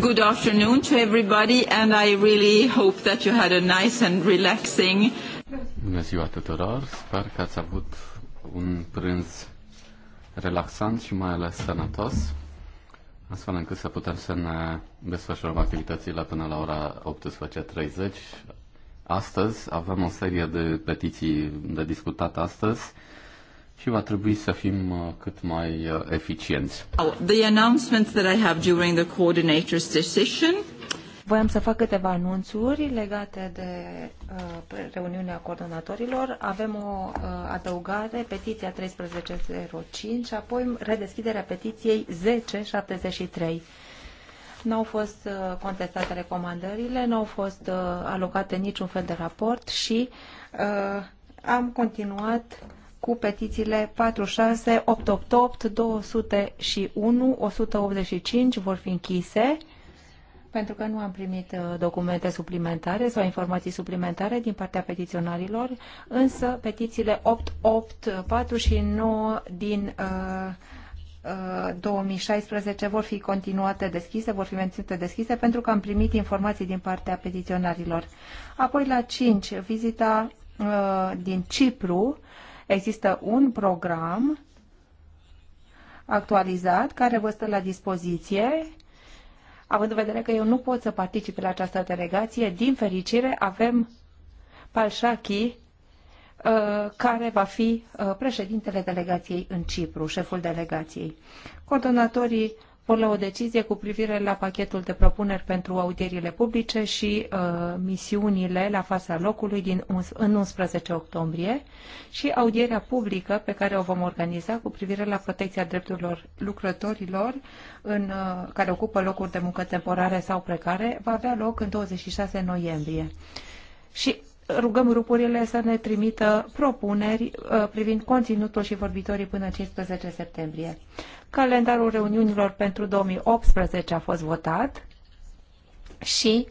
Good afternoon to everybody and I really hope that you had a nice and relaxing Bună ziua tuturor, sper că ați avut un prânz relaxant și mai ales sănătos, astfel încât să putem să ne desfășurăm activitățile până la ora 18.30. Astăzi avem o serie de petiții de discutat astăzi și va trebui să fim uh, cât mai uh, eficienți. Oh, the announcements that I have during the coordinator's decision Voiam să fac câteva anunțuri legate de uh, reuniunea coordonatorilor. Avem o uh, adăugare, petiția 1305 și apoi redeschiderea petiției 1073. Nu au fost uh, contestate recomandările, nu au fost uh, alocate niciun fel de raport și uh, am continuat uh, cu petițiile 46, 888, 201, 185 vor fi închise pentru că nu am primit uh, documente suplimentare sau informații suplimentare din partea petiționarilor, însă petițiile 884 și 9 din uh, 2016 uh, vor fi continuate deschise, vor fi menținute deschise pentru că am primit informații din partea petiționarilor. Apoi la 5, vizita uh, din Cipru, Există un program actualizat care vă stă la dispoziție. Având în vedere că eu nu pot să particip la această delegație, din fericire avem Palșachi, uh, care va fi uh, președintele delegației în Cipru, șeful delegației. Coordonatorii vor lua o decizie cu privire la pachetul de propuneri pentru audierile publice și uh, misiunile la fața locului din în 11 octombrie și audierea publică pe care o vom organiza cu privire la protecția drepturilor lucrătorilor în, uh, care ocupă locuri de muncă temporare sau precare va avea loc în 26 noiembrie. Și rugăm grupurile să ne trimită propuneri uh, privind conținutul și vorbitorii până 15 septembrie. Calendarul reuniunilor pentru 2018 a fost votat și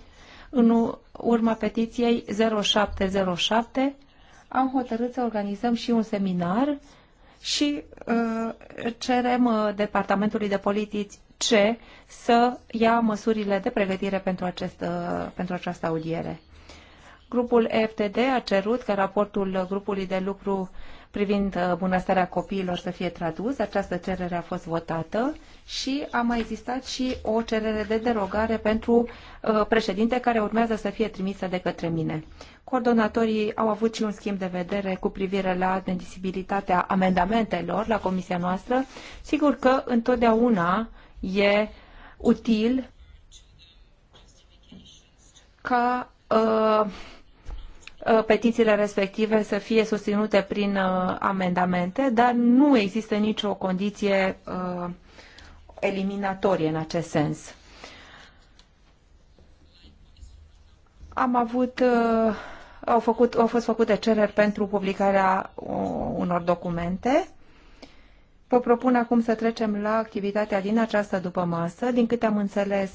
în urma petiției 0707 am hotărât să organizăm și un seminar și uh, cerem uh, Departamentului de Politici C să ia măsurile de pregătire pentru, acest, uh, pentru această audiere. Grupul FTD a cerut ca raportul grupului de lucru privind uh, bunăstarea copiilor să fie tradus. Această cerere a fost votată și a mai existat și o cerere de derogare pentru uh, președinte care urmează să fie trimisă de către mine. Coordonatorii au avut și un schimb de vedere cu privire la admisibilitatea amendamentelor la comisia noastră. Sigur că întotdeauna e util ca uh, Uh, petițiile respective să fie susținute prin uh, amendamente, dar nu există nicio condiție uh, eliminatorie în acest sens. Am avut, au, făcut, au fost făcute cereri pentru publicarea unor documente. Vă propun acum să trecem la activitatea din această după masă. Din câte am înțeles,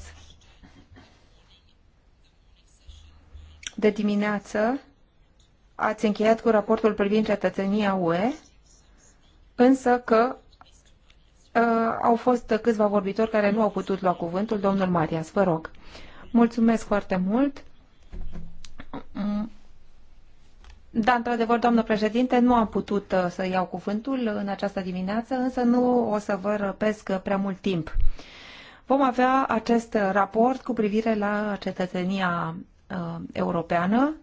de dimineață ați încheiat cu raportul privind cetățenia UE, însă că uh, au fost câțiva vorbitori care nu au putut lua cuvântul. Domnul Marias, vă rog. Mulțumesc foarte mult. Mm. Da, într-adevăr, doamnă președinte, nu am putut uh, să iau cuvântul în această dimineață, însă nu o să vă răpesc uh, prea mult timp. Vom avea acest raport cu privire la cetățenia uh, europeană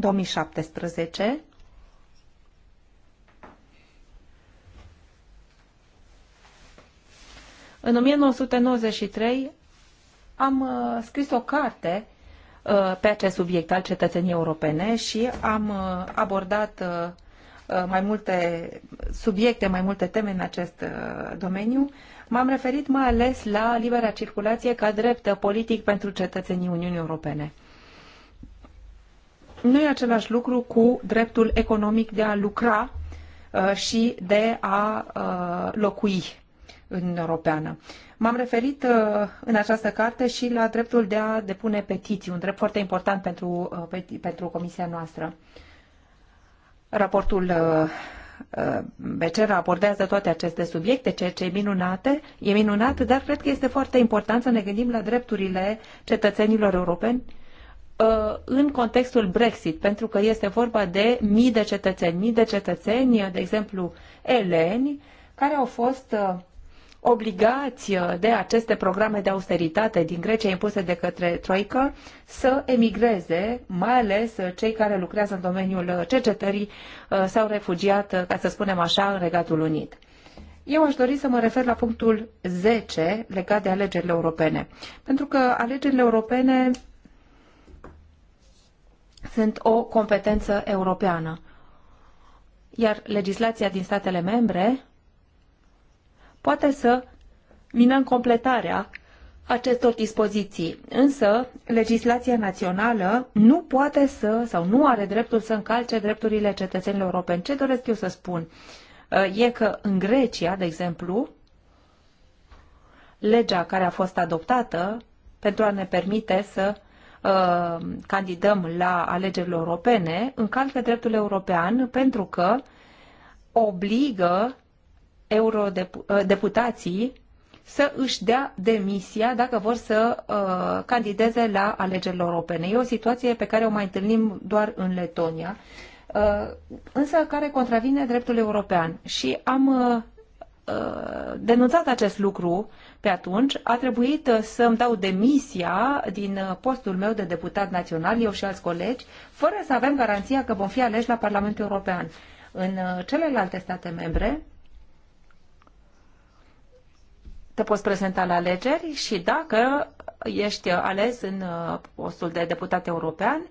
2017. În 1993 am uh, scris o carte uh, pe acest subiect al cetățeniei europene și am uh, abordat mai multe subiecte, mai multe teme în acest domeniu. M-am referit mai ales la libera circulație ca drept politic pentru cetățenii Uniunii Europene nu e același lucru cu dreptul economic de a lucra uh, și de a uh, locui în Uniunea Europeană. M-am referit uh, în această carte și la dreptul de a depune petiții, un drept foarte important pentru, pentru comisia noastră. Raportul Becerra abordează toate aceste subiecte, ceea ce e minunate, e minunat, dar cred că este foarte important să ne gândim la drepturile cetățenilor europeni Uh, în contextul Brexit, pentru că este vorba de mii de cetățeni, mii de cetățeni, de exemplu, eleni, care au fost uh, obligați uh, de aceste programe de austeritate din Grecia impuse de către Troică să emigreze, mai ales cei care lucrează în domeniul cercetării s-au refugiat, ca să spunem așa, în Regatul Unit. Eu aș dori să mă refer la punctul 10 legat de alegerile europene, pentru că alegerile europene sunt o competență europeană. Iar legislația din statele membre poate să vină în completarea acestor dispoziții. Însă, legislația națională nu poate să sau nu are dreptul să încalce drepturile cetățenilor europeni. Ce doresc eu să spun? E că în Grecia, de exemplu, legea care a fost adoptată pentru a ne permite să Uh, candidăm la alegerile europene, încalcă dreptul european pentru că obligă eurodeputații uh, să își dea demisia dacă vor să uh, candideze la alegerile europene. E o situație pe care o mai întâlnim doar în Letonia, uh, însă care contravine dreptul european. Și am uh, Uh, denunțat acest lucru pe atunci, a trebuit uh, să îmi dau demisia din uh, postul meu de deputat național, eu și alți colegi, fără să avem garanția că vom fi aleși la Parlamentul European. În celelalte state membre, te poți prezenta la alegeri și dacă ești ales în postul de deputat european,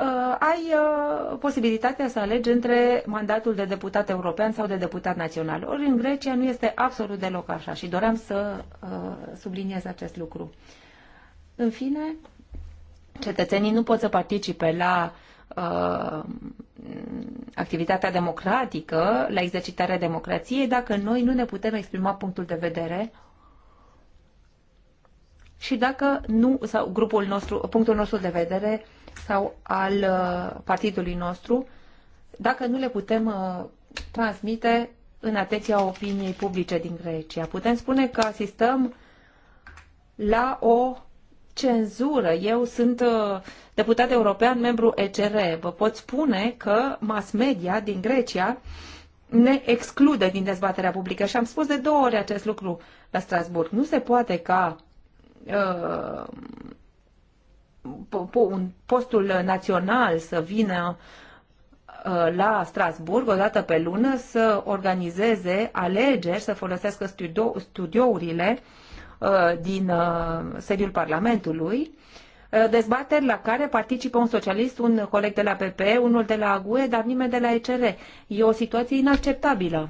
Uh, ai uh, posibilitatea să alegi între mandatul de deputat european sau de deputat național. Ori în Grecia nu este absolut deloc așa și doream să uh, subliniez acest lucru. În fine, cetățenii nu pot să participe la uh, activitatea democratică, la exercitarea democrației, dacă noi nu ne putem exprima punctul de vedere și dacă nu, sau grupul nostru, punctul nostru de vedere sau al uh, partidului nostru, dacă nu le putem uh, transmite în atenția opiniei publice din Grecia. Putem spune că asistăm la o cenzură. Eu sunt uh, deputat european, membru ECR. Vă pot spune că mass media din Grecia ne exclude din dezbaterea publică și am spus de două ori acest lucru la Strasburg. Nu se poate ca uh, un postul național să vină uh, la Strasburg o dată pe lună să organizeze alegeri, să folosească studio, studiourile uh, din uh, sediul Parlamentului, dezbateri la care participă un socialist, un coleg de la PP, unul de la AGUE, dar nimeni de la ECR. E o situație inacceptabilă.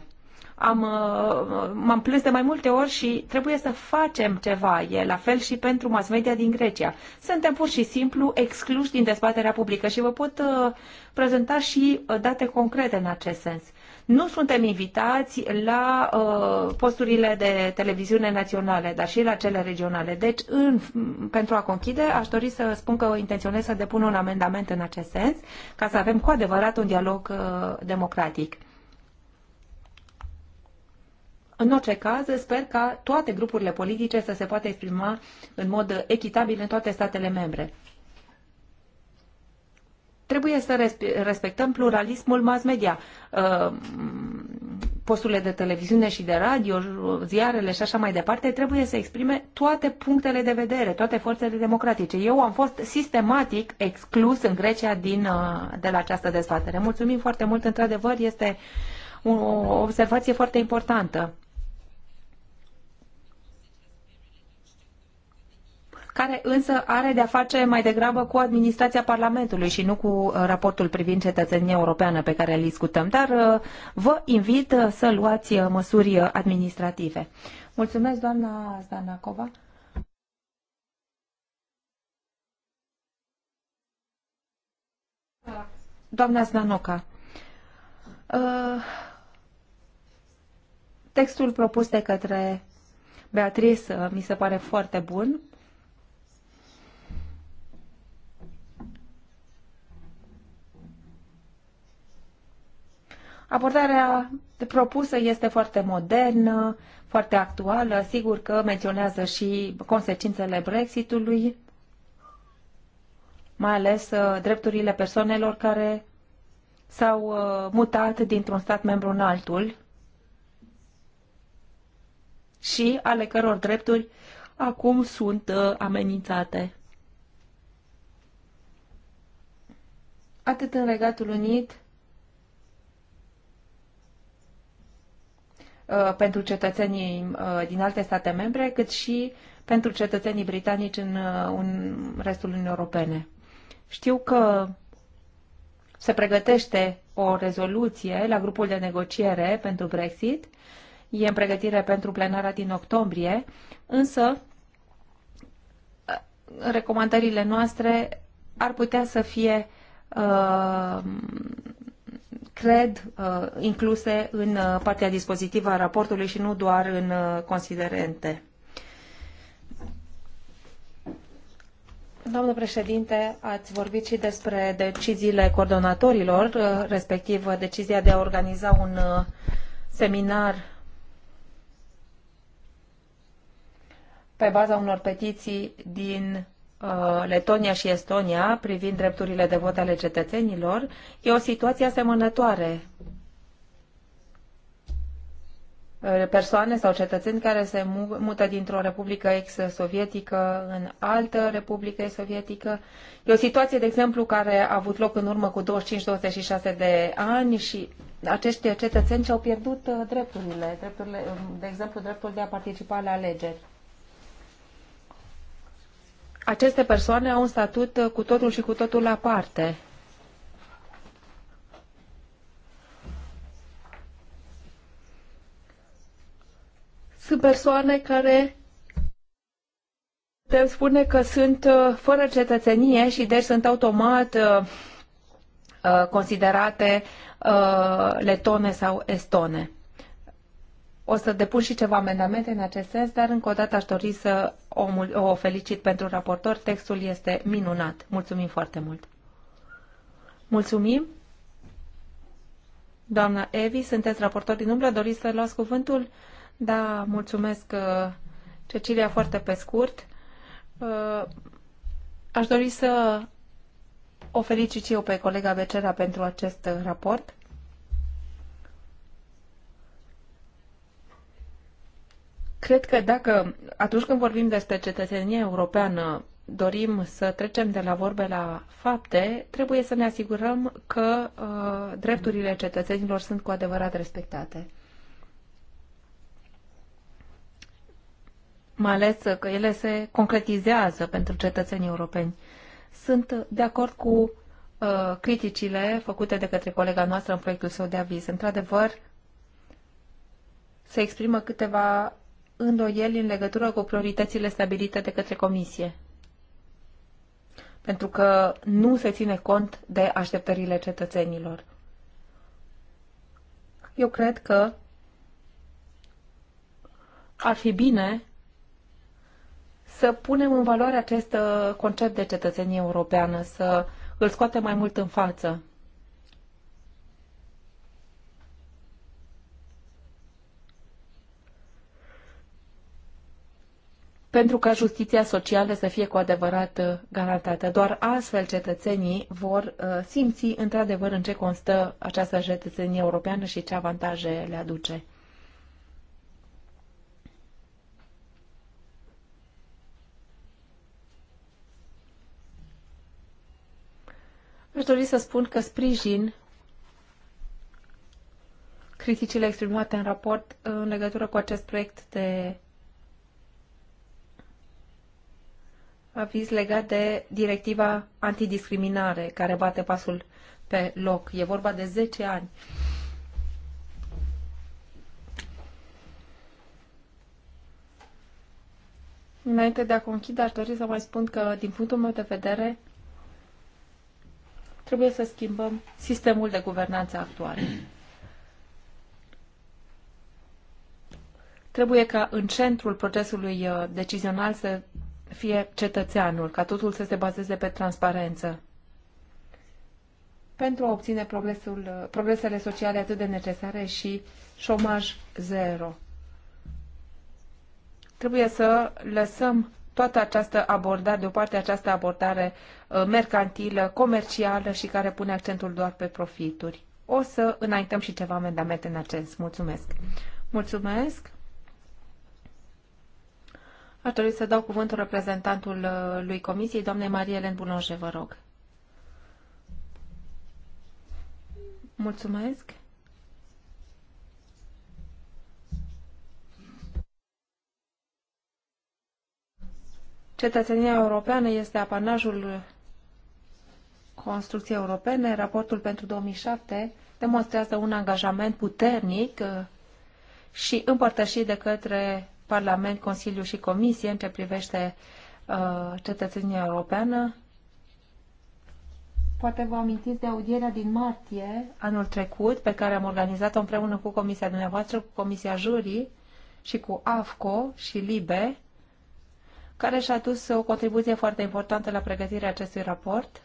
Am, uh, m-am plâns de mai multe ori și trebuie să facem ceva. E la fel și pentru mass media din Grecia. Suntem pur și simplu excluși din dezbaterea publică și vă pot uh, prezenta și uh, date concrete în acest sens nu suntem invitați la uh, posturile de televiziune naționale, dar și la cele regionale. Deci, în, pentru a conchide, aș dori să spun că intenționez să depun un amendament în acest sens, ca să avem cu adevărat un dialog uh, democratic. În orice caz, sper ca toate grupurile politice să se poată exprima în mod echitabil în toate statele membre. Trebuie să respectăm pluralismul mass media, uh, posturile de televiziune și de radio, ziarele și așa mai departe, trebuie să exprime toate punctele de vedere, toate forțele democratice. Eu am fost sistematic exclus în Grecia din, uh, de la această dezbatere. Mulțumim foarte mult, într-adevăr, este o observație foarte importantă. care însă are de-a face mai degrabă cu administrația Parlamentului și nu cu uh, raportul privind cetățenia europeană pe care îl discutăm, dar uh, vă invit uh, să luați măsuri administrative. Mulțumesc, doamna Zdanacova. Doamna Zdanoca, textul propus de către Beatrice mi se pare foarte bun. Abordarea propusă este foarte modernă, foarte actuală, sigur că menționează și consecințele Brexitului, mai ales uh, drepturile persoanelor care s-au uh, mutat dintr-un stat membru în altul și ale căror drepturi acum sunt uh, amenințate. Atât în Regatul Unit, Uh, pentru cetățenii uh, din alte state membre, cât și pentru cetățenii britanici în, uh, în restul Uniunii Europene. Știu că se pregătește o rezoluție la grupul de negociere pentru Brexit. E în pregătire pentru plenara din octombrie, însă recomandările noastre ar putea să fie uh, cred, uh, incluse în uh, partea dispozitivă a raportului și nu doar în uh, considerente. Doamnă președinte, ați vorbit și despre deciziile coordonatorilor, respectiv decizia de a organiza un seminar pe baza unor petiții din Uh, Letonia și Estonia privind drepturile de vot ale cetățenilor e o situație asemănătoare. Uh, persoane sau cetățeni care se mută dintr-o republică ex-sovietică în altă republică sovietică. E o situație, de exemplu, care a avut loc în urmă cu 25-26 de ani și acești cetățeni și-au pierdut uh, drepturile, drepturile, um, de exemplu, dreptul de a participa la alegeri aceste persoane au un statut uh, cu totul și cu totul aparte. Sunt persoane care putem spune că sunt uh, fără cetățenie și deci sunt automat uh, considerate letone sau estone. O să depun și ceva amendamente în acest sens, dar încă o dată aș dori să o, o felicit pentru raportor. Textul este minunat. Mulțumim foarte mult. Mulțumim. Doamna Evi, sunteți raportor din umbră, doriți să luați cuvântul? Da, mulțumesc, uh, Cecilia, foarte pe scurt. Uh, aș dori să o felicit și eu pe colega Becera pentru acest uh, raport. Cred că dacă, atunci când vorbim despre cetățenie europeană, dorim să trecem de la vorbe la fapte, trebuie să ne asigurăm că uh, drepturile cetățenilor sunt cu adevărat respectate. Mai ales că ele se concretizează pentru cetățenii europeni. Sunt de acord cu uh, criticile făcute de către colega noastră în proiectul său de aviz. Într-adevăr, se exprimă câteva îndoieli în legătură cu prioritățile stabilite de către Comisie, pentru că nu se ține cont de așteptările cetățenilor. Eu cred că ar fi bine să punem în valoare acest uh, concept de cetățenie europeană, să îl scoatem mai mult în față. pentru ca justiția socială să fie cu adevărat uh, garantată. Doar astfel cetățenii vor uh, simți într-adevăr în ce constă această cetățenie europeană și ce avantaje le aduce. Aș dori să spun că sprijin criticile exprimate în raport uh, în legătură cu acest proiect de aviz legat de directiva antidiscriminare care bate pasul pe loc. E vorba de 10 ani. Înainte de a conchide, aș dori să mai spun că, din punctul meu de vedere, trebuie să schimbăm sistemul de guvernanță actual. Trebuie ca în centrul procesului uh, decizional să fie cetățeanul, ca totul să se bazeze pe transparență. Pentru a obține progresul, progresele sociale atât de necesare și șomaj zero. Trebuie să lăsăm toată această abordare, deoparte această abordare uh, mercantilă, comercială și care pune accentul doar pe profituri. O să înaintăm și ceva amendamente în acest. Mulțumesc! Mulțumesc! Aș dori să dau cuvântul reprezentantul uh, lui Comisiei, doamnei Marie Elen Bulonje, vă rog. Mulțumesc. Cetățenia europeană este apanajul construcției europene. Raportul pentru 2007 demonstrează un angajament puternic uh, și împărtășit de către Parlament, Consiliu și Comisie în ce privește uh, cetățenia europeană. Poate vă amintiți de audierea din martie anul trecut, pe care am organizat-o împreună cu Comisia dumneavoastră, cu Comisia Jurii și cu AFCO și LIBE, care și-a adus o contribuție foarte importantă la pregătirea acestui raport.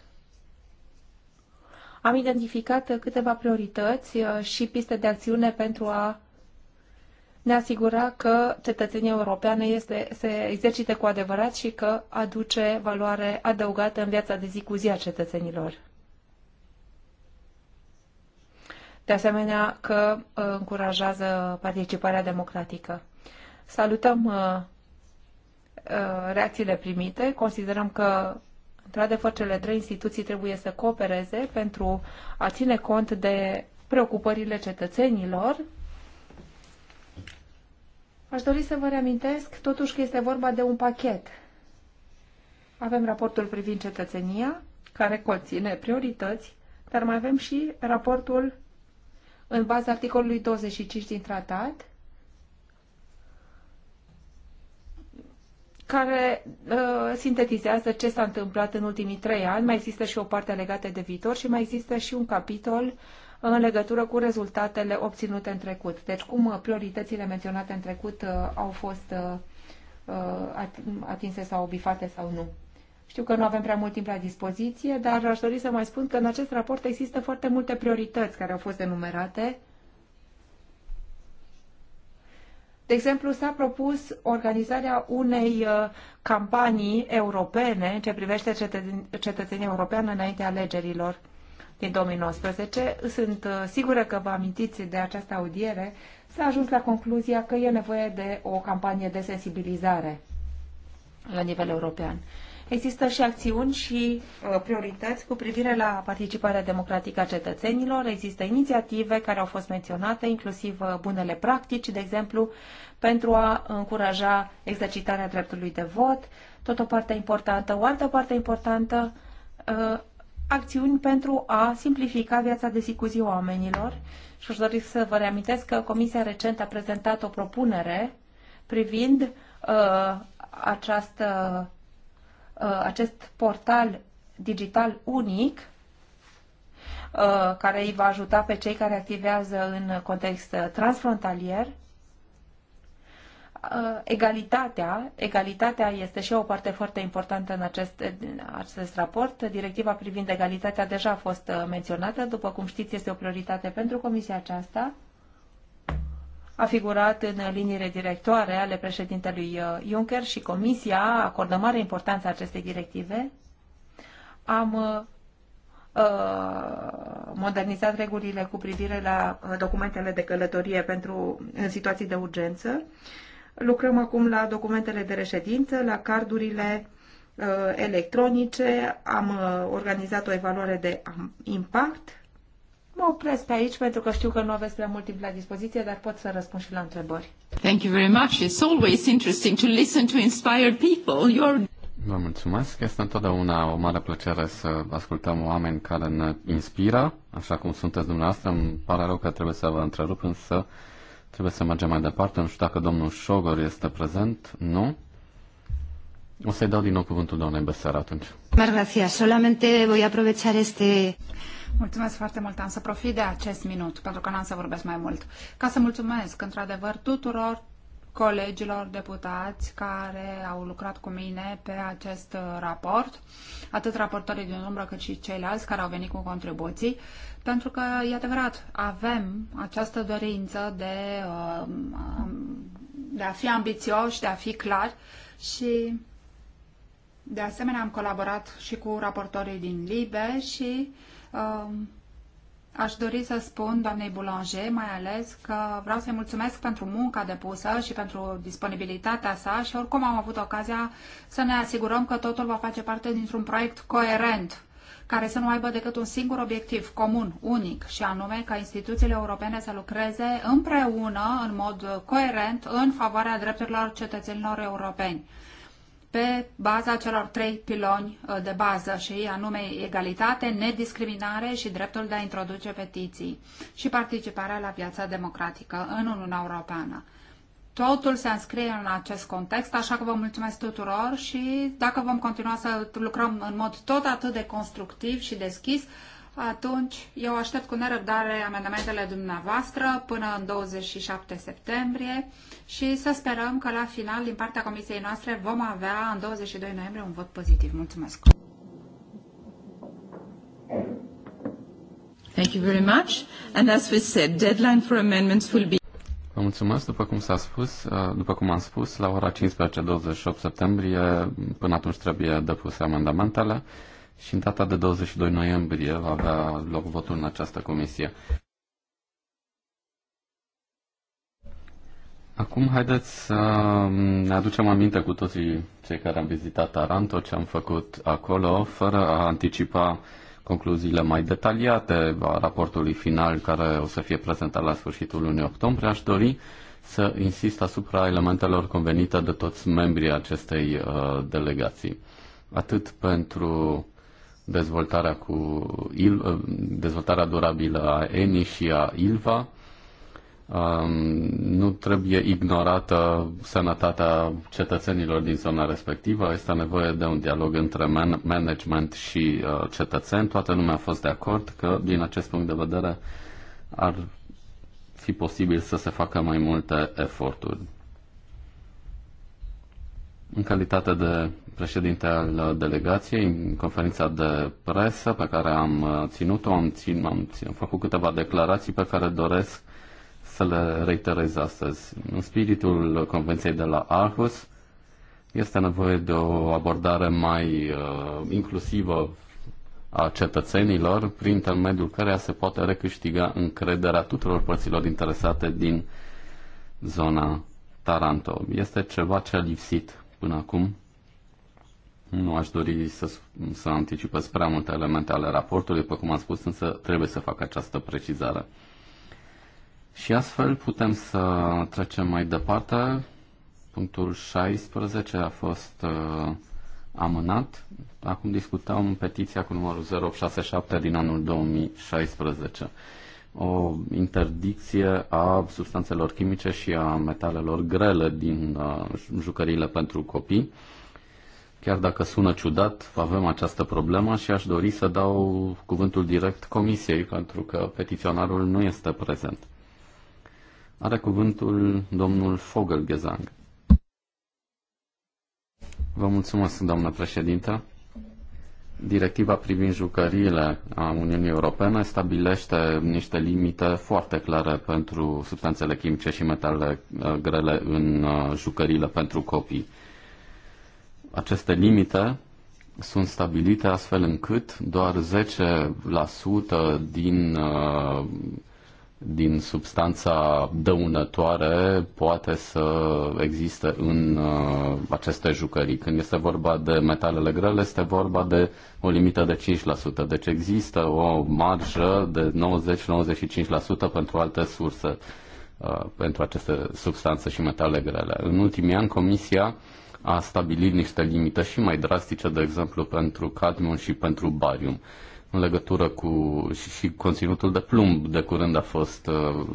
Am identificat câteva priorități uh, și piste de acțiune pentru a ne asigura că cetățenia europeană este, se exercite cu adevărat și că aduce valoare adăugată în viața de zi cu zi a cetățenilor. De asemenea, că uh, încurajează participarea democratică. Salutăm uh, uh, reacțiile primite. Considerăm că, într-adevăr, cele trei instituții trebuie să coopereze pentru a ține cont de preocupările cetățenilor Aș dori să vă reamintesc totuși că este vorba de un pachet. Avem raportul privind cetățenia, care conține priorități, dar mai avem și raportul în baza articolului 25 din tratat, care uh, sintetizează ce s-a întâmplat în ultimii trei ani. Mai există și o parte legată de viitor și mai există și un capitol în legătură cu rezultatele obținute în trecut. Deci cum uh, prioritățile menționate în trecut uh, au fost uh, atinse sau bifate sau nu. Știu că nu avem prea mult timp la dispoziție, dar aș dori să mai spun că în acest raport există foarte multe priorități care au fost enumerate. De exemplu, s-a propus organizarea unei campanii europene în ce privește cetățenia europeană înaintea alegerilor din 2019. Sunt uh, sigură că vă amintiți de această audiere. S-a ajuns la concluzia că e nevoie de o campanie de sensibilizare la nivel european. Există și acțiuni și uh, priorități cu privire la participarea democratică a cetățenilor. Există inițiative care au fost menționate, inclusiv uh, bunele practici, de exemplu, pentru a încuraja exercitarea dreptului de vot. Tot o parte importantă. O altă parte importantă acțiuni pentru a simplifica viața de zi cu zi oamenilor. Și aș dori să vă reamintesc că Comisia recent a prezentat o propunere privind uh, această, uh, acest portal digital unic uh, care îi va ajuta pe cei care activează în context transfrontalier Uh, egalitatea, egalitatea este și o parte foarte importantă în acest, în acest raport. Directiva privind egalitatea deja a fost uh, menționată, după cum știți, este o prioritate pentru comisia aceasta. A figurat în liniile directoare ale președintelui uh, Juncker și comisia acordă mare importanță acestei directive. Am modernizat regulile cu privire la documentele de călătorie pentru în situații de urgență. Uh, Lucrăm acum la documentele de reședință, la cardurile uh, electronice, am uh, organizat o evaluare de impact. Mă opresc pe aici pentru că știu că nu aveți prea mult timp la dispoziție, dar pot să răspund și la întrebări. Thank you very much. It's always interesting to listen to inspired people. You're... Vă mulțumesc. Este întotdeauna o mare plăcere să ascultăm oameni care ne inspiră, așa cum sunteți dumneavoastră. Îmi pare rău că trebuie să vă întrerup, însă Trebuie să mergem mai departe. Nu știu dacă domnul Șogor este prezent. Nu? O să-i dau din nou cuvântul doamnei Besar atunci. Gracias. Solamente voi aprovechar este... Mulțumesc foarte mult. Am să profit de acest minut, pentru că n-am să vorbesc mai mult. Ca să mulțumesc, într-adevăr, tuturor colegilor deputați care au lucrat cu mine pe acest uh, raport, atât raportorii din umbră cât și ceilalți care au venit cu contribuții pentru că, e adevărat, avem această dorință de, um, um, de a fi ambițioși, de a fi clari și, de asemenea, am colaborat și cu raportorii din LIBE și um, Aș dori să spun doamnei Boulanger mai ales că vreau să-i mulțumesc pentru munca depusă și pentru disponibilitatea sa și oricum am avut ocazia să ne asigurăm că totul va face parte dintr-un proiect coerent care să nu aibă decât un singur obiectiv comun, unic, și anume ca instituțiile europene să lucreze împreună, în mod coerent, în favoarea drepturilor cetățenilor europeni pe baza celor trei piloni uh, de bază și anume egalitate, nediscriminare și dreptul de a introduce petiții și participarea la viața democratică în Uniunea Europeană. Totul se înscrie în acest context, așa că vă mulțumesc tuturor și dacă vom continua să lucrăm în mod tot atât de constructiv și deschis, atunci eu aștept cu nerăbdare amendamentele dumneavoastră până în 27 septembrie și să sperăm că la final, din partea comisiei noastre, vom avea în 22 noiembrie un vot pozitiv. Mulțumesc! Thank you very much. And as we said, deadline for amendments will be Vă mulțumesc. După cum s-a spus, uh, după cum am spus, la ora 15-28 septembrie, până atunci trebuie depuse amendamentele și în data de 22 noiembrie va avea loc votul în această comisie. Acum haideți să ne aducem aminte cu toții cei care am vizitat Taranto, ce am făcut acolo, fără a anticipa concluziile mai detaliate a raportului final care o să fie prezentat la sfârșitul lunii octombrie, aș dori să insist asupra elementelor convenite de toți membrii acestei uh, delegații. Atât pentru dezvoltarea, cu il, uh, dezvoltarea durabilă a ENI și a ILVA, Um, nu trebuie ignorată sănătatea cetățenilor din zona respectivă. Este nevoie de un dialog între management și uh, cetățeni. Toată lumea a fost de acord că, din acest punct de vedere, ar fi posibil să se facă mai multe eforturi. În calitate de președinte al delegației, în conferința de presă pe care am uh, ținut-o, am, țin, am, țin, am făcut câteva declarații pe care doresc să le reiterez astăzi. În spiritul Convenției de la Aarhus este nevoie de o abordare mai uh, inclusivă a cetățenilor, prin intermediul căreia se poate recâștiga încrederea tuturor părților interesate din zona Taranto. Este ceva ce a lipsit până acum. Nu aș dori să, să anticipez prea multe elemente ale raportului, după cum am spus, însă trebuie să fac această precizare. Și astfel putem să trecem mai departe. Punctul 16 a fost uh, amânat. Acum discutăm petiția cu numărul 067 din anul 2016. O interdicție a substanțelor chimice și a metalelor grele din uh, jucăriile pentru copii. Chiar dacă sună ciudat, avem această problemă și aș dori să dau cuvântul direct comisiei, pentru că petiționarul nu este prezent. Are cuvântul domnul Fogelgezang. Vă mulțumesc, doamnă președintă. Directiva privind jucăriile a Uniunii Europene stabilește niște limite foarte clare pentru substanțele chimice și metale uh, grele în uh, jucăriile pentru copii. Aceste limite sunt stabilite astfel încât doar 10% din uh, din substanța dăunătoare poate să existe în uh, aceste jucării. Când este vorba de metalele grele, este vorba de o limită de 5%. Deci există o marjă de 90-95% pentru alte surse, uh, pentru aceste substanțe și metale grele. În ultimii ani, Comisia a stabilit niște limite și mai drastice, de exemplu, pentru cadmium și pentru barium. Uh, în legătură cu și, și conținutul de plumb de curând a fost uh,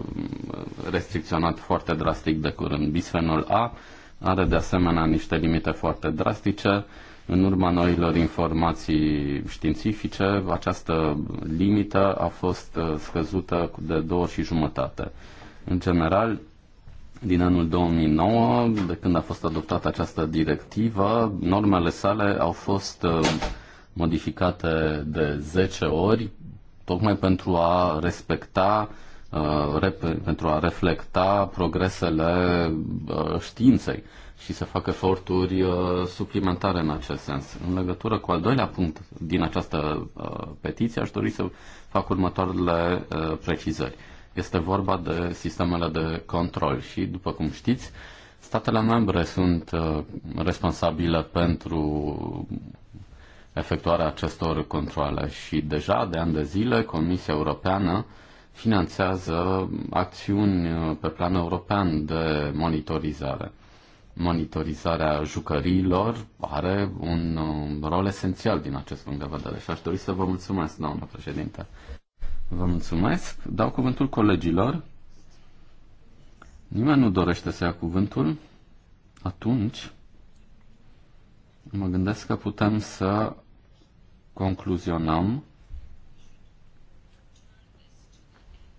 restricționat foarte drastic de curând. Bisfenol A are de asemenea niște limite foarte drastice. În urma noilor informații științifice, această limită a fost uh, scăzută de două și jumătate. În general, din anul 2009, de când a fost adoptată această directivă, normele sale au fost uh, modificate de 10 ori, tocmai pentru a respecta uh, pentru a reflecta progresele uh, științei și să facă eforturi uh, suplimentare în acest sens. În legătură cu al doilea punct din această petiție, aș dori să fac următoarele precizări. Este vorba de sistemele de control și, după cum știți, statele membre sunt responsabile pentru efectuarea acestor controle și deja de ani de zile Comisia Europeană finanțează acțiuni uh, pe plan european de monitorizare. Monitorizarea jucăriilor are un uh, rol esențial din acest punct de vedere și aș dori să vă mulțumesc, doamnă președinte. Vă mulțumesc. Dau cuvântul colegilor. Nimeni nu dorește să ia cuvântul. Atunci, mă gândesc că putem să concluzionăm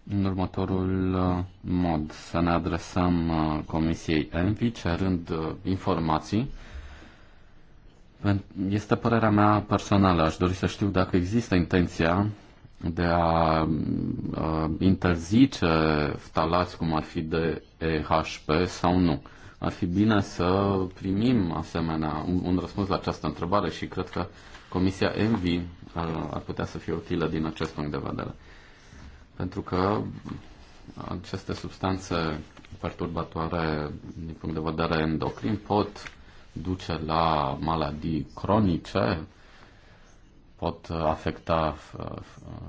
în următorul uh, mod să ne adresăm uh, Comisiei ENVI cerând uh, informații. Este părerea mea personală. Aș dori să știu dacă există intenția de a interzice ftalați cum ar fi de EHP sau nu. Ar fi bine să primim asemenea un, un răspuns la această întrebare și cred că Comisia Envy ar, uh, ar putea să fie utilă din acest punct de vedere. Pentru că aceste substanțe perturbatoare din punct de vedere endocrin pot duce la maladii cronice, pot afecta uh,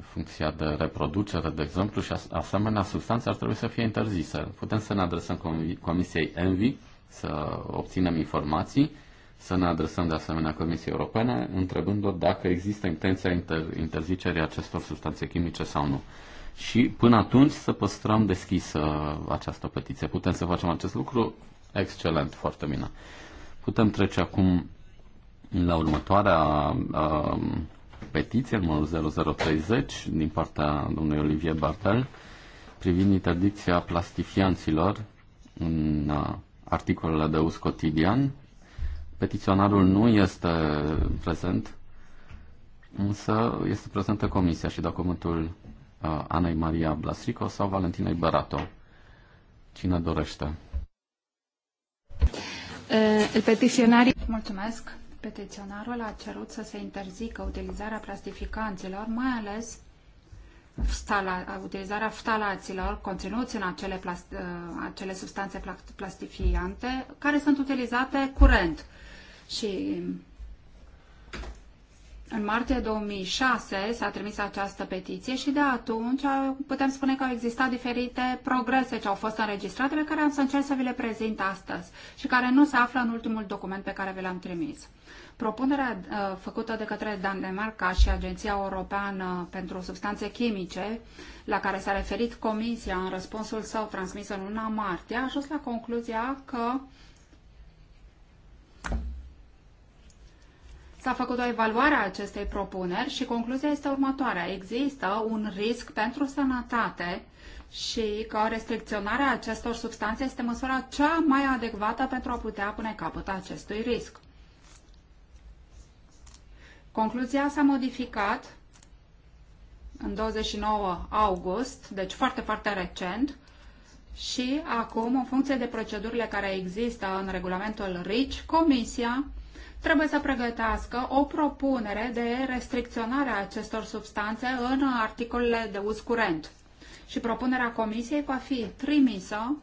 funcția de reproducere, de exemplu, și asemenea substanțe ar trebui să fie interzise. Putem să ne adresăm Comisiei Envy să obținem informații să ne adresăm de asemenea Comisiei Europene, întrebându-o dacă există intenția inter- interzicerii acestor substanțe chimice sau nu. Și până atunci să păstrăm deschisă această petiție. Putem să facem acest lucru? Excelent, foarte bine. Putem trece acum la următoarea uh, petiție, numărul 0030, din partea domnului Olivier Bartel, privind interdicția plastifianților în uh, articolele de uz cotidian Petiționarul nu este prezent, însă este prezentă comisia și documentul uh, Anei Maria Blasrico sau Valentinei Barato. Cine dorește? Uh, petiționarii... Mulțumesc. Petiționarul a cerut să se interzică utilizarea plastificanților, mai ales ftala, utilizarea ftalaților conținuți în acele, plast, uh, acele substanțe plastifiante care sunt utilizate curent și în martie 2006 s-a trimis această petiție și de atunci putem spune că au existat diferite progrese ce au fost înregistrate pe care am să încerc să vi le prezint astăzi și care nu se află în ultimul document pe care vi l-am trimis. Propunerea uh, făcută de către Danemarca și Agenția Europeană pentru Substanțe Chimice, la care s-a referit Comisia în răspunsul său transmis în luna martie, a ajuns la concluzia că S-a făcut o evaluare a acestei propuneri și concluzia este următoarea. Există un risc pentru sănătate și că restricționarea acestor substanțe este măsura cea mai adecvată pentru a putea pune capăt acestui risc. Concluzia s-a modificat în 29 august, deci foarte, foarte recent, și acum, în funcție de procedurile care există în regulamentul RICI, Comisia trebuie să pregătească o propunere de restricționare a acestor substanțe în articolele de uz curent. Și propunerea Comisiei va fi trimisă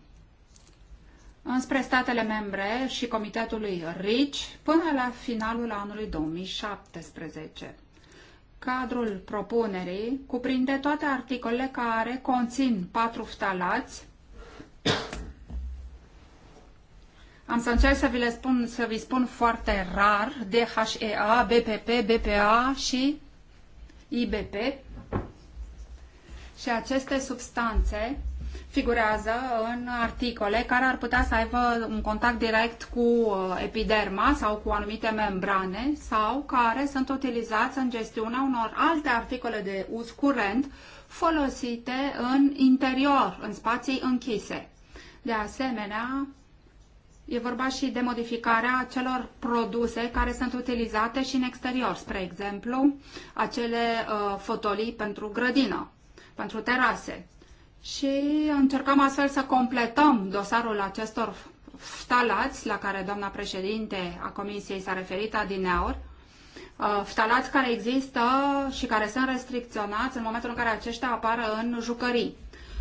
înspre statele membre și Comitetului RICI până la finalul anului 2017. Cadrul propunerii cuprinde toate articolele care conțin patru ftalați am să încerc să vi le spun, să vi spun foarte rar DHEA, BPP, BPA și IBP. Și aceste substanțe figurează în articole care ar putea să aibă un contact direct cu uh, epiderma sau cu anumite membrane sau care sunt utilizați în gestiunea unor alte articole de uz curent folosite în interior, în spații închise. De asemenea, E vorba și de modificarea acelor produse care sunt utilizate și în exterior, spre exemplu, acele uh, fotolii pentru grădină, pentru terase. Și încercăm astfel să completăm dosarul acestor ftalați, la care doamna președinte a Comisiei s-a referit adineauri, uh, ftalați care există și care sunt restricționați în momentul în care aceștia apar în jucării.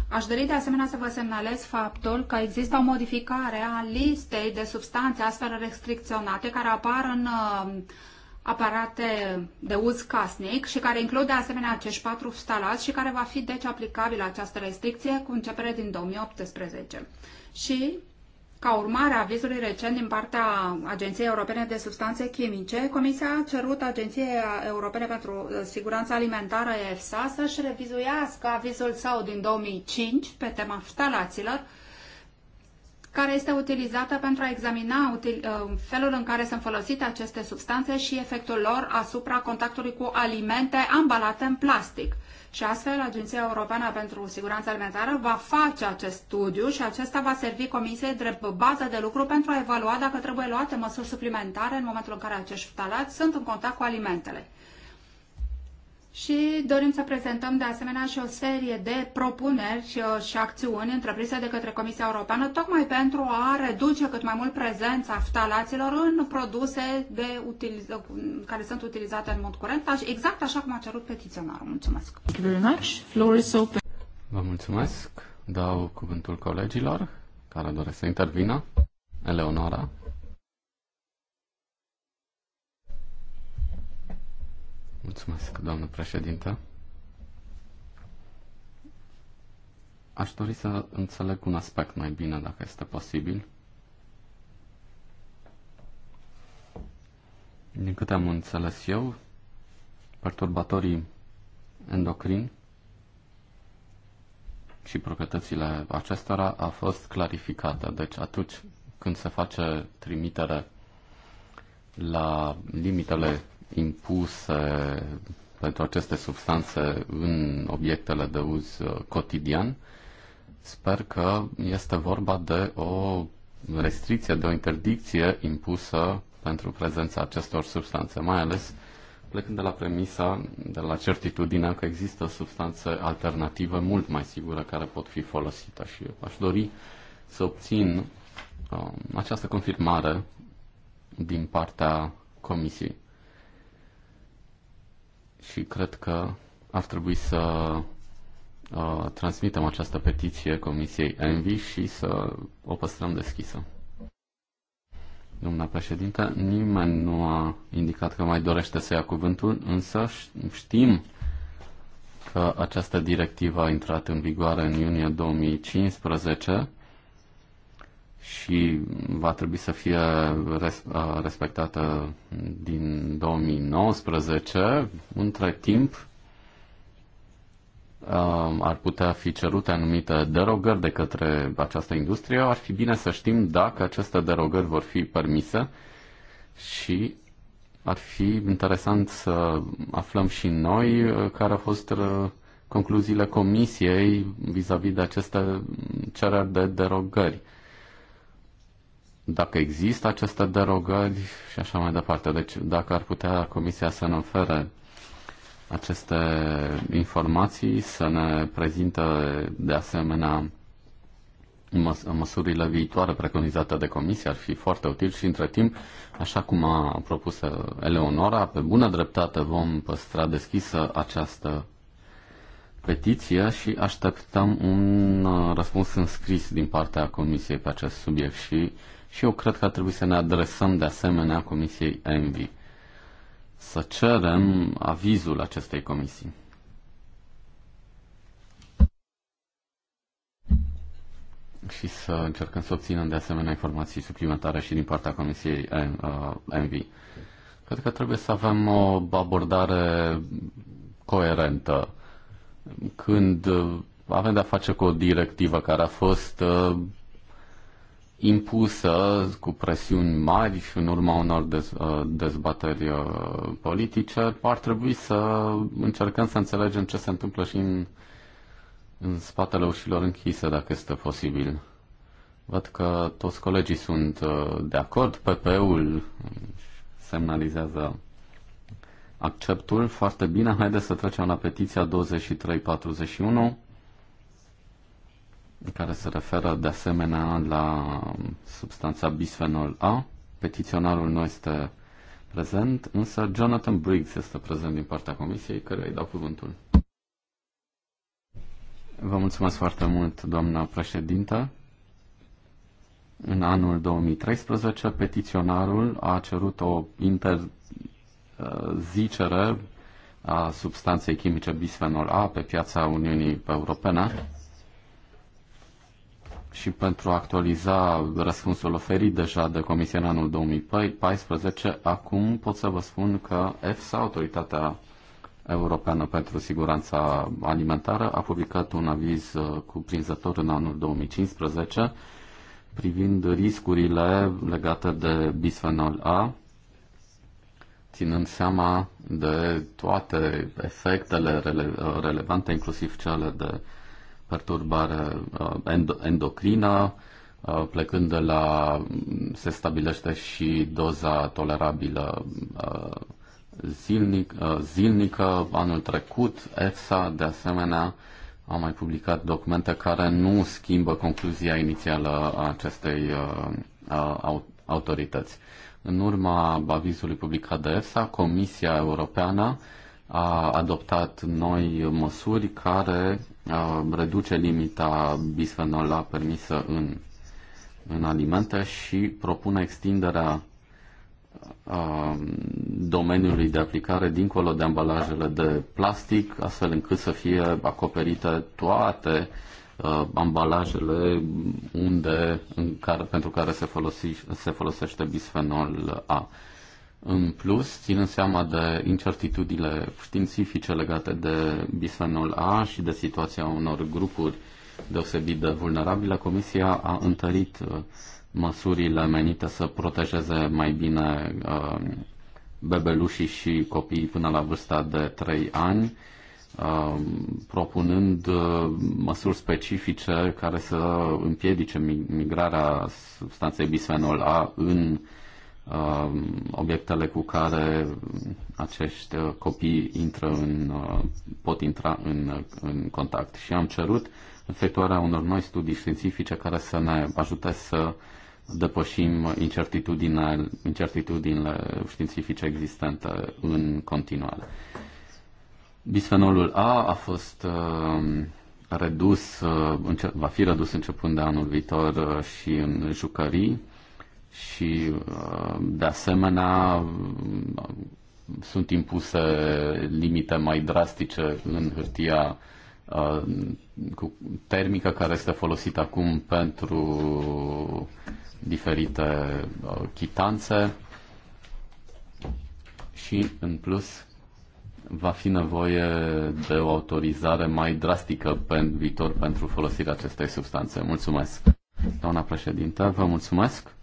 Aș dori de asemenea să vă semnalez faptul că există o modificare a listei de substanțe astfel restricționate care apar în uh, aparate de uz casnic și care include asemenea acești patru stalați și care va fi deci aplicabilă această restricție cu începere din 2018. Și ca urmare a avizului recent din partea Agenției Europene de Substanțe Chimice, Comisia a cerut Agenției Europene pentru uh, Siguranța Alimentară EFSA să-și revizuiască avizul său din 2005 pe tema ftalaților, care este utilizată pentru a examina util, uh, felul în care sunt folosite aceste substanțe și efectul lor asupra contactului cu alimente ambalate în plastic. Și astfel, Agenția Europeană pentru Siguranță Alimentară va face acest studiu și acesta va servi Comisiei drept bază de lucru pentru a evalua dacă trebuie luate măsuri suplimentare în momentul în care acești ftalați sunt în contact cu alimentele și dorim să prezentăm de asemenea și o serie de propuneri și, uh, și acțiuni întreprise de către Comisia Europeană tocmai pentru a reduce cât mai mult prezența ftalaților în produse de utiliz- care sunt utilizate în mod curent, exact așa cum a cerut petiționarul. Mulțumesc! Thank you very much. Floor is open. Vă mulțumesc! Dau cuvântul colegilor care doresc să intervină. Eleonora. Mulțumesc, doamnă președintă. Aș dori să înțeleg un aspect mai bine, dacă este posibil. Din câte am înțeles eu, perturbatorii endocrini și proprietățile acestora a fost clarificată. Deci atunci când se face trimitere la limitele impuse pentru aceste substanțe în obiectele de uz uh, cotidian, sper că este vorba de o restricție, de o interdicție impusă pentru prezența acestor substanțe, mai ales plecând de la premisa, de la certitudinea că există substanțe alternative mult mai sigure care pot fi folosite și eu aș dori să obțin um, această confirmare din partea Comisiei și cred că ar trebui să uh, transmitem această petiție Comisiei Envi și să o păstrăm deschisă. Domnule președinte, nimeni nu a indicat că mai dorește să ia cuvântul, însă știm că această directivă a intrat în vigoare în iunie 2015 și va trebui să fie respectată din 2019. Între timp, ar putea fi cerute anumite derogări de către această industrie, ar fi bine să știm dacă aceste derogări vor fi permise și ar fi interesant să aflăm și noi care au fost concluziile comisiei vis-a-vis -vis de aceste cereri de derogări dacă există aceste derogări și așa mai departe. Deci dacă ar putea Comisia să ne ofere aceste informații, să ne prezintă de asemenea măs- măsurile viitoare preconizate de Comisie, ar fi foarte util și între timp, așa cum a propus Eleonora, pe bună dreptate vom păstra deschisă această petiție și așteptăm un uh, răspuns înscris din partea Comisiei pe acest subiect și și eu cred că ar trebui să ne adresăm de asemenea Comisiei Envy. să cerem avizul acestei comisii. și să încercăm să obținem de asemenea informații suplimentare și din partea Comisiei uh, ENVI. Cred că trebuie să avem o abordare coerentă. Când uh, avem de-a face cu o directivă care a fost uh, impusă cu presiuni mari și în urma unor dez- uh, dezbateri uh, politice, ar trebui să încercăm să înțelegem ce se întâmplă și în, în spatele ușilor închise, dacă este posibil. Văd că toți colegii sunt uh, de acord, PP-ul semnalizează acceptul. Foarte bine, haideți să trecem la petiția 2341 care se referă de asemenea la substanța bisfenol A. Petiționarul nu este prezent, însă Jonathan Briggs este prezent din partea comisiei, care îi dau cuvântul. Vă mulțumesc foarte mult, doamna președintă. În anul 2013, petiționarul a cerut o interzicere a substanței chimice bisfenol A pe piața Uniunii Europene și pentru a actualiza răspunsul oferit deja de Comisia în anul 2014, acum pot să vă spun că EFSA, Autoritatea Europeană pentru Siguranța Alimentară, a publicat un aviz uh, cuprinzător în anul 2015 privind riscurile legate de bisfenol A, ținând seama de toate efectele rele- uh, relevante, inclusiv cele de perturbare uh, endocrină, uh, plecând de la mm, se stabilește și doza tolerabilă uh, zilnic, zilnică. Anul trecut, EFSA, de asemenea, a mai publicat documente care nu schimbă concluzia inițială a acestei autorități. În urma avizului publicat de EFSA, Comisia Europeană a adoptat noi măsuri care Uh, reduce limita bisfenol A permisă în, în alimente și propune extinderea uh, domeniului de aplicare dincolo de ambalajele de plastic, astfel încât să fie acoperite toate uh, ambalajele unde, în care, pentru care se, folosi, se folosește bisfenol A. În plus, ținând seama de incertitudile științifice legate de bisfenol A și de situația unor grupuri deosebit de vulnerabile, Comisia a întărit uh, măsurile menite să protejeze mai bine uh, bebelușii și copiii până la vârsta de 3 ani, uh, propunând măsuri specifice care să împiedice migrarea substanței bisfenol A în Um, obiectele cu care acești uh, copii intră în, uh, pot intra în, uh, în contact. Și am cerut efectuarea unor noi studii științifice care să ne ajute să depășim incertitudinile, incertitudinile științifice existente în continuare. Bisfenolul A a fost um, redus, va fi redus începând de anul viitor și în jucării și, uh, de asemenea, sunt impuse limite mai drastice în hârtia uh, cu termică care este folosită acum pentru diferite uh, chitanțe și, în plus, va fi nevoie de o autorizare mai drastică pe viitor pentru folosirea acestei substanțe. Mulțumesc! Doamna președintă, vă mulțumesc!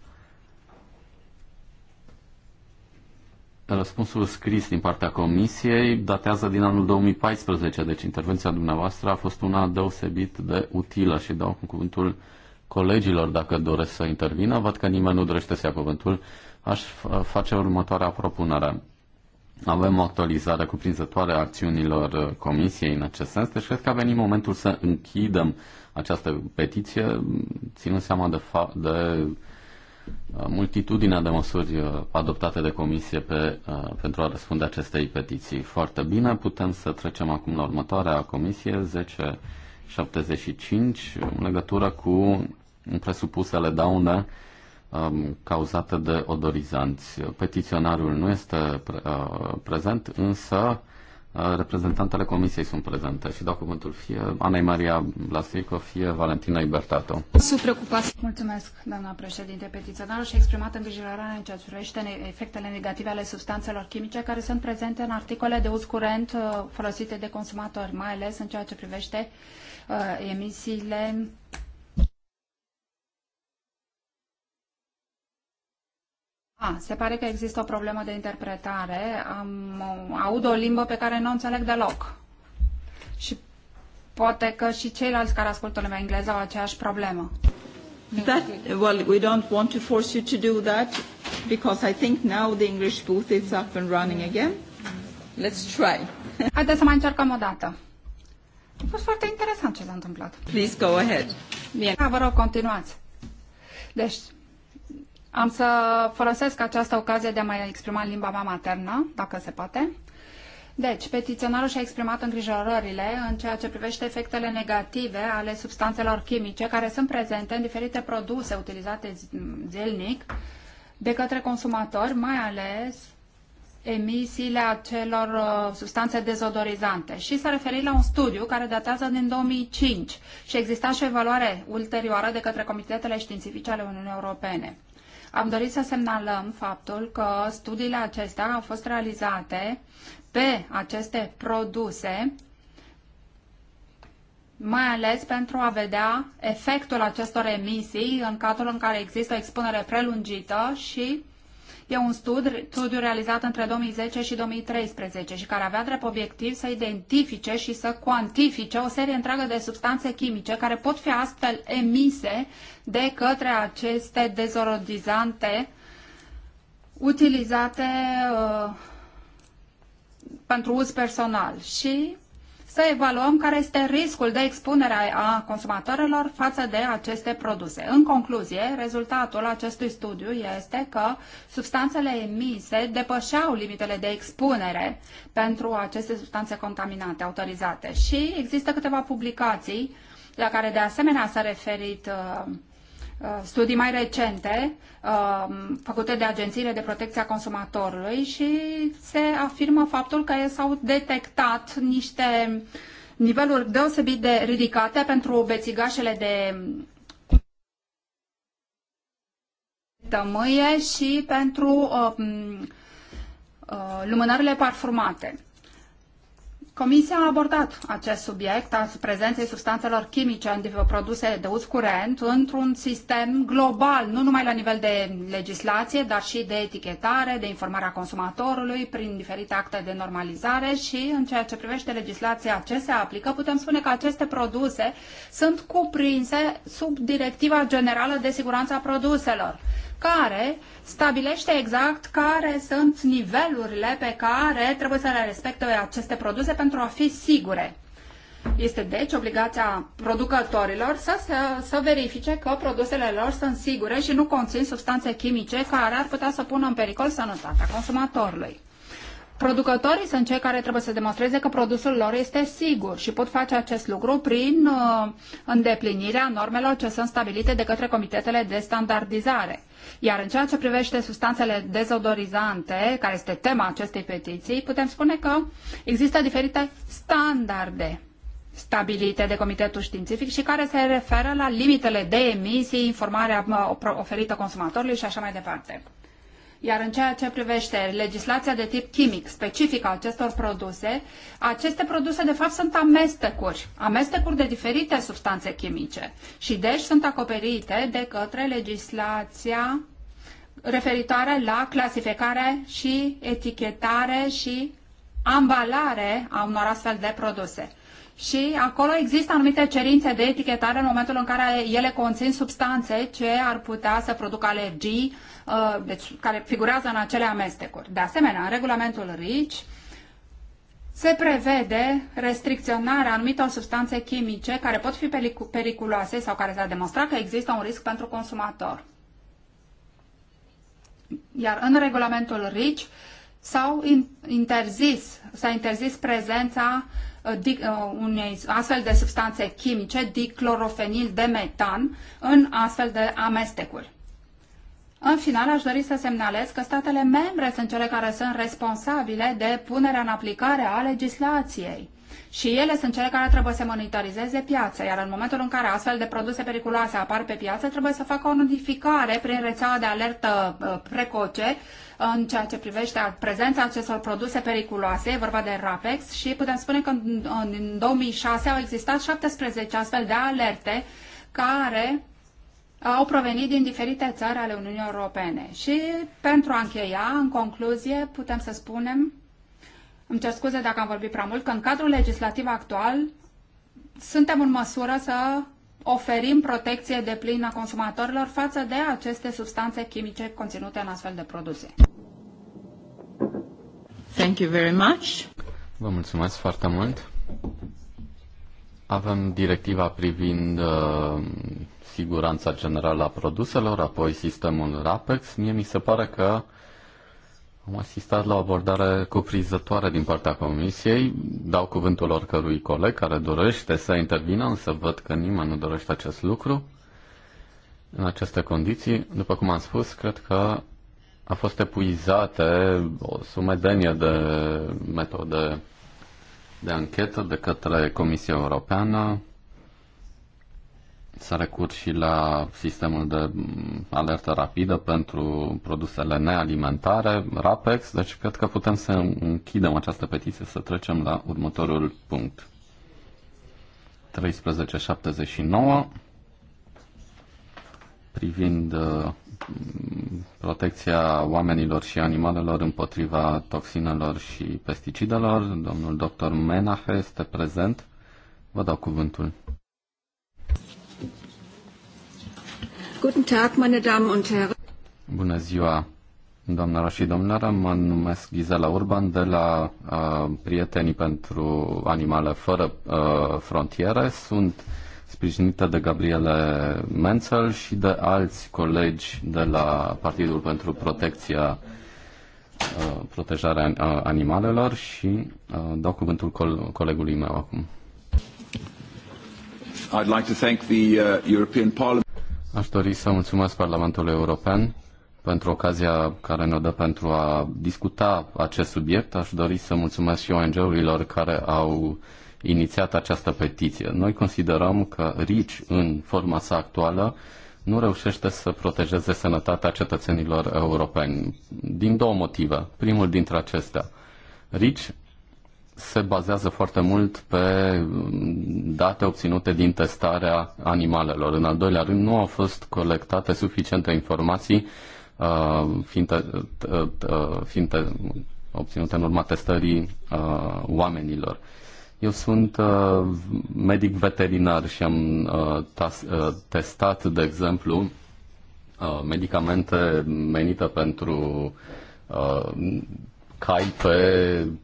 Răspunsul scris din partea Comisiei datează din anul 2014, deci intervenția dumneavoastră a fost una deosebit de utilă și dau cuvântul colegilor dacă doresc să intervină. Văd că nimeni nu dorește să ia cuvântul. Aș face următoarea propunere. Avem o actualizare cuprinzătoare a acțiunilor Comisiei în acest sens, deci cred că a venit momentul să închidem această petiție, ținând seama de, fa- de Uh, multitudinea de măsuri uh, adoptate de comisie pe, uh, pentru a răspunde acestei petiții. Foarte bine, putem să trecem acum la următoarea comisie, 1075, în legătură cu presupusele daune um, cauzate de odorizanți. Petiționarul nu este pre, prezent, însă Uh, reprezentantele comisiei sunt prezente și dau cuvântul fie Ana Maria Blasico, fie Valentina Ibertato. Sunt preocupat. Mulțumesc, doamna președinte. Petiționarul și-a exprimat îngrijorarea în ceea ce privește efectele negative ale substanțelor chimice care sunt prezente în articole de uz curent uh, folosite de consumatori, mai ales în ceea ce privește uh, emisiile Ah, se pare că există o problemă de interpretare. Am, aud o limbă pe care nu o înțeleg deloc. Și poate că și ceilalți care ascultă limba engleză au aceeași problemă. That, well, we don't want to force you to do that because I think now the English booth is up and running again. Let's try. Haideți să mai încercăm o dată. A fost foarte interesant ce s-a întâmplat. Please go ahead. Bine, da, vă rog, continuați. Deci, am să folosesc această ocazie de a mai exprima în limba mea maternă, dacă se poate. Deci, petiționarul și-a exprimat îngrijorările în ceea ce privește efectele negative ale substanțelor chimice care sunt prezente în diferite produse utilizate zilnic de către consumatori, mai ales emisiile acelor uh, substanțe dezodorizante. Și s-a referit la un studiu care datează din 2005 și exista și o evaluare ulterioară de către comitetele științifice ale Uniunii Europene am dorit să semnalăm faptul că studiile acestea au fost realizate pe aceste produse, mai ales pentru a vedea efectul acestor emisii în cadrul în care există o expunere prelungită și E un studiu, studiu realizat între 2010 și 2013 și care avea drept obiectiv să identifice și să cuantifice o serie întreagă de substanțe chimice care pot fi astfel emise de către aceste dezorodizante utilizate uh, pentru uz personal și să evaluăm care este riscul de expunere a consumatorilor față de aceste produse. În concluzie, rezultatul acestui studiu este că substanțele emise depășeau limitele de expunere pentru aceste substanțe contaminante autorizate și există câteva publicații la care de asemenea s-a referit uh, Uh, studii mai recente uh, făcute de agențiile de protecție a consumatorului și se afirmă faptul că s-au detectat niște niveluri deosebit de ridicate pentru bețigașele de tămâie și pentru uh, uh, lumânările parfumate. Comisia a abordat acest subiect al prezenței substanțelor chimice în produse de uz curent într-un sistem global, nu numai la nivel de legislație, dar și de etichetare, de informare a consumatorului prin diferite acte de normalizare și în ceea ce privește legislația ce se aplică, putem spune că aceste produse sunt cuprinse sub Directiva Generală de Siguranță a Produselor care stabilește exact care sunt nivelurile pe care trebuie să le respecte aceste produse pentru a fi sigure. Este deci obligația producătorilor să, să, să verifice că produsele lor sunt sigure și nu conțin substanțe chimice care ar putea să pună în pericol sănătatea consumatorului. Producătorii sunt cei care trebuie să demonstreze că produsul lor este sigur și pot face acest lucru prin uh, îndeplinirea normelor ce sunt stabilite de către comitetele de standardizare. Iar în ceea ce privește substanțele dezodorizante, care este tema acestei petiții, putem spune că există diferite standarde stabilite de Comitetul Științific și care se referă la limitele de emisii, informarea oferită consumatorului și așa mai departe. Iar în ceea ce privește legislația de tip chimic specifică acestor produse, aceste produse de fapt sunt amestecuri, amestecuri de diferite substanțe chimice și deci sunt acoperite de către legislația referitoare la clasificare și etichetare și ambalare a unor astfel de produse. Și acolo există anumite cerințe de etichetare în momentul în care ele conțin substanțe ce ar putea să producă alergii Uh, deci, care figurează în acele amestecuri. De asemenea, în regulamentul RICI se prevede restricționarea anumitor substanțe chimice care pot fi periculoase sau care s-a demonstrat că există un risc pentru consumator. Iar în regulamentul RICI s-au interzis, s-a interzis prezența uh, uh, unei astfel de substanțe chimice, diclorofenil de metan, în astfel de amestecuri. În final, aș dori să semnalez că statele membre sunt cele care sunt responsabile de punerea în aplicare a legislației. Și ele sunt cele care trebuie să monitorizeze piața, iar în momentul în care astfel de produse periculoase apar pe piață, trebuie să facă o notificare prin rețeaua de alertă uh, precoce în ceea ce privește prezența acestor produse periculoase, e vorba de RAPEX, și putem spune că în 2006 au existat 17 astfel de alerte care au provenit din diferite țări ale Uniunii Europene. Și pentru a încheia, în concluzie, putem să spunem, îmi cer scuze dacă am vorbit prea mult, că în cadrul legislativ actual suntem în măsură să oferim protecție de plină consumatorilor față de aceste substanțe chimice conținute în astfel de produse. Thank you very much. Vă mulțumesc foarte mult. Avem directiva privind uh, siguranța generală a produselor, apoi sistemul RAPEX. Mie mi se pare că am asistat la o abordare cuprizătoare din partea Comisiei. Dau cuvântul oricărui coleg care dorește să intervină, însă văd că nimeni nu dorește acest lucru. În aceste condiții, după cum am spus, cred că a fost epuizate o sumedenie de metode de anchetă de către Comisia Europeană, să recurg și la sistemul de alertă rapidă pentru produsele nealimentare, RAPEX, deci cred că putem să închidem această petiție, să trecem la următorul punct. 1379 privind uh, protecția oamenilor și animalelor împotriva toxinelor și pesticidelor. Domnul dr. Menahe este prezent. Vă dau cuvântul. Guten Tag, meine Damen und Herren. Bună ziua, doamnelor și domnilor. Mă numesc Gizela Urban de la uh, Prietenii pentru Animale Fără uh, Frontiere. Sunt sprijinită de Gabriele Menzel și de alți colegi de la Partidul pentru Protecția uh, protejarea uh, animalelor și uh, dau cuvântul col- colegului meu acum. I'd like to thank the uh, European Parliament Aș dori să mulțumesc Parlamentului European pentru ocazia care ne-o dă pentru a discuta acest subiect. Aș dori să mulțumesc și ONG-urilor care au inițiat această petiție. Noi considerăm că RICI, în forma sa actuală, nu reușește să protejeze sănătatea cetățenilor europeni, din două motive. Primul dintre acestea, RICI se bazează foarte mult pe date obținute din testarea animalelor. În al doilea rând, nu au fost colectate suficiente informații uh, fiind, uh, uh, fiind obținute în urma testării oamenilor. Eu sunt medic veterinar și am testat, de exemplu, medicamente menite pentru cai pe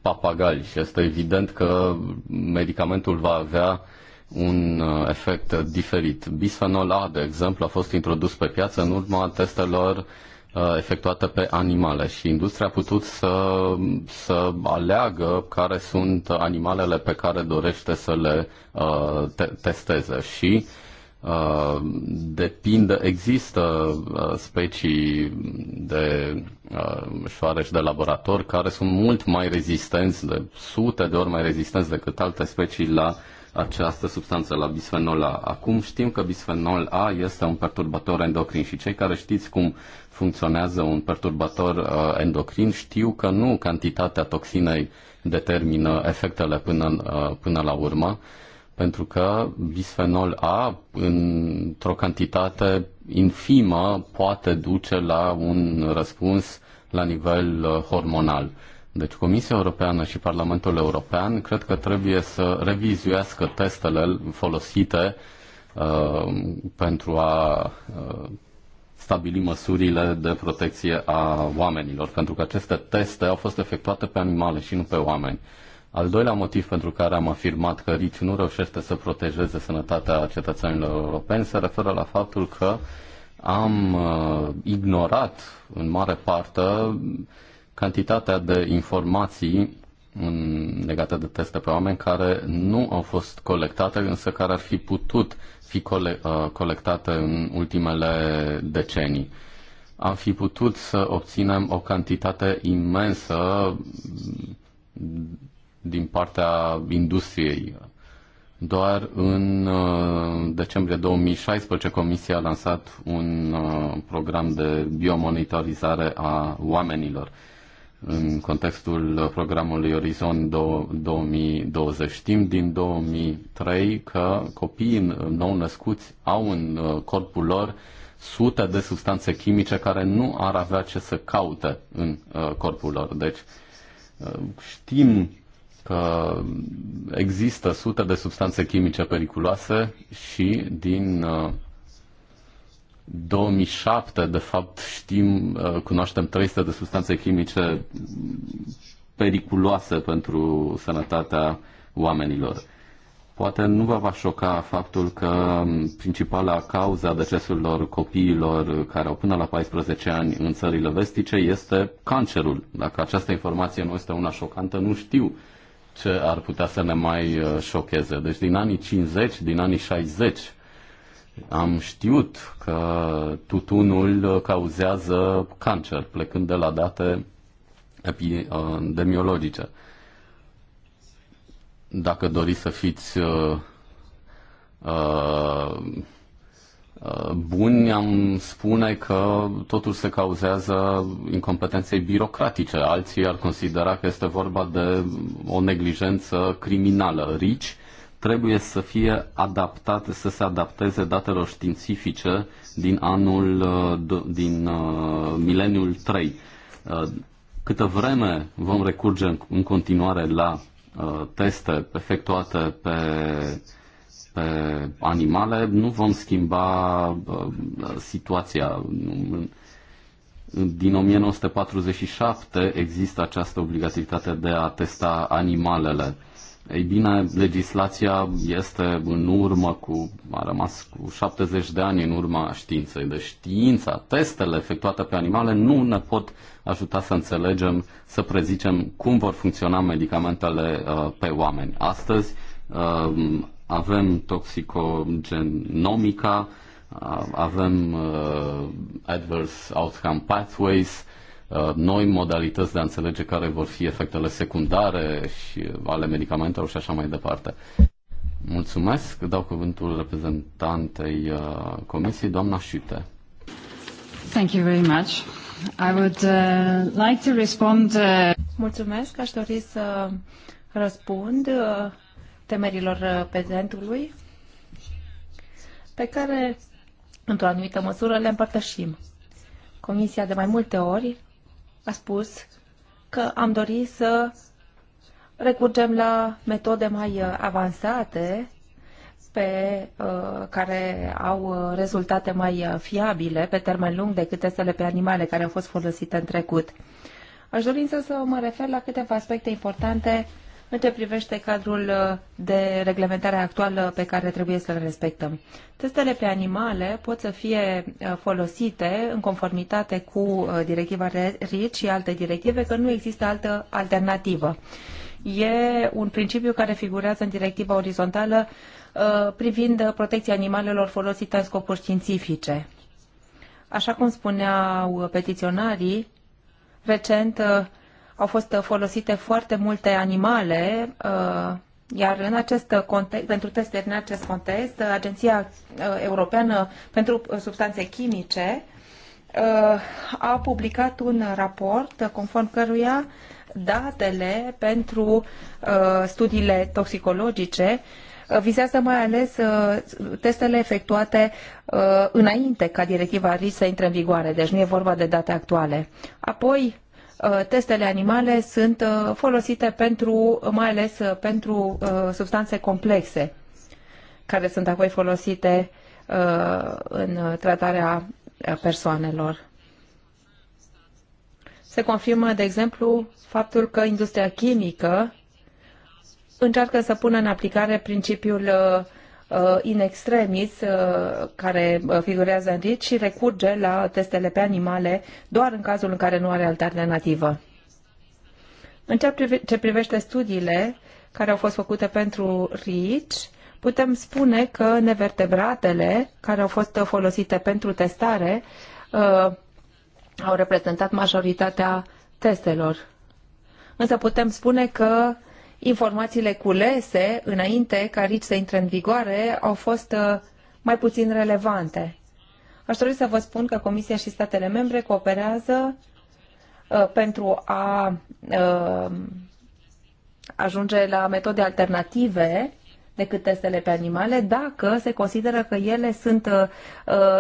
papagali și este evident că medicamentul va avea un uh, efect diferit. Bisfenol A, de exemplu, a fost introdus pe piață în urma testelor uh, efectuate pe animale și industria a putut să, să aleagă care sunt animalele pe care dorește să le uh, te- testeze și uh, Uh, depinde, există uh, specii de uh, șoareci de laborator care sunt mult mai rezistenți, de sute de ori mai rezistenți decât alte specii la această substanță, la bisfenol A. Acum știm că bisfenol A este un perturbator endocrin și cei care știți cum funcționează un perturbator uh, endocrin știu că nu cantitatea toxinei determină efectele până, uh, până la urmă, uh, pentru că bisfenol A, într-o cantitate infimă, poate duce la un răspuns la nivel uh, hormonal. Deci Comisia Europeană și Parlamentul European cred că trebuie să revizuiască testele folosite uh, pentru a uh, stabili măsurile de protecție a oamenilor, pentru că aceste teste au fost efectuate pe animale și nu pe oameni. Uh, al doilea motiv pentru care am afirmat că RIC nu reușește să protejeze sănătatea cetățenilor europeni se referă la faptul că am uh, ignorat în mare parte cantitatea de informații în, legate de teste pe oameni care nu au fost colectate, însă care ar fi putut fi cole, uh, colectate în ultimele decenii. Am fi putut să obținem o cantitate imensă din partea industriei. Doar în uh, decembrie 2016 Comisia a lansat un uh, program de biomonitorizare a oamenilor în contextul programului Orizont 2020. Știm din 2003 că copiii nou-născuți au în uh, corpul lor sute de substanțe chimice care nu ar avea ce să caute în corpul lor. Deci știm că există sute de substanțe chimice periculoase și din 2007, uh, de fapt, știm, uh, cunoaștem 300 de substanțe chimice periculoase pentru sănătatea oamenilor. Poate nu vă va șoca faptul că um, principala cauza decesurilor copiilor care au până la 14 ani în țările vestice este cancerul. Dacă această informație nu este una șocantă, nu știu ce ar putea să ne mai uh, șocheze. Deci din anii 50, din anii 60 am știut că tutunul uh, cauzează cancer, plecând de la date epidemiologice. Uh, Dacă doriți să fiți uh, uh, buni am spune că totul se cauzează incompetenței birocratice. Alții ar considera că este vorba de o neglijență criminală. Rici trebuie să fie adaptate, să se adapteze datelor științifice din anul, din uh, mileniul 3. Uh, câtă vreme vom recurge în continuare la uh, teste efectuate pe pe animale, nu vom schimba situația. Din 1947 există această obligativitate de a testa animalele. Ei bine, legislația este în urmă cu, a rămas cu 70 de ani în urma științei. Deci știința, testele efectuate pe animale nu ne pot ajuta să înțelegem, să prezicem cum vor funcționa medicamentele uh, pe oameni. Astăzi, uh, avem toxicogenomica, avem uh, adverse outcome pathways, uh, noi modalități de a înțelege care vor fi efectele secundare și uh, ale medicamentelor și așa mai departe. Mulțumesc. Dau cuvântul reprezentantei uh, comisiei, doamna Șute. Thank you very much. I would uh, like to respond. Uh... Mulțumesc. Aș dori să răspund uh, temerilor uh, prezentului, pe care, într-o anumită măsură, le împărtășim. Comisia de mai multe ori a spus că am dorit să recurgem la metode mai uh, avansate pe uh, care au uh, rezultate mai fiabile pe termen lung decât testele pe animale care au fost folosite în trecut. Aș dori însă să mă refer la câteva aspecte importante uh, în ce privește cadrul uh, de reglementare actual uh, pe care trebuie să-l respectăm. Testele pe animale pot să fie uh, folosite în conformitate cu directiva RIT și alte directive, că nu există altă alternativă. E un principiu care figurează în directiva orizontală privind protecția animalelor folosite în scopuri științifice. Așa cum spuneau petiționarii, recent au fost uh, folosite foarte multe animale, uh, iar în acest context, pentru teste în acest context, uh, Agenția Europeană pentru Substanțe Chimice a publicat un raport conform căruia datele pentru studiile toxicologice vizează mai ales testele efectuate înainte ca directiva RIS să intre în vigoare, deci nu e vorba de date actuale. Apoi, Uh, testele animale sunt uh, folosite pentru, uh, mai ales pentru substanțe complexe, care sunt apoi folosite în tratarea persoanelor. Se confirmă, de exemplu, faptul că industria chimică încearcă să pună în aplicare principiul uh, Uh, in extremis uh, care uh, figurează în RIT și recurge la testele pe animale doar în cazul în care nu are alternativă. În ce privește studiile care au fost făcute pentru RIC, putem spune că nevertebratele care au fost folosite pentru testare au reprezentat majoritatea testelor. Însă putem spune că informațiile culese înainte ca RICI să intre în vigoare au fost uh, mai puțin relevante. Aș dori să vă spun că Comisia și statele membre cooperează uh, pentru a uh, ajunge la metode alternative decât testele pe animale, dacă se consideră că ele sunt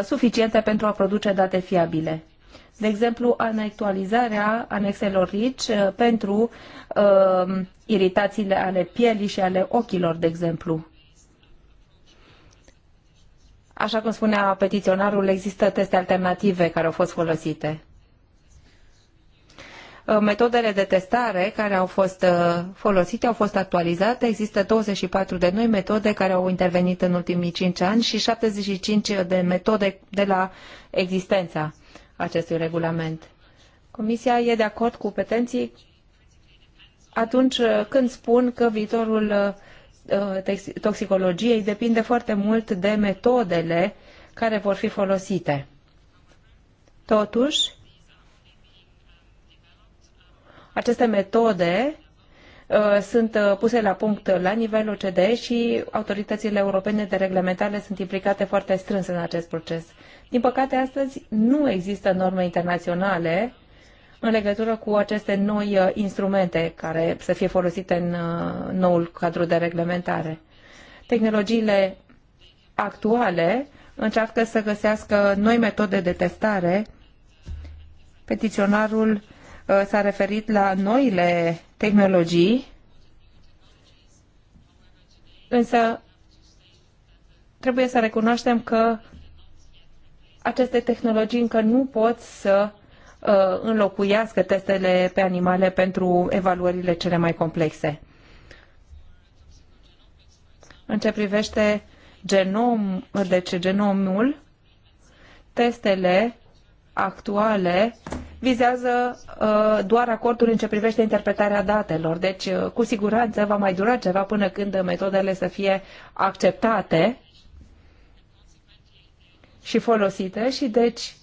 suficiente pentru a produce date fiabile. De exemplu, anectualizarea anexelor RICI pentru uh, iritațiile ale pielii și ale ochilor, de exemplu. Așa cum spunea petiționarul, există teste alternative care au fost folosite. Uh, metodele de testare care au fost uh, folosite au fost actualizate. Există 24 de noi metode care au intervenit în ultimii 5 ani și 75 de metode de la existența acestui regulament. Comisia e de acord cu petenții atunci uh, când spun că viitorul uh, uh, toxicologiei depinde foarte mult de metodele care vor fi folosite. Totuși, aceste metode sunt puse la punct la nivel OCDE și autoritățile europene de reglementare sunt implicate foarte strâns în acest proces. Din păcate, astăzi nu există norme internaționale uh, în legătură cu aceste noi uh, instrumente care să fie folosite în uh, noul cadru de reglementare. Tehnologiile actuale încearcă să găsească noi metode de testare. Petiționarul uh, s-a referit la noile tehnologii, însă trebuie să recunoaștem că aceste tehnologii încă nu pot să Uh, înlocuiască testele pe animale pentru evaluările cele mai complexe. În ce privește genom, deci genomul, testele actuale vizează uh, doar acordul în ce privește interpretarea datelor. Deci, uh, cu siguranță, va mai dura ceva până când metodele să fie acceptate și folosite și deci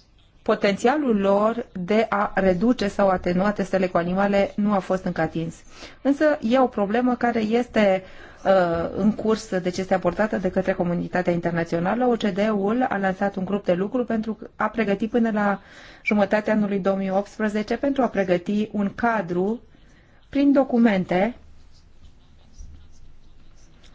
potențialul lor de a reduce sau atenua testele cu animale nu a fost încă atins. Însă e o problemă care este uh, în curs, deci este aportată de către comunitatea internațională. ocd ul a lansat un grup de lucru pentru a pregăti până la jumătatea anului 2018 pentru a pregăti un cadru prin documente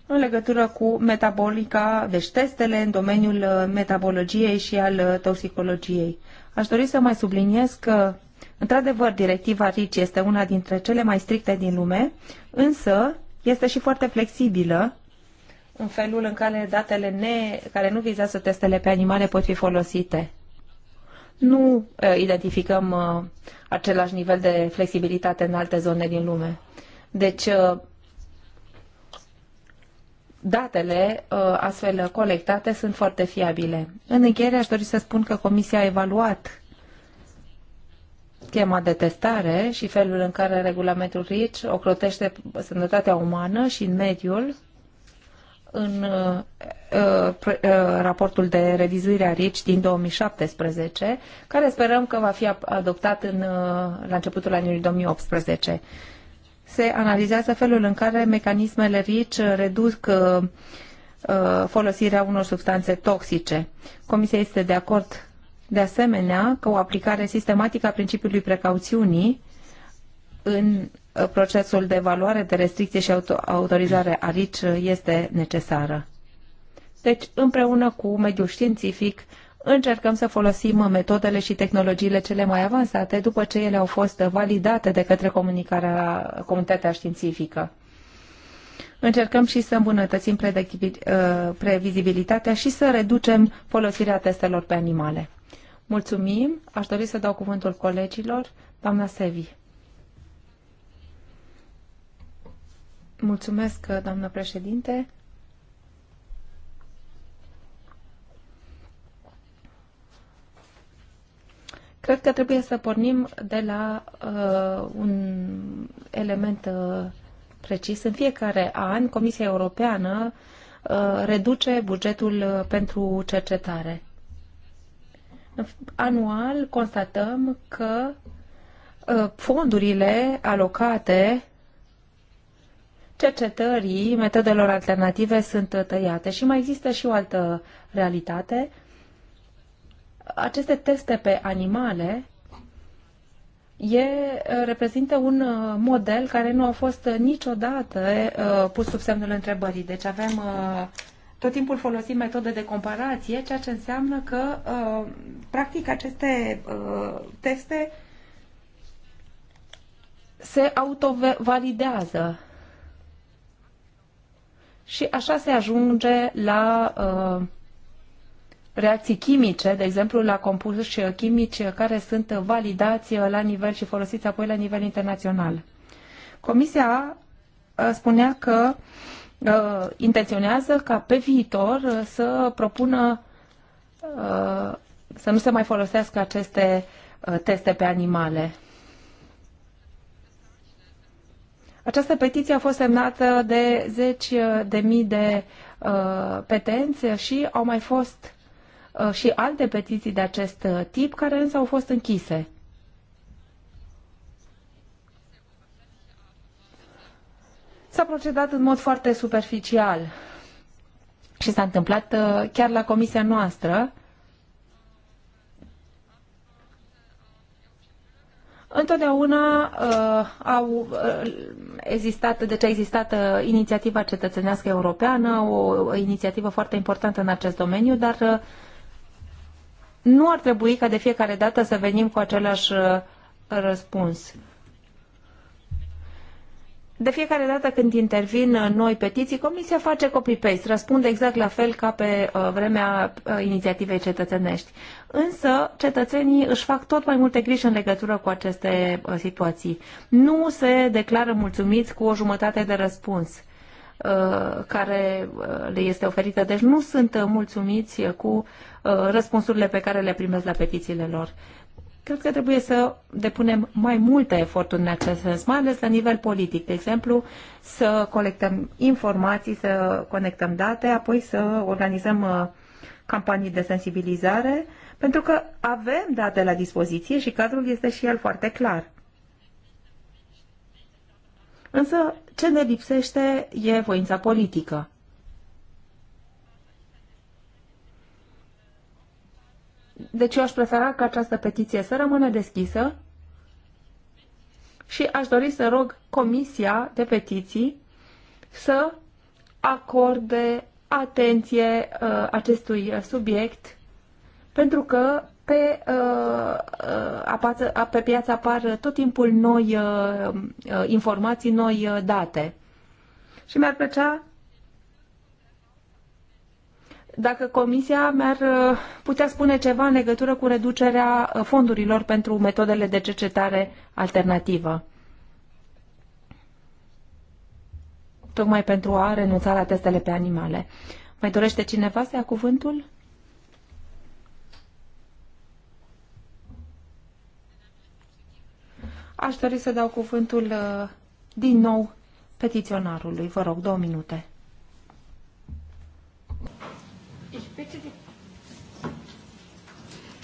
în legătură cu metabolica, deci testele în domeniul uh, metabologiei și al uh, toxicologiei. Aș dori să mai subliniez că, într-adevăr, directiva RICI este una dintre cele mai stricte din lume, însă este și foarte flexibilă în felul în care datele ne, care nu vizează testele pe animale pot fi folosite. Nu uh, identificăm uh, același nivel de flexibilitate în alte zone din lume. Deci, uh, datele uh, astfel colectate sunt foarte fiabile. În încheiere aș dori să spun că Comisia a evaluat schema de testare și felul în care regulamentul RICI ocrotește sănătatea umană și mediul în uh, uh, uh, raportul de revizuire a RICI din 2017, care sperăm că va fi adoptat în, uh, la începutul anului 2018 se analizează felul în care mecanismele RIC reduc uh, uh, folosirea unor substanțe toxice. Comisia este de acord de asemenea că o aplicare sistematică a principiului precauțiunii în uh, procesul de evaluare de restricție și autorizare a RIC este necesară. Deci, împreună cu mediul științific, încercăm să folosim metodele și tehnologiile cele mai avansate după ce ele au fost validate de către comunicarea, comunitatea științifică. Încercăm și să îmbunătățim uh, previzibilitatea și să reducem folosirea testelor pe animale. Mulțumim. Aș dori să dau cuvântul colegilor. Doamna Sevi. Mulțumesc, doamnă președinte. Cred că trebuie să pornim de la uh, un element uh, precis. În fiecare an, Comisia Europeană uh, reduce bugetul uh, pentru cercetare. Anual constatăm că uh, fondurile alocate cercetării metodelor alternative sunt tăiate și mai există și o altă realitate. Uh, aceste teste pe animale e, reprezintă un uh, model care nu a fost niciodată uh, pus sub semnul întrebării. Deci avem uh, tot timpul folosim metode de comparație, ceea ce înseamnă că, practic, aceste teste se autovalidează. Și așa se ajunge la uh, reacții chimice, de exemplu la compuși chimici care sunt validați la nivel și folosiți apoi la nivel internațional. Comisia uh, spunea că uh, intenționează ca pe viitor uh, să propună să nu se mai folosească aceste teste pe animale. Această petiție a fost semnată de zeci de mii de uh, petenți și au mai fost Uh, și alte petiții de acest uh, tip, care însă au fost închise. S-a procedat în mod foarte superficial și s-a întâmplat uh, chiar la comisia noastră. Întotdeauna uh, au uh, existat, deci a existat uh, inițiativa cetățenească europeană, o, o inițiativă foarte importantă în acest domeniu, dar uh, nu ar trebui ca de fiecare dată să venim cu același uh, răspuns. De fiecare dată când intervin uh, noi petiții, Comisia face copy-paste, răspunde exact la fel ca pe uh, vremea inițiativei cetățenești. Însă, cetățenii își fac tot mai multe griji în legătură cu aceste situații. Nu se declară mulțumiți cu o jumătate de răspuns. Uh, care uh, le este oferită. Deci nu sunt uh, mulțumiți cu răspunsurile pe care le primesc la petițiile lor. Cred că trebuie să depunem mai multe eforturi în acest sens, mai ales la nivel politic, de exemplu, să colectăm informații, să conectăm date, apoi să organizăm campanii de sensibilizare, pentru că avem date la dispoziție și cadrul este și el foarte clar. Însă, ce ne lipsește e voința politică. Deci eu aș prefera ca această petiție să rămână deschisă și aș dori să rog Comisia de Petiții să acorde atenție uh, acestui subiect, pentru că pe, uh, uh, pe piață apar tot timpul noi uh, informații, noi date. Și mi-ar plăcea dacă Comisia mi-ar putea spune ceva în legătură cu reducerea fondurilor pentru metodele de cercetare alternativă. Tocmai pentru a renunța la testele pe animale. Mai dorește cineva să ia cuvântul? Aș dori să dau cuvântul uh, din nou petiționarului. Vă rog, două minute.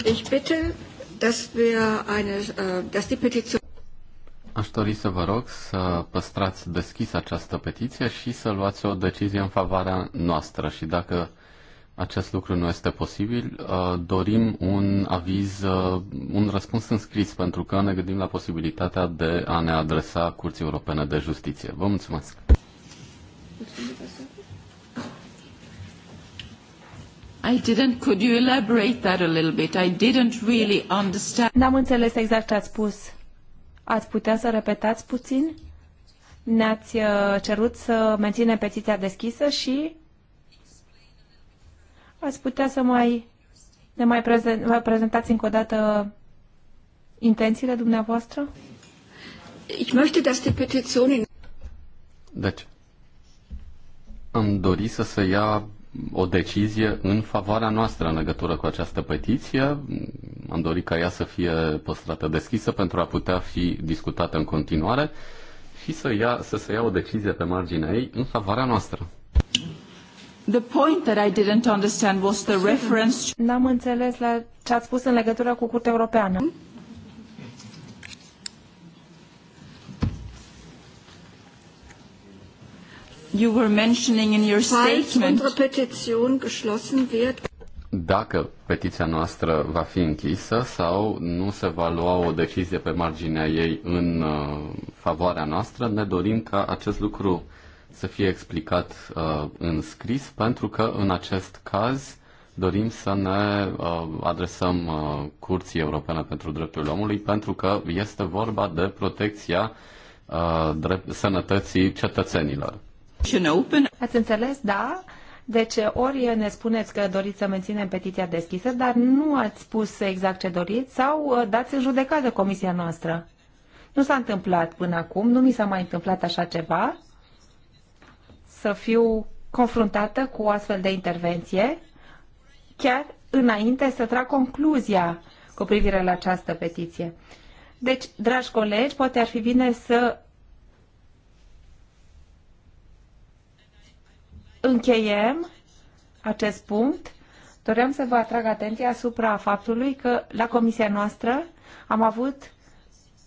Ich bitte, dass wir eine, äh, dass die Petition Aș dori să vă rog să păstrați deschis această petiție și să luați o decizie în favoarea noastră și dacă acest lucru nu este posibil. Uh, dorim un aviz, uh, un răspuns înscris, pentru că ne gândim la posibilitatea de a ne adresa Curții Europene de Justiție. Vă mulțumesc! I didn't, could you elaborate that a little bit? I didn't really understand. N-am înțeles exact ce ați spus. Ați putea să repetați puțin? Ne-ați uh, cerut să menținem petiția deschisă și Ați putea să mai ne mai prezent, prezentați încă o dată intențiile dumneavoastră? Ich möchte, dass die Petition Deci, am dorit să se ia o decizie în favoarea noastră în legătură cu această petiție. Am dorit ca ea să fie păstrată deschisă pentru a putea fi discutată în continuare și să, ia, să se ia o decizie pe marginea ei în favoarea noastră. The point that I didn't understand was the reference N-am înțeles la ce ați spus în legătură cu Curtea Europeană. You were mentioning in your statement. Dacă petiția noastră va fi închisă sau nu se va lua o decizie pe marginea ei în uh, favoarea noastră, ne dorim ca acest lucru să fie explicat uh, în scris, pentru că în acest caz dorim să ne uh, adresăm uh, Curții Europene pentru Drepturile Omului, pentru că este vorba de protecția uh, drept, sănătății cetățenilor. Ați înțeles, da? Deci ori ne spuneți că doriți să menținem petiția deschisă, dar nu ați spus exact ce doriți sau uh, dați în judecată comisia noastră. Nu s-a întâmplat până acum, nu mi s-a mai întâmplat așa ceva să fiu confruntată cu o astfel de intervenție, chiar înainte să trag concluzia cu privire la această petiție. Deci, dragi colegi, poate ar fi bine să încheiem acest punct. Doream să vă atrag atenția asupra faptului că la comisia noastră am avut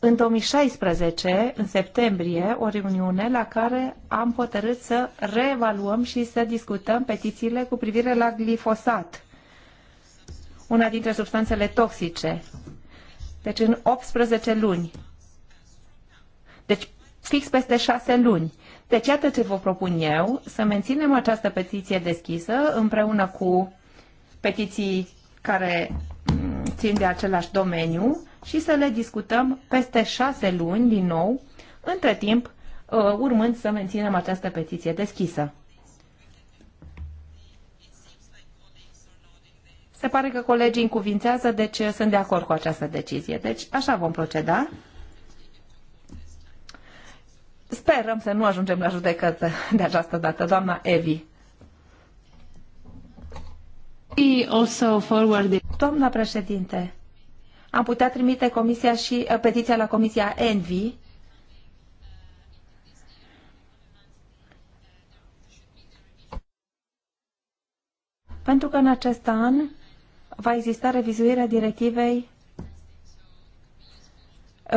în 2016, în septembrie, o reuniune la care am hotărât să reevaluăm și să discutăm petițiile cu privire la glifosat, una dintre substanțele toxice. Deci în 18 luni. Deci fix peste 6 luni. Deci iată ce vă propun eu, să menținem această petiție deschisă împreună cu petiții care țin de același domeniu, și să le discutăm peste șase luni din nou, între timp uh, urmând să menținem această petiție deschisă. Se pare că colegii încuvințează, deci uh, sunt de acord cu această decizie. Deci așa vom proceda. Sperăm să nu ajungem la judecată de această dată, doamna Evi. Doamna președinte, am putea trimite comisia și uh, petiția la comisia ENVI. Pentru că în acest an va exista revizuirea directivei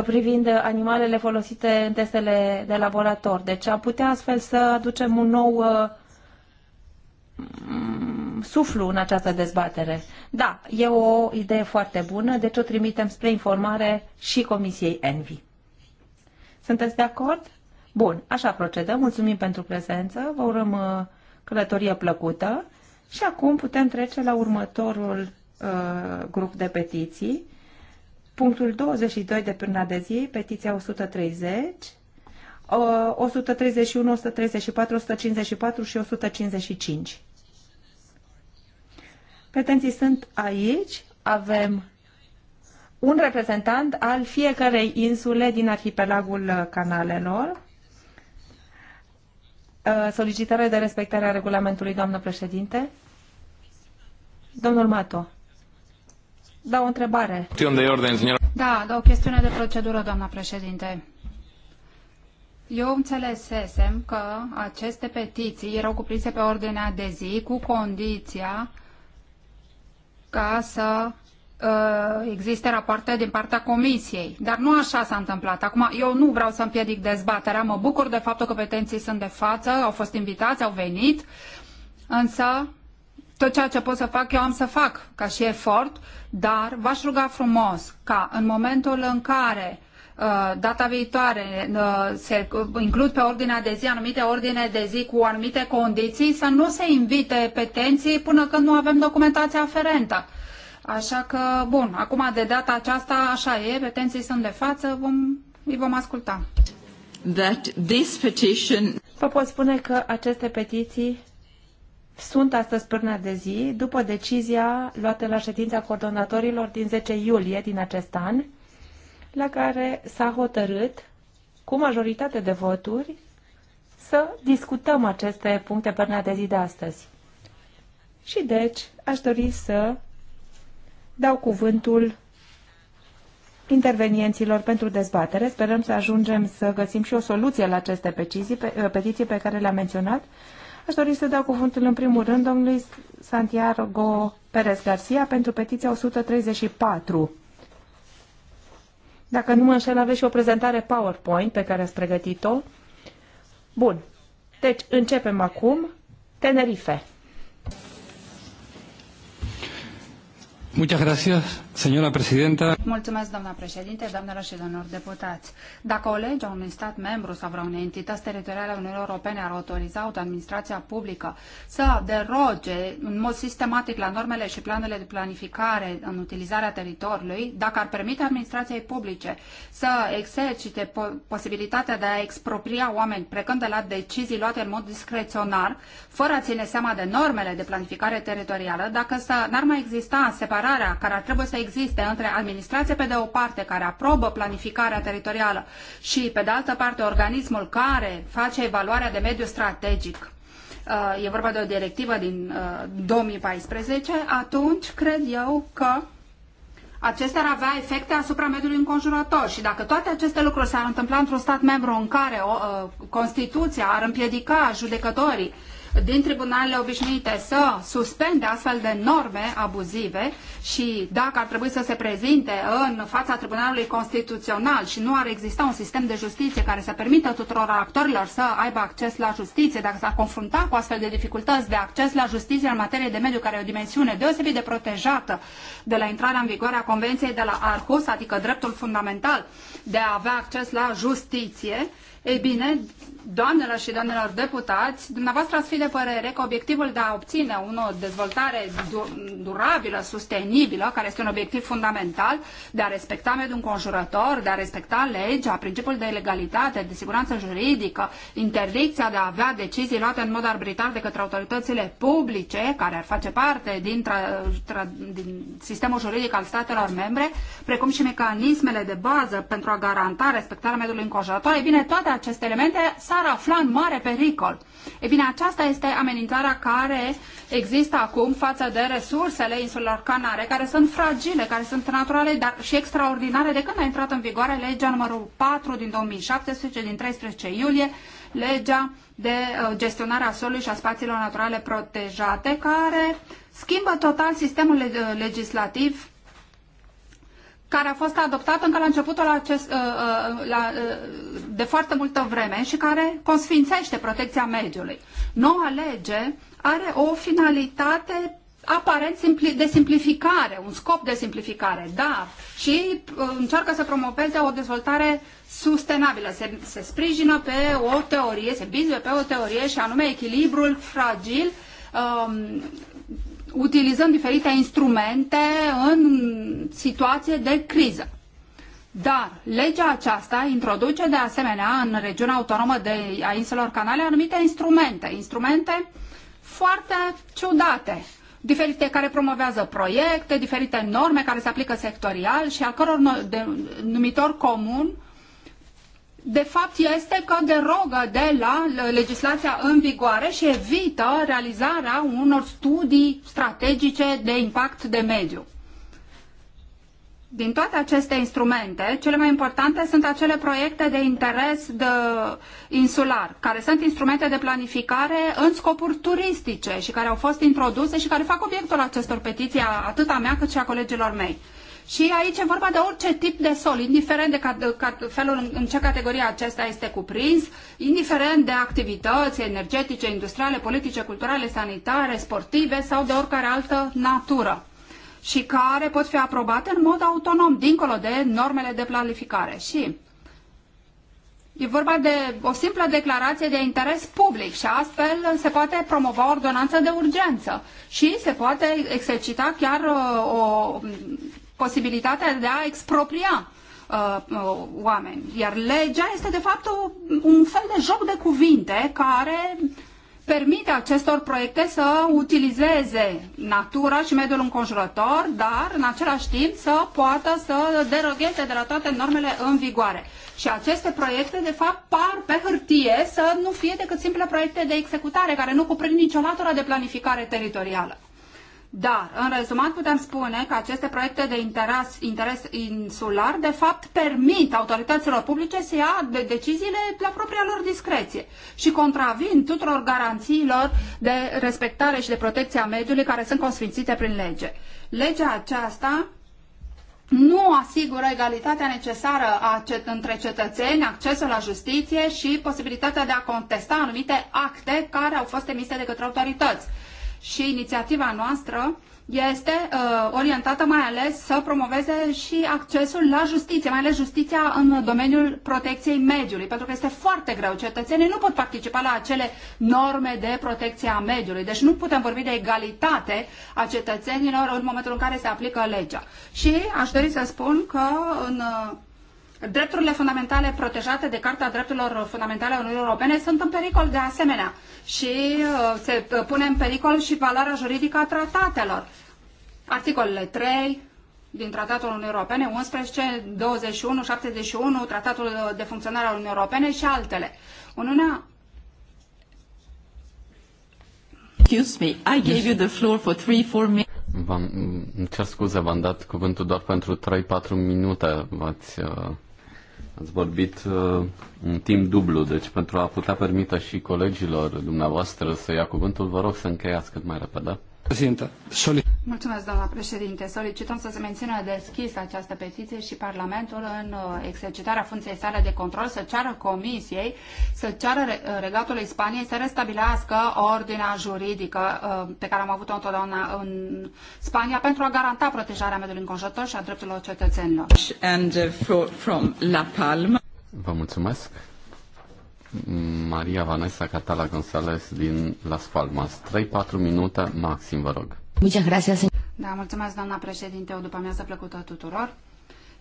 privind animalele folosite în testele de laborator. Deci am putea astfel să aducem un nou uh, Mm, suflu în această dezbatere. Da, e o idee foarte bună, deci o trimitem spre informare și Comisiei Envi. Sunteți de acord? Bun, așa procedăm. Mulțumim pentru prezență, vă urăm uh, călătorie plăcută și acum putem trece la următorul uh, grup de petiții. Punctul 22 de până de zi, petiția 130, 131, 134, 154 și 155. Petenții sunt aici. Avem un reprezentant al fiecarei insule din arhipelagul canalelor. Uh, solicitare de respectare a regulamentului, doamnă președinte. Domnul Mato. Da, o întrebare. De ordine, da, da, o chestiune de procedură, doamnă președinte. Eu înțelesesem că aceste petiții erau cuprinse pe ordinea de zi cu condiția ca să uh, existe rapoarte din partea comisiei. Dar nu așa s-a întâmplat. Acum, eu nu vreau să împiedic dezbaterea. Mă bucur de faptul că petenții sunt de față, au fost invitați, au venit, însă tot ceea ce pot să fac, eu am să fac ca și efort, dar v-aș ruga frumos ca în momentul în care Uh, data viitoare uh, se includ pe ordinea de zi anumite ordine de zi cu anumite condiții, să nu se invite petenții până când nu avem documentația aferentă. Așa că, bun, acum de data aceasta, așa e, petenții sunt de față, vom, îi vom asculta. That this petition... Vă pot spune că aceste petiții sunt astăzi până de zi, după decizia luată la ședința coordonatorilor din 10 iulie din acest an, la care s-a hotărât cu majoritate de voturi să discutăm aceste puncte pe de zi de astăzi. Și deci aș dori să dau cuvântul intervenienților pentru dezbatere. Sperăm să ajungem să găsim și o soluție la aceste petiții pe, uh, petiții pe care le-am menționat. Aș dori să dau cuvântul în primul rând domnului Santiago Perez Garcia pentru petiția 134 dacă nu mă înșel, aveți și o prezentare PowerPoint pe care ați pregătit-o. Bun. Deci, începem acum. Tenerife. Muchas gracias. Señora președintă. Mulțumesc, doamna președinte, doamnelor și domnilor deputați. Dacă o lege a unui stat membru sau vreo unei entități teritoriale a Uniunii Europene ar autoriza administrația publică să deroge în mod sistematic la normele și planurile de planificare în utilizarea teritoriului, dacă ar permite administrației publice să exercite posibilitatea de a expropria oameni plecând de la decizii luate în mod discreționar, fără a ține seama de normele de planificare teritorială, dacă să n-ar mai exista separarea care ar trebui să existe între administrația pe de o parte care aprobă planificarea teritorială și pe de altă parte organismul care face evaluarea de mediu strategic uh, e vorba de o directivă din 2014, uh, atunci cred eu că acestea ar avea efecte asupra mediului înconjurător și dacă toate aceste lucruri s-ar întâmpla într-un stat membru în care o, uh, Constituția ar împiedica judecătorii uh, din tribunalele obișnuite să suspende astfel de norme abuzive și dacă ar trebui să se prezinte în fața Tribunalului Constituțional și nu ar exista un sistem de justiție care să permită tuturor actorilor să aibă acces la justiție, dacă s-ar confrunta cu astfel de dificultăți de acces la justiție în materie de mediu, care e o dimensiune deosebit de protejată de la intrarea în vigoare a Convenției de la Arhus, adică dreptul fundamental de a avea acces la justiție, ei bine, doamnelor și domnilor deputați, dumneavoastră ați fi de părere că obiectivul de a obține o dezvoltare durabilă, sustenibilă, care este un obiectiv fundamental, de a respecta mediul înconjurător, de a respecta legea, principiul de legalitate, de siguranță juridică, interdicția de a avea decizii luate în mod arbitrar de către autoritățile publice, care ar face parte din, tra, tra, din sistemul juridic al statelor membre, precum și mecanismele de bază pentru a garanta respectarea mediului înconjurător, e bine, toate aceste elemente s s-ar afla în mare pericol. E bine, aceasta este amenințarea care există acum față de resursele insulelor Canare, care sunt fragile, care sunt naturale, dar și extraordinare de când a intrat în vigoare legea numărul 4 din 2017, din 13 iulie, legea de uh, gestionare a solului și a spațiilor naturale protejate, care schimbă total sistemul uh, legislativ care a fost adoptată încă la începutul acest, uh, uh, la, uh, de foarte multă vreme și care consfințește protecția mediului. Noua lege are o finalitate aparent de simplificare, un scop de simplificare, da, și încearcă să promoveze o dezvoltare sustenabilă. Se, se sprijină pe o teorie, se bizuie pe o teorie și anume echilibrul fragil um, utilizăm diferite instrumente în situație de criză. Dar legea aceasta introduce de asemenea în regiunea autonomă de, a insulor Canale anumite instrumente, instrumente foarte ciudate, diferite care promovează proiecte, diferite norme care se aplică sectorial și a căror numitor comun de fapt este că derogă de la legislația în vigoare și evită realizarea unor studii strategice de impact de mediu. Din toate aceste instrumente, cele mai importante sunt acele proiecte de interes de insular, care sunt instrumente de planificare în scopuri turistice și care au fost introduse și care fac obiectul acestor petiții atât a mea cât și a colegilor mei. Și aici e vorba de orice tip de sol, indiferent de felul în, ce categorie acesta este cuprins, indiferent de activități energetice, industriale, politice, culturale, sanitare, sportive sau de oricare altă natură și care pot fi aprobate în mod autonom, dincolo de normele de planificare. Și E vorba de o simplă declarație de interes public și astfel se poate promova o ordonanță de urgență și se poate exercita chiar uh, o posibilitatea de a expropria uh, uh, oameni. Iar legea este de fapt o, un fel de joc de cuvinte care permite acestor proiecte să utilizeze natura și mediul înconjurător, dar în același timp să poată să derogheze de la toate normele în vigoare. Și aceste proiecte, de fapt, par pe hârtie să nu fie decât simple proiecte de executare, care nu cuprind nicio latură de planificare teritorială. Dar, în rezumat, putem spune că aceste proiecte de interes, interes insular, de fapt, permit autorităților publice să ia de deciziile la propria lor discreție și contravin tuturor garanțiilor de respectare și de protecție a mediului care sunt consfințite prin lege. Legea aceasta nu asigură egalitatea necesară cet între cetățeni, accesul la justiție și posibilitatea de a contesta anumite acte care au fost emise de către autorități și inițiativa noastră este uh, orientată mai ales să promoveze și accesul la justiție, mai ales justiția în domeniul protecției mediului, pentru că este foarte greu. Cetățenii nu pot participa la acele norme de protecție a mediului, deci nu putem vorbi de egalitate a cetățenilor în momentul în care se aplică legea. Și aș dori să spun că în uh, drepturile fundamentale protejate de Carta Drepturilor Fundamentale a Uniunii Europene sunt în pericol de asemenea și uh, se uh, pune în pericol și valoarea juridică a tratatelor. Articolele 3 din Tratatul Uniunii Europene, 11, 21, 71, Tratatul de Funcționare a Uniunii Europene și altele. Uniunea Excuse me, I gave you the floor for three, four minutes. V-am, îmi cer scuze, v-am dat cuvântul doar pentru 3-4 minute. V-ați uh, Ați vorbit uh, un timp dublu, deci pentru a putea permite și colegilor dumneavoastră să ia cuvântul, vă rog să încheiați cât mai repede. Mulțumesc, doamna președinte. Solicităm să se mențină deschisă această petiție și Parlamentul, în uh, exercitarea funcției sale de control, să ceară Comisiei, să ceară Regatul Spaniei să restabilească ordinea juridică uh, pe care am avut-o întotdeauna în Spania pentru a garanta protejarea mediului înconjurător și a drepturilor cetățenilor. And, uh, from La Palma. Vă mulțumesc. Maria Vanessa Catala González din Las Palmas. 3-4 minute maxim, vă rog. Muchas gracias. Da, mulțumesc, doamna președinte. O după amiază plăcută tuturor.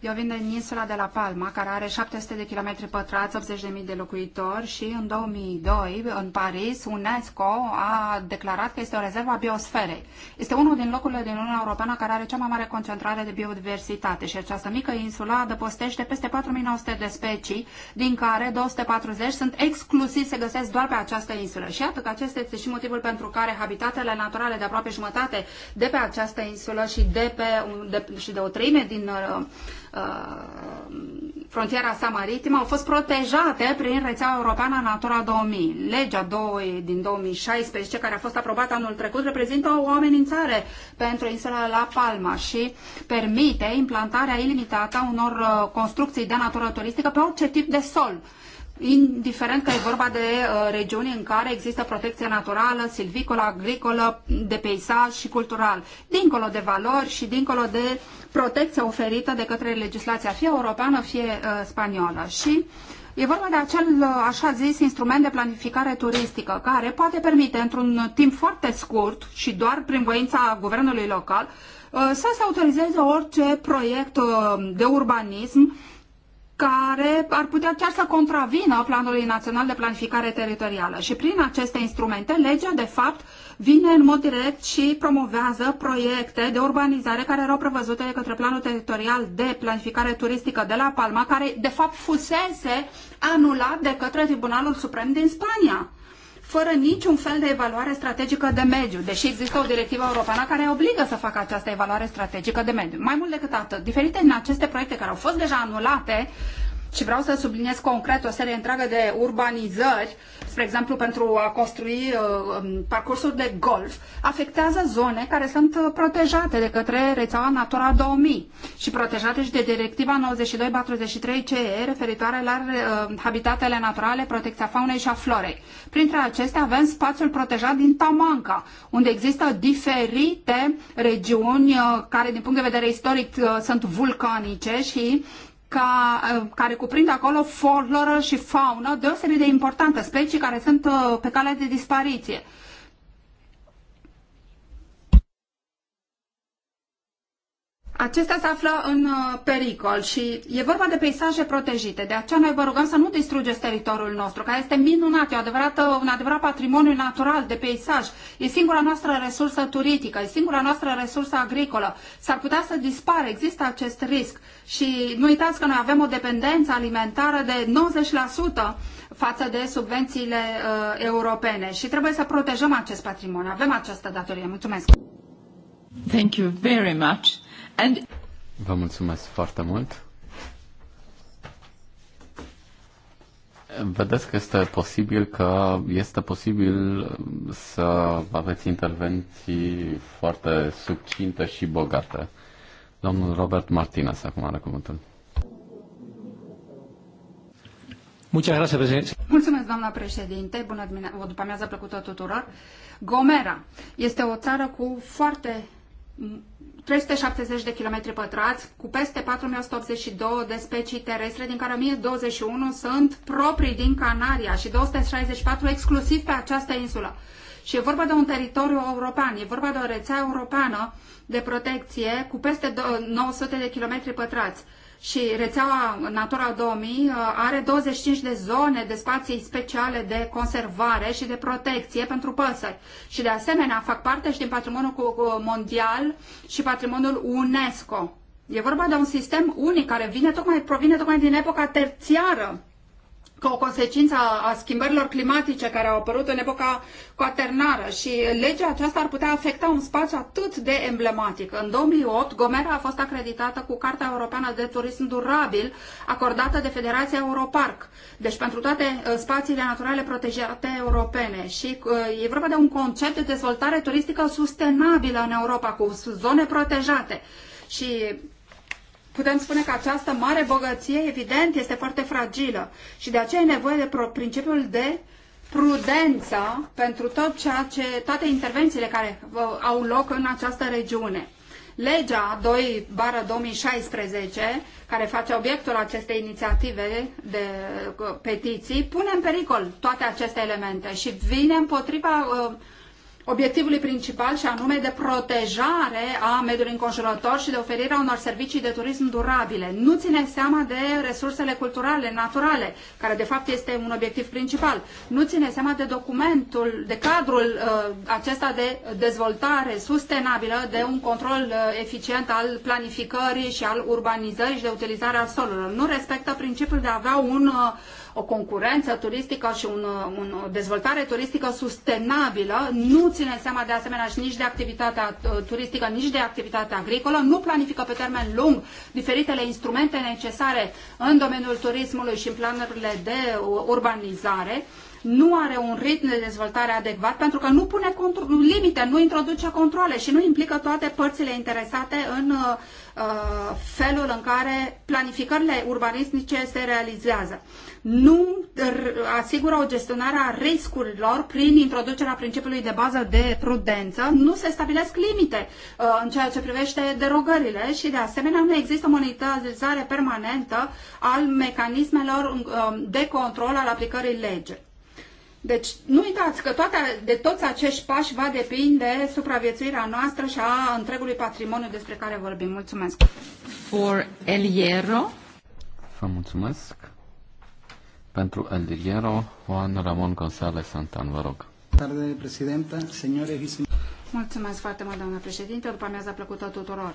Eu vin din insula de la Palma, care are 700 de km pătrați, 80.000 de locuitori și în 2002, în Paris, UNESCO a declarat că este o rezervă a biosferei. Este unul din locurile din Uniunea Europeană care are cea mai mare concentrare de biodiversitate și această mică insulă adăpostește peste 4900 de specii, din care 240 sunt exclusiv, se găsesc doar pe această insulă. Și atât că acesta este și motivul pentru care habitatele naturale de aproape jumătate de pe această insulă și de, pe, de, și de o treime din uh, Uh, frontiera sa maritimă au fost protejate prin rețeaua europeană Natura 2000. Legea 2 din 2016, care a fost aprobată anul trecut, reprezintă o amenințare pentru insula La Palma și permite implantarea ilimitată a unor uh, construcții de natură turistică pe orice tip de sol indiferent că e vorba de uh, regiuni în care există protecție naturală, silvicolă, agricolă, de peisaj și cultural, dincolo de valori și dincolo de protecția oferită de către legislația fie europeană, fie uh, spaniolă. Și E vorba de acel uh, așa zis instrument de planificare turistică care poate permite într-un timp foarte scurt și doar prin voința guvernului local uh, să se autorizeze orice proiect uh, de urbanism care ar putea chiar să contravină Planului Național de Planificare Teritorială. Și prin aceste instrumente, legea, de fapt, vine în mod direct și promovează proiecte de urbanizare care erau prevăzute de către Planul Teritorial de Planificare Turistică de la Palma, care, de fapt, fusese anulat de către Tribunalul Suprem din Spania fără niciun fel de evaluare strategică de mediu, deși există o directivă europeană care obligă să facă această evaluare strategică de mediu. Mai mult decât atât, diferite din aceste proiecte care au fost deja anulate, și vreau să subliniez concret o serie întreagă de urbanizări, spre exemplu pentru a construi uh, um, parcursuri de golf, afectează zone care sunt uh, protejate de către rețeaua Natura 2000 și protejate și de directiva 92-43 CE referitoare la uh, habitatele naturale, protecția faunei și a florei. Printre acestea avem spațiul protejat din Tamanca, unde există diferite regiuni care din punct de vedere istoric sunt vulcanice și ca, uh, care cuprind acolo floră și faună deosebit de importantă, specii care sunt uh, pe calea de dispariție. acestea se află în uh, pericol și e vorba de peisaje protejite. De aceea noi vă rugăm să nu distrugeți teritoriul nostru, care este minunat, e adevărată, un adevărat patrimoniu natural de peisaj. E singura noastră resursă turistică, e singura noastră resursă agricolă. S-ar putea să dispară, există acest risc. Și nu uitați că noi avem o dependență alimentară de 90% față de subvențiile uh, europene și trebuie să protejăm acest patrimoniu. Avem această datorie. Mulțumesc! Thank you very much. And... Vă mulțumesc foarte mult. Vedeți că este posibil că este posibil um, să aveți intervenții foarte subcinte și bogate. Domnul Robert Martinez acum are cuvântul. Mulțumesc, doamna președinte. Bună dimineața, după amiază plăcută tuturor. Gomera este o țară cu foarte 370 de km pătrați cu peste 4182 de specii terestre, din care 1021 sunt proprii din Canaria și 264 exclusiv pe această insulă. Și e vorba de un teritoriu european, e vorba de o rețea europeană de protecție cu peste 900 de km pătrați și rețeaua Natura 2000 uh, are 25 de zone de spații speciale de conservare și de protecție pentru păsări. Și de asemenea fac parte și din patrimoniul mondial și patrimoniul UNESCO. E vorba de un sistem unic care vine tocmai, provine tocmai din epoca terțiară ca o consecință a schimbărilor climatice care au apărut în epoca cuaternară și legea aceasta ar putea afecta un spațiu atât de emblematic. În 2008, Gomera a fost acreditată cu Carta Europeană de Turism Durabil, acordată de Federația Europarc, deci pentru toate uh, spațiile naturale protejate europene. Și uh, e vorba de un concept de dezvoltare turistică sustenabilă în Europa, cu zone protejate. Și putem spune că această mare bogăție, evident, este foarte fragilă și de aceea e nevoie de principiul de prudență pentru tot ceea ce, toate intervențiile care au loc în această regiune. Legea 2 bară 2016, care face obiectul acestei inițiative de uh, petiții, pune în pericol toate aceste elemente și vine împotriva uh, obiectivului principal și anume de protejare a mediului înconjurător și de oferirea unor servicii de turism durabile. Nu ține seama de resursele culturale, naturale, care de fapt este un obiectiv principal. Nu ține seama de documentul, de cadrul uh, acesta de dezvoltare sustenabilă, de un control uh, eficient al planificării și al urbanizării și de utilizarea solurilor. Nu respectă principiul de a avea un uh, o concurență turistică și un, uh, un, o uh, dezvoltare turistică sustenabilă, nu ține seama de asemenea și nici de activitatea uh, turistică, nici de activitatea agricolă, nu planifică pe termen lung diferitele instrumente necesare în domeniul turismului și în planurile de urbanizare nu are un ritm de dezvoltare adecvat pentru că nu pune limite, nu introduce controle și nu implică toate părțile interesate în uh, uh, felul în care planificările urbanistice se realizează. Nu asigură o gestionare a riscurilor prin introducerea principiului de bază de prudență, nu se stabilesc limite uh, în ceea ce privește derogările și de asemenea nu există monitorizare permanentă al mecanismelor de control al aplicării legii. Deci nu uitați că toate, de toți acești pași va depinde supraviețuirea noastră și a întregului patrimoniu despre care vorbim. Mulțumesc! For El Hierro. Vă mulțumesc! Pentru El Hierro, Juan Ramon González Santan, vă rog. Tarde, președinta, señores Mulțumesc foarte mult, doamnă președinte. După amiaza plăcută tuturor.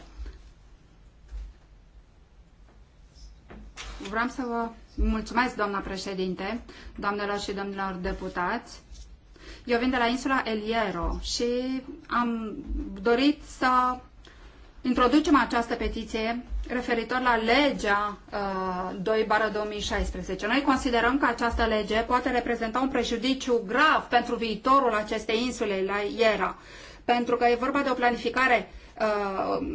Vreau să vă mulțumesc, doamna președinte, doamnelor și domnilor deputați. Eu vin de la insula El Hierro și am dorit să introducem această petiție referitor la legea uh, 2-2016. Noi considerăm că această lege poate reprezenta un prejudiciu grav pentru viitorul acestei insule, la Iera, pentru că e vorba de o planificare uh,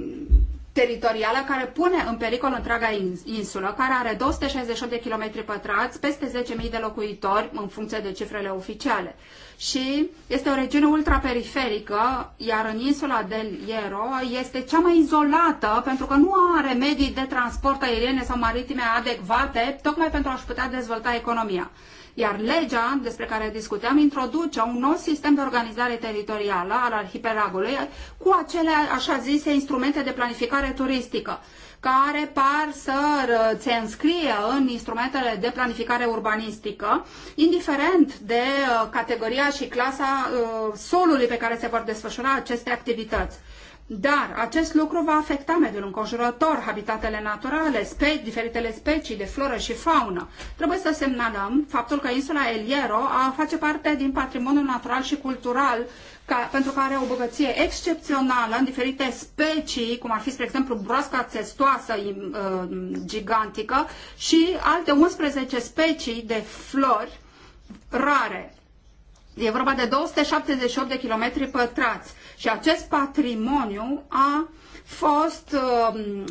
teritorială care pune în pericol întreaga insulă, care are 268 de km pătrați, peste 10.000 de locuitori, în funcție de cifrele oficiale. Și este o regiune ultraperiferică, iar în insula del Iero este cea mai izolată, pentru că nu are medii de transport aeriene sau maritime adecvate, tocmai pentru a-și putea dezvolta economia. Iar legea despre care discutăm introduce un nou sistem de organizare teritorială al arhipelagului cu acele așa zise instrumente de planificare turistică care par să se înscrie în instrumentele de planificare urbanistică, indiferent de uh, categoria și clasa uh, solului pe care se vor desfășura aceste activități. Dar acest lucru va afecta mediul înconjurător, habitatele naturale, spe- diferitele specii de floră și faună. Trebuie să semnalăm faptul că insula El Hierro a, face parte din patrimoniul natural și cultural ca, pentru că are o bogăție excepțională în diferite specii, cum ar fi, spre exemplu, broasca țestoasă uh, gigantică și alte 11 specii de flori rare. E vorba de 278 de kilometri pătrați și acest patrimoniu a fost um,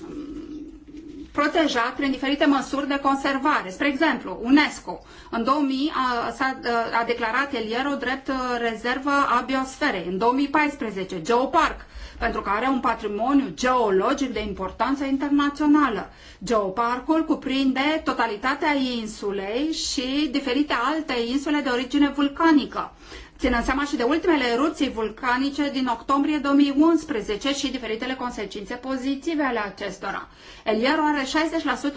protejat prin diferite măsuri de conservare. Spre exemplu, UNESCO în 2000 a, a, a declarat Eliero drept uh, rezervă a biosferei. În 2014, Geopark, pentru că are un patrimoniu geologic de importanță internațională. Geoparcul cuprinde totalitatea insulei și diferite alte insule de origine vulcanică ținând seama și de ultimele erupții vulcanice din octombrie 2011 și diferitele consecințe pozitive ale acestora. Eliero are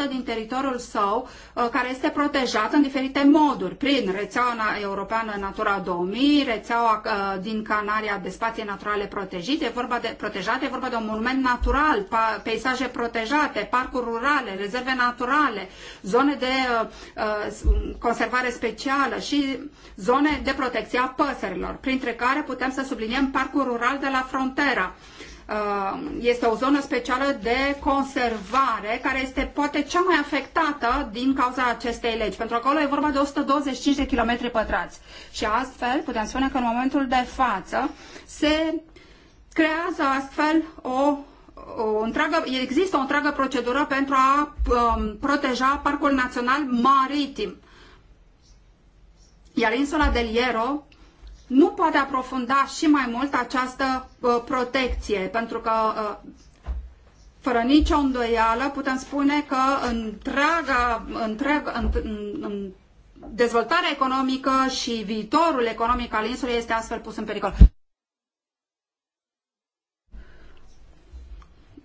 60% din teritoriul său uh, care este protejat în diferite moduri, prin rețeaua europeană Natura 2000, rețeaua uh, din Canaria de spații naturale protejate, vorba de, protejate, vorba de un monument natural, peisaje protejate, parcuri rurale, rezerve naturale, zone de uh, conservare specială și zone de protecție a păsărilor păsărilor, printre care putem să subliniem Parcul Rural de la Frontera. Uh, este o zonă specială de conservare care este poate cea mai afectată din cauza acestei legi, pentru că acolo e vorba de 125 de km pătrați. Și astfel putem spune că în momentul de față se creează astfel o o întreagă, există o întreagă procedură pentru a um, proteja Parcul Național Maritim. Iar insula del Hierro nu poate aprofunda și mai mult această uh, protecție, pentru că uh, fără nicio îndoială putem spune că întreaga, întreaga, în, în, în dezvoltarea economică și viitorul economic al insulei este astfel pus în pericol.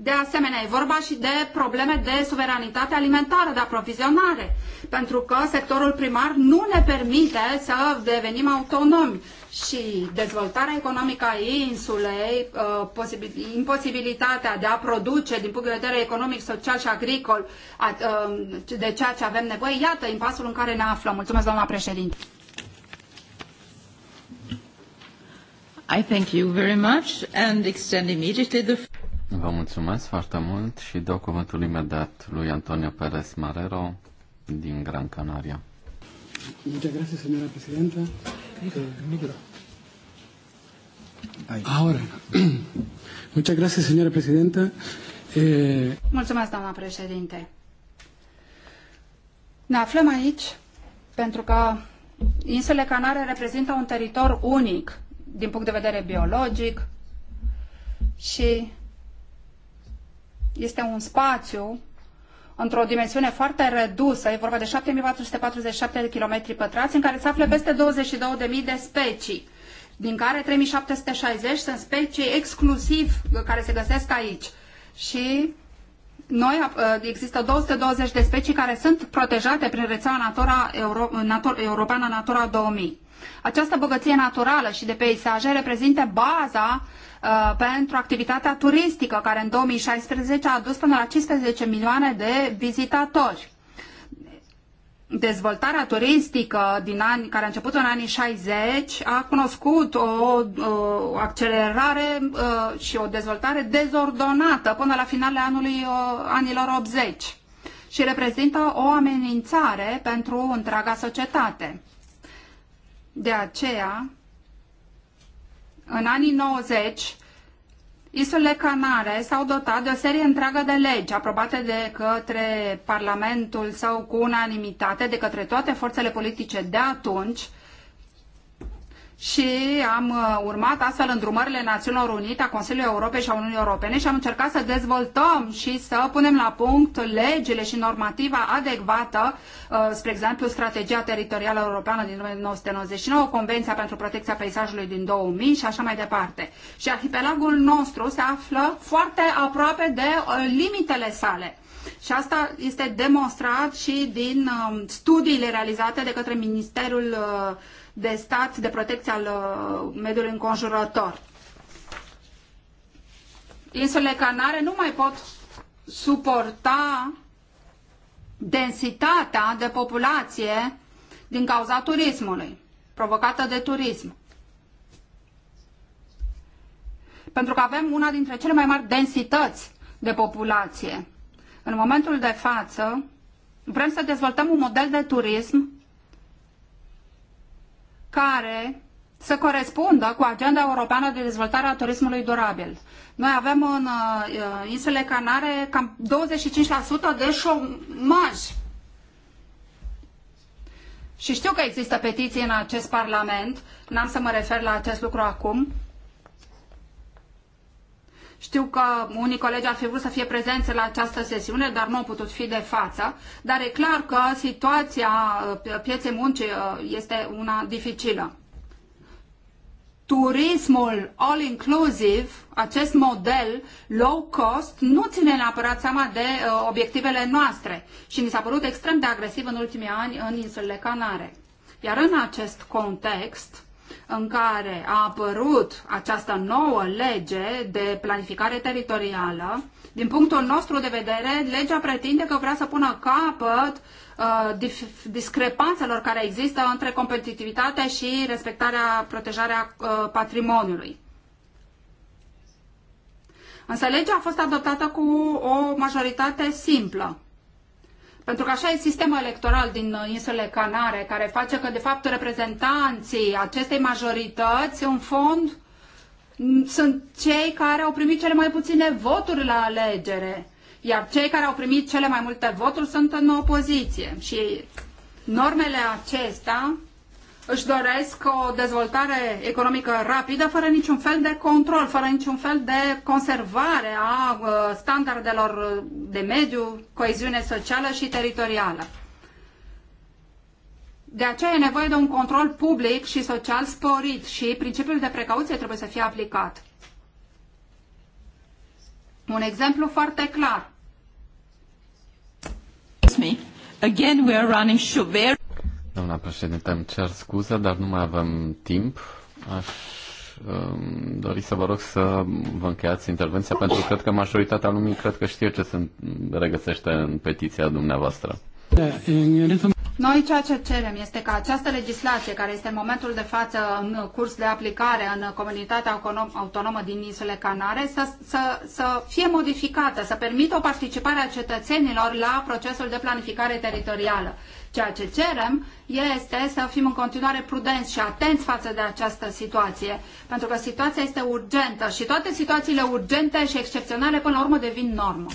De asemenea, e vorba și de probleme de suveranitate alimentară, de aprovizionare, pentru că sectorul primar nu ne permite să devenim autonomi și dezvoltarea economică a insulei, uh, imposibilitatea de a produce din punct de vedere economic, social și agricol uh, de ceea ce avem nevoie, iată impasul în care ne aflăm. Mulțumesc, doamna președinte. I thank you very much and extend immediately the Vă mulțumesc foarte mult și dau cuvântul imediat lui Antonio Perez Marero din Gran Canaria. Muchas gracias, señora presidenta. Ahora. Muchas gracias, señora presidenta. Eh, mulțumesc, doamna președinte. Ne aflăm aici pentru că insulele Canare reprezintă un teritoriu unic din punct de vedere biologic și este un spațiu într-o dimensiune foarte redusă, e vorba de 7447 de kilometri pătrați, în care se află peste 22.000 de specii, din care 3760 sunt specii exclusiv care se găsesc aici. Și noi ă, există 220 de specii care sunt protejate prin rețeaua Natura Natura, Europeană Natura 2000. Această bogăție naturală și de peisaje reprezintă baza uh, pentru activitatea turistică, care în 2016 a adus până la 15 milioane de vizitatori dezvoltarea turistică din care a început în anii 60 a cunoscut o, o accelerare uh, și o dezvoltare dezordonată până la finalele anului, uh, anilor 80 și reprezintă o amenințare pentru întreaga societate. De aceea, în anii 90, Isole Canare s-au dotat de o serie întreagă de legi aprobate de către Parlamentul său cu unanimitate, de către toate forțele politice de atunci, și am uh, urmat astfel îndrumările Națiunilor Unite, a Consiliului Europei și a Uniunii Europene și am încercat să dezvoltăm și să punem la punct legile și normativa adecvată, uh, spre exemplu strategia teritorială europeană din 1999, Convenția pentru protecția peisajului din 2000 și așa mai departe. Și arhipelagul nostru se află foarte aproape de uh, limitele sale. Și asta este demonstrat și din um, studiile realizate de către Ministerul uh, de stat de protecție al uh, mediului înconjurător. Insulele Canare nu mai pot suporta densitatea de populație din cauza turismului, provocată de turism. Pentru că avem una dintre cele mai mari densități de populație. În momentul de față, vrem să dezvoltăm un model de turism care să corespundă cu agenda europeană de dezvoltare a turismului durabil. Noi avem în uh, insulele Canare cam 25% de șomaj. Și știu că există petiții în acest Parlament, n-am să mă refer la acest lucru acum, știu că unii colegi ar fi vrut să fie prezenți la această sesiune, dar nu au putut fi de față. Dar e clar că situația uh, pieței muncii uh, este una dificilă. Turismul all-inclusive, acest model low cost, nu ține neapărat seama de uh, obiectivele noastre și ni s-a părut extrem de agresiv în ultimii ani în insulele Canare. Iar în acest context, în care a apărut această nouă lege de planificare teritorială, din punctul nostru de vedere, legea pretinde că vrea să pună capăt uh, discrepanțelor care există între competitivitate și respectarea, protejarea uh, patrimoniului. Însă legea a fost adoptată cu o majoritate simplă. Pentru că așa e sistemul electoral din uh, insulele Canare, care face că, de fapt, reprezentanții acestei majorități, în fond, sunt cei care au primit cele mai puține voturi la alegere. Iar cei care au primit cele mai multe voturi sunt în opoziție. Și normele acestea își doresc o dezvoltare economică rapidă, fără niciun fel de control, fără niciun fel de conservare a uh, standardelor de mediu, coeziune socială și teritorială. De aceea e nevoie de un control public și social sporit și principiul de precauție trebuie să fie aplicat. Un exemplu foarte clar. Again, we are running Doamna președinte, îmi cer scuze, dar nu mai avem timp. Aș um, dori să vă rog să vă încheiați intervenția, pentru că cred că majoritatea lumii cred că știe ce se regăsește în petiția dumneavoastră. Da, noi ceea ce cerem este ca această legislație, care este în momentul de față în curs de aplicare în comunitatea autonomă din insule Canare, să, să, să fie modificată, să permită o participare a cetățenilor la procesul de planificare teritorială. Ceea ce cerem este să fim în continuare prudenți și atenți față de această situație, pentru că situația este urgentă și toate situațiile urgente și excepționale până la urmă devin normă.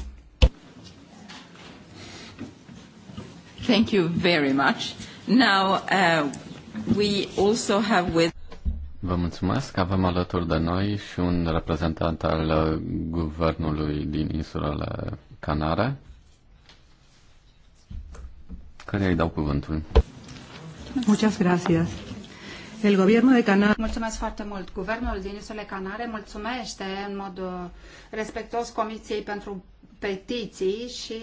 Thank you very much. Now, uh, we also have with Vă mulțumesc. Avem alături de noi și un reprezentant al uh, guvernului din insulele Canare, care îi dau cuvântul. Muchas gracias. El gobierno de Canare... Mulțumesc foarte mult. Guvernul din insulele Canare mulțumește în mod uh, respectuos Comisiei pentru Petiții și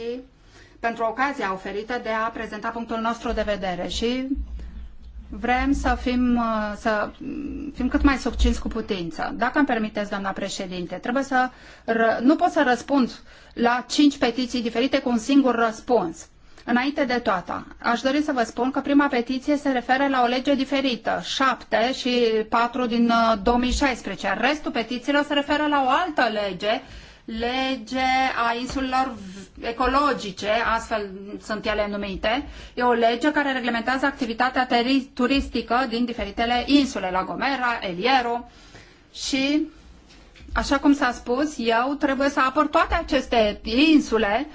pentru ocazia oferită de a prezenta punctul nostru de vedere și vrem să fim, uh, să fim cât mai succinți cu putință. Dacă îmi permiteți, doamna președinte, trebuie să nu pot să răspund la cinci petiții diferite cu un singur răspuns. Înainte de toată, aș dori să vă spun că prima petiție se referă la o lege diferită, 7 și 4 din 2016. Uh, Restul petițiilor se referă la o altă lege lege a insulelor ecologice, astfel sunt ele numite. E o lege care reglementează activitatea turistică din diferitele insule, La Gomera, Eliero și, așa cum s-a spus, eu trebuie să apăr toate aceste insule uh,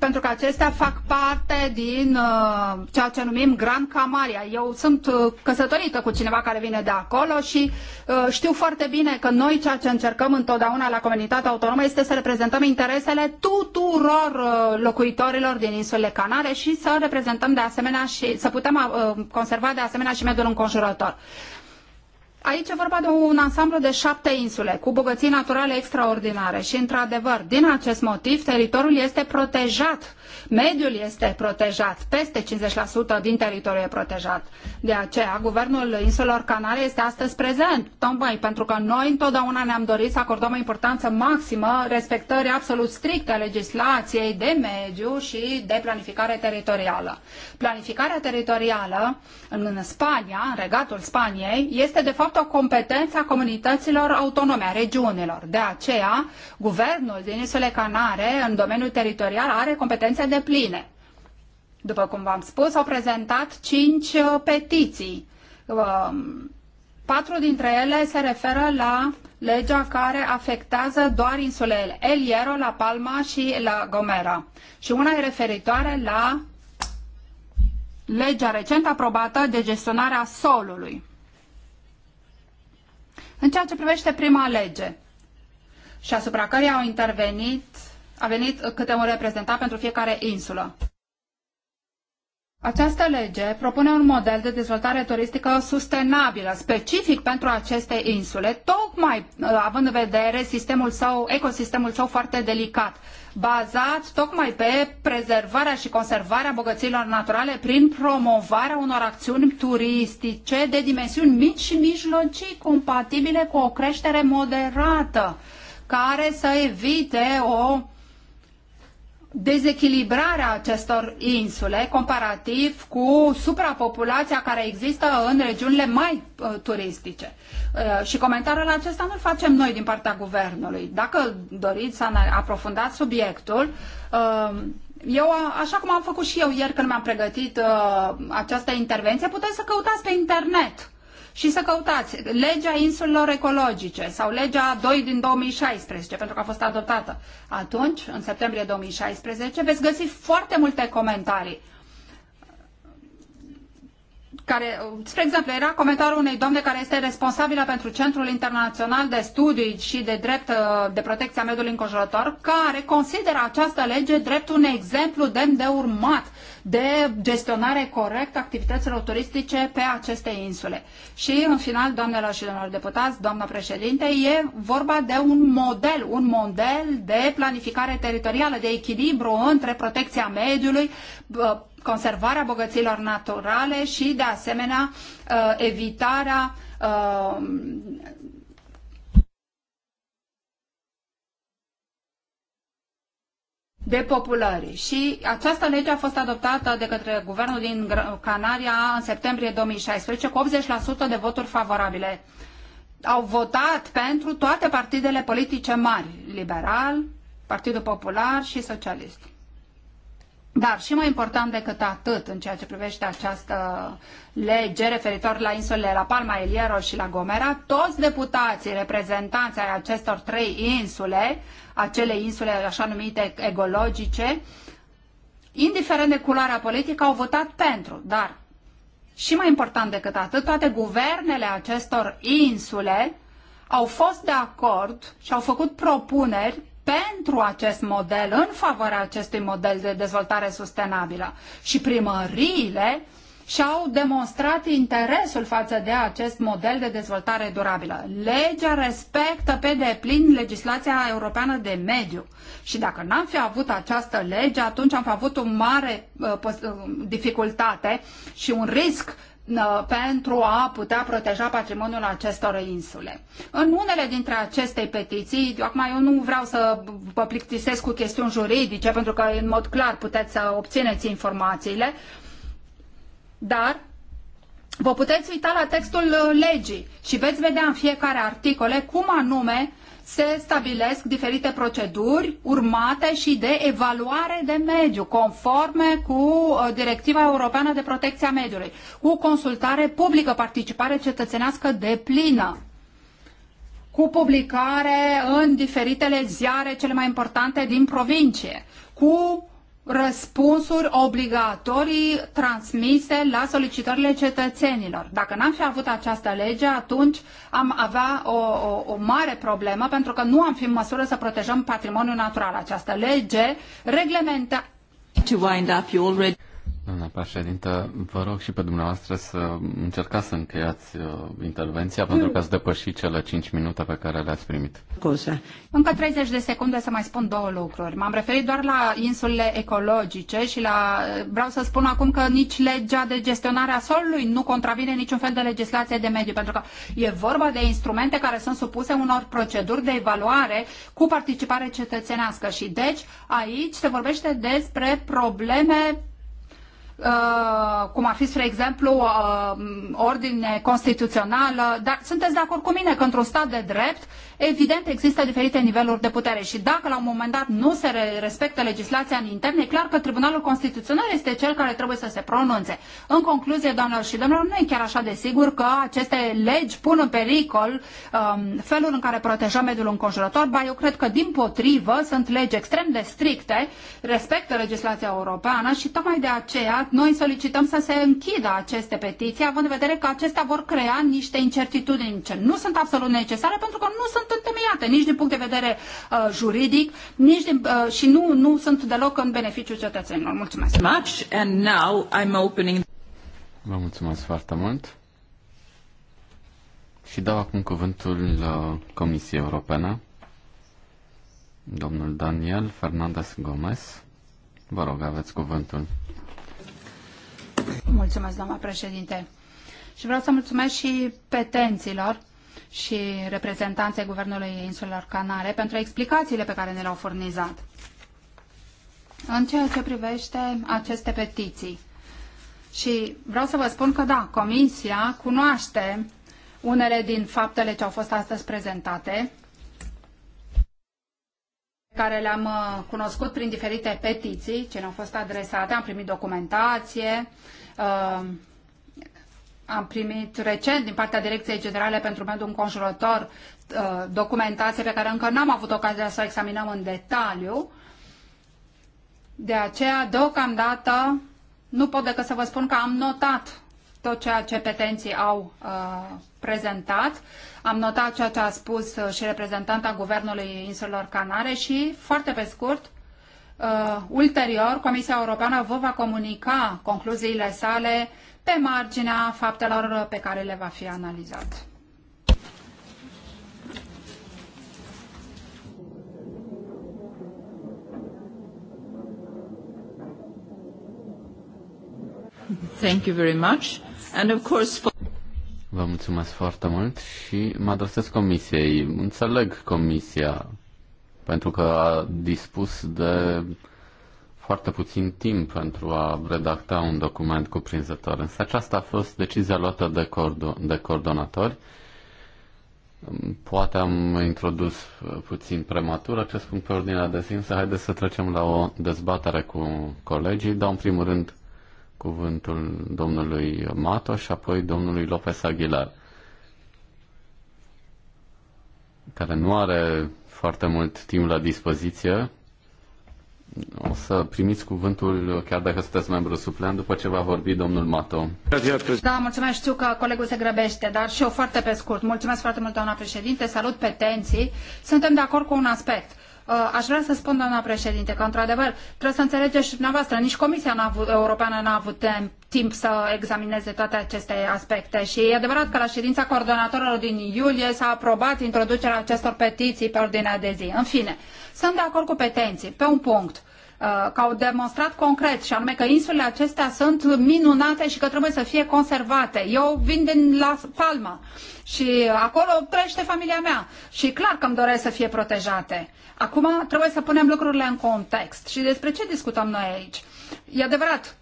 pentru că acestea fac parte din uh, ceea ce numim Gran Camaria. Eu sunt uh, căsătorită cu cineva care vine de acolo și uh, știu foarte bine că noi ceea ce încercăm întotdeauna la comunitatea autonomă este să reprezentăm interesele tuturor uh, locuitorilor din insulele Canare și să reprezentăm de asemenea și să putem uh, conserva de asemenea și mediul înconjurător. Aici e vorba de un ansamblu de șapte insule cu bogății naturale extraordinare și, într-adevăr, din acest motiv, teritoriul este protejat, mediul este protejat, peste 50% din teritoriul e protejat. De aceea, Guvernul Insulor Canare este astăzi prezent, tocmai pentru că noi întotdeauna ne-am dorit să acordăm o importanță maximă respectării absolut stricte a legislației de mediu și de planificare teritorială. Planificarea teritorială în Spania, în regatul Spaniei, este de fapt fapt o a comunităților autonome, a regiunilor. De aceea, guvernul din insulele Canare, în domeniul teritorial, are competențe de pline. După cum v-am spus, au prezentat cinci uh, petiții. Um, patru dintre ele se referă la legea care afectează doar insulele El Hierro, La Palma și La Gomera. Și una e referitoare la legea recent aprobată de gestionarea solului. În ceea ce privește prima lege, și asupra căreia au intervenit, a venit câte un reprezentant pentru fiecare insulă. Această lege propune un model de dezvoltare turistică sustenabilă, specific pentru aceste insule, tocmai uh, având în vedere sistemul său, ecosistemul său foarte delicat, bazat tocmai pe prezervarea și conservarea bogăților naturale prin promovarea unor acțiuni turistice de dimensiuni mici și mijlocii, compatibile cu o creștere moderată, care să evite o dezechilibrarea acestor insule comparativ cu suprapopulația care există în regiunile mai uh, turistice. Uh, și comentariul acesta nu-l facem noi din partea guvernului. Dacă doriți să aprofundați subiectul, uh, eu, așa cum am făcut și eu ieri când mi-am pregătit această intervenție, puteți să căutați pe internet și să căutați legea insulelor ecologice sau legea 2 din 2016, pentru că a fost adoptată atunci, în septembrie 2016, veți găsi foarte multe comentarii care, spre exemplu, era comentariul unei doamne care este responsabilă pentru Centrul Internațional de Studii și de Drept uh, de Protecția Mediului Înconjurător, care consideră această lege drept un exemplu demn de urmat de gestionare corectă a activităților turistice pe aceste insule. Și în final, doamnelor și domnilor deputați, doamna președinte, e vorba de un model, un model de planificare teritorială, de echilibru între protecția mediului, conservarea bogăților naturale și, de asemenea, ă, evitarea ă, depopulării. Și această lege a fost adoptată de către guvernul din Canaria în septembrie 2016 cu 80% de voturi favorabile. Au votat pentru toate partidele politice mari, liberal, Partidul Popular și Socialist. Dar și mai important decât atât în ceea ce privește această lege referitor la insulele La Palma, El Hierro și La Gomera, toți deputații reprezentanți ai acestor trei insule, acele insule așa numite ecologice, indiferent de culoarea politică, au votat pentru. Dar și mai important decât atât, toate guvernele acestor insule au fost de acord și au făcut propuneri pentru acest model, în favoarea acestui model de dezvoltare sustenabilă. Și primăriile și-au demonstrat interesul față de acest model de dezvoltare durabilă. Legea respectă pe deplin legislația europeană de mediu. Și dacă n-am fi avut această lege, atunci am fi avut o mare uh, uh dificultate și un risc Uh, pentru a putea proteja patrimoniul acestor insule. În unele dintre aceste petiții, acum eu nu vreau să vă plictisesc cu chestiuni juridice, pentru că în mod clar puteți să obțineți informațiile, dar vă puteți uita la textul legii și veți vedea în fiecare articole cum anume se stabilesc diferite proceduri urmate și de evaluare de mediu, conforme cu uh, Directiva Europeană de Protecție a Mediului, cu consultare publică, participare cetățenească de plină cu publicare în diferitele ziare cele mai importante din provincie, cu răspunsuri obligatorii transmise la solicitările cetățenilor. Dacă n-am fi avut această lege, atunci am avea o, o, o mare problemă pentru că nu am fi în măsură să protejăm patrimoniul natural. Această lege reglementează. Doamna președintă, vă rog și pe dumneavoastră să încercați să încheiați uh, intervenția pentru că ați depășit cele 5 minute pe care le-ați primit. Cuse. Încă 30 de secunde să mai spun două lucruri. M-am referit doar la insulele ecologice și la... Uh, vreau să spun acum că nici legea de gestionare a solului nu contravine niciun fel de legislație de mediu, pentru că e vorba de instrumente care sunt supuse unor proceduri de evaluare cu participare cetățenească și deci aici se vorbește despre probleme Uh, cum ar fi, spre exemplu, uh, ordine constituțională, dar sunteți de acord cu mine că într-un stat de drept Evident, există diferite niveluri de putere și dacă la un moment dat nu se respectă legislația în intern, e clar că Tribunalul Constituțional este cel care trebuie să se pronunțe. În concluzie, doamnelor și domnilor, nu e chiar așa de sigur că aceste legi pun în pericol um, felul în care protejăm mediul înconjurător, ba eu cred că din potrivă sunt legi extrem de stricte, respectă legislația europeană și tocmai de aceea noi solicităm să se închidă aceste petiții, având în vedere că acestea vor crea niște incertitudini ce nu sunt absolut necesare pentru că nu sunt întemeiate, nici din punct de vedere uh, juridic, nici de, uh, și nu, nu sunt deloc în beneficiul cetățenilor. Mulțumesc. Much and now I'm opening... Vă mulțumesc foarte mult. Și dau acum cuvântul uh, Comisiei Europene. Domnul Daniel Fernandez Gomez, vă rog, aveți cuvântul. Mulțumesc, doamna președinte. Și vreau să mulțumesc și petenților și reprezentanței Guvernului Insulelor Canare pentru explicațiile pe care ne le-au furnizat. În ceea ce privește aceste petiții. Și vreau să vă spun că da, Comisia cunoaște unele din faptele ce au fost astăzi prezentate, care le-am uh, cunoscut prin diferite petiții ce ne-au fost adresate, am primit documentație, uh, am primit recent din partea Direcției Generale pentru Mediul Înconjurător uh, documentație pe care încă n-am avut ocazia să o examinăm în detaliu. De aceea, deocamdată, nu pot decât să vă spun că am notat tot ceea ce petenții au uh, prezentat. Am notat ceea ce a spus uh, și reprezentanta Guvernului Insulelor Canare și, foarte pe scurt, uh, ulterior, Comisia Europeană vă va comunica concluziile sale uh, pe marginea faptelor pe care le va fi analizat. Thank you very much. And of course for... Vă mulțumesc foarte mult și mă adresez comisiei. Înțeleg comisia pentru că a dispus de foarte puțin timp pentru a redacta un document cuprinzător. Însă aceasta a fost decizia luată de, cordo- de coordonatori. Poate am introdus uh, puțin prematur acest punct pe ordinea de zi, însă haideți să trecem la o dezbatere cu colegii. Dau în primul rând cuvântul domnului Mato și apoi domnului Lopez Aguilar, care nu are foarte mult timp la dispoziție, o să primiți cuvântul, chiar dacă sunteți membru suplean, după ce va vorbi domnul Mato. Da, mulțumesc. Știu că colegul se grăbește, dar și eu foarte pe scurt. Mulțumesc foarte mult, doamna președinte. Salut petenții. Suntem de acord cu un aspect. Uh, aș vrea să spun, doamna președinte, că într-adevăr trebuie să înțelegeți și dumneavoastră, nici Comisia n-a avut, Europeană n-a avut timp să examineze toate aceste aspecte și e adevărat că la ședința coordonatorilor din iulie s-a aprobat introducerea acestor petiții pe ordinea de zi. În fine, sunt de acord cu petenții pe un punct. Uh, că au demonstrat concret și anume că insulele acestea sunt minunate și că trebuie să fie conservate. Eu vin din La Palma și acolo trăiește familia mea și clar că îmi doresc să fie protejate. Acum trebuie să punem lucrurile în context și despre ce discutăm noi aici. E adevărat,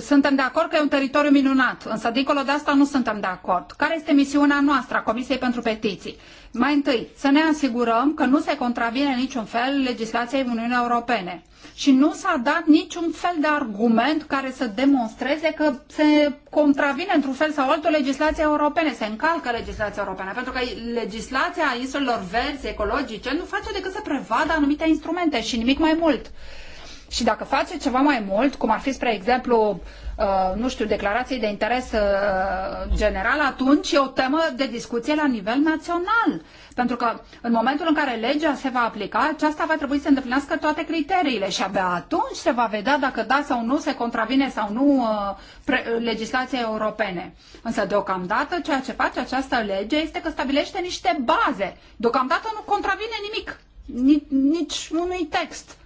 suntem de acord că e un teritoriu minunat, însă dincolo de asta nu suntem de acord. Care este misiunea noastră a Comisiei pentru Petiții? Mai întâi, să ne asigurăm că nu se contravine în niciun fel legislației Uniunii Europene. Și nu s-a dat niciun fel de argument care să demonstreze că se contravine într-un fel sau altul legislația europene, se încalcă legislația europeană, pentru că legislația insulelor verzi, ecologice, nu face decât să prevadă anumite instrumente și nimic mai mult. Și dacă face ceva mai mult, cum ar fi, spre exemplu, uh, nu știu, declarații de interes uh, general, atunci e o temă de discuție la nivel național. Pentru că în momentul în care legea se va aplica, aceasta va trebui să îndeplinească toate criteriile și abia atunci se va vedea dacă da sau nu se contravine sau nu uh, legislației europene. Însă deocamdată ceea ce face această lege este că stabilește niște baze. Deocamdată nu contravine nimic, nici unui text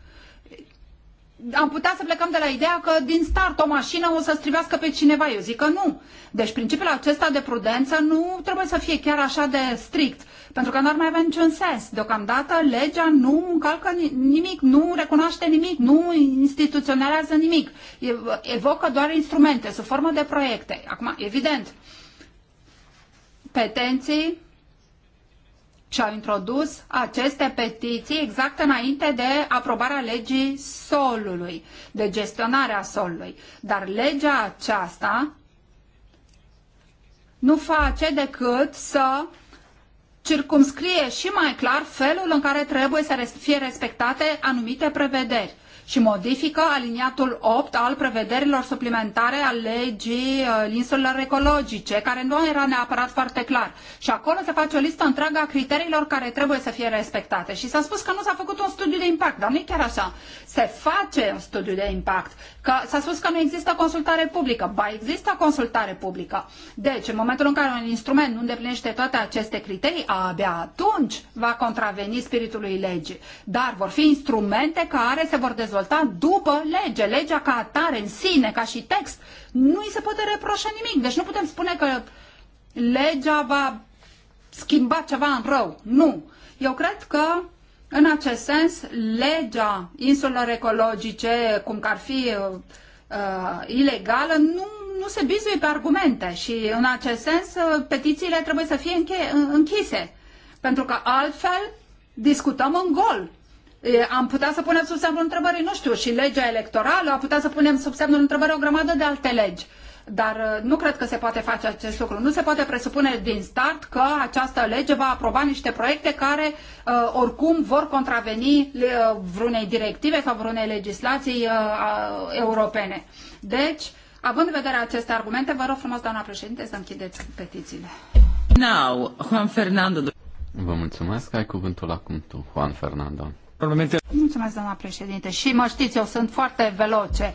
am putea să plecăm de la ideea că din start o mașină o să strivească pe cineva. Eu zic că nu. Deci principiul acesta de prudență nu trebuie să fie chiar așa de strict, pentru că n-ar mai avea niciun sens. Deocamdată legea nu încalcă nimic, nu recunoaște nimic, nu instituționalează nimic. Evocă doar instrumente sub formă de proiecte. Acum, evident, petenții și au introdus aceste petiții exact înainte de aprobarea legii solului, de gestionarea solului. Dar legea aceasta nu face decât să circumscrie și mai clar felul în care trebuie să fie respectate anumite prevederi și modifică aliniatul 8 al prevederilor suplimentare al legii uh, insulelor ecologice, care nu era neapărat foarte clar. Și acolo se face o listă întreagă a criteriilor care trebuie să fie respectate. Și s-a spus că nu s-a făcut un studiu de impact, dar nu e chiar așa. Se face un studiu de impact. Că s-a spus că nu există consultare publică. Ba, există consultare publică. Deci, în momentul în care un instrument nu îndeplinește toate aceste criterii, abia atunci va contraveni spiritului legii. Dar vor fi instrumente care se vor dezvolta dezvolta după lege. Legea ca atare în sine, ca și text, nu îi se poate reproșa nimic. Deci nu putem spune că legea va schimba ceva în rău. Nu. Eu cred că în acest sens, legea insulelor ecologice, cum că ar fi uh, uh ilegală, nu, nu se bizuie pe argumente și în acest sens uh, petițiile trebuie să fie închise, pentru că altfel discutăm în gol am putea să punem sub semnul întrebării, nu știu, și legea electorală, am putea să punem sub semnul întrebării o grămadă de alte legi. Dar nu cred că se poate face acest lucru. Nu se poate presupune din start că această lege va aproba niște proiecte care oricum vor contraveni vreunei directive sau vreunei legislații europene. Deci, având în vedere aceste argumente, vă rog frumos, doamna președinte, să închideți petițiile. Now, Juan Fernando. Vă mulțumesc. Ai cuvântul acum tu, Juan Fernando. Mulțumesc, doamna președinte. Și mă știți, eu sunt foarte veloce.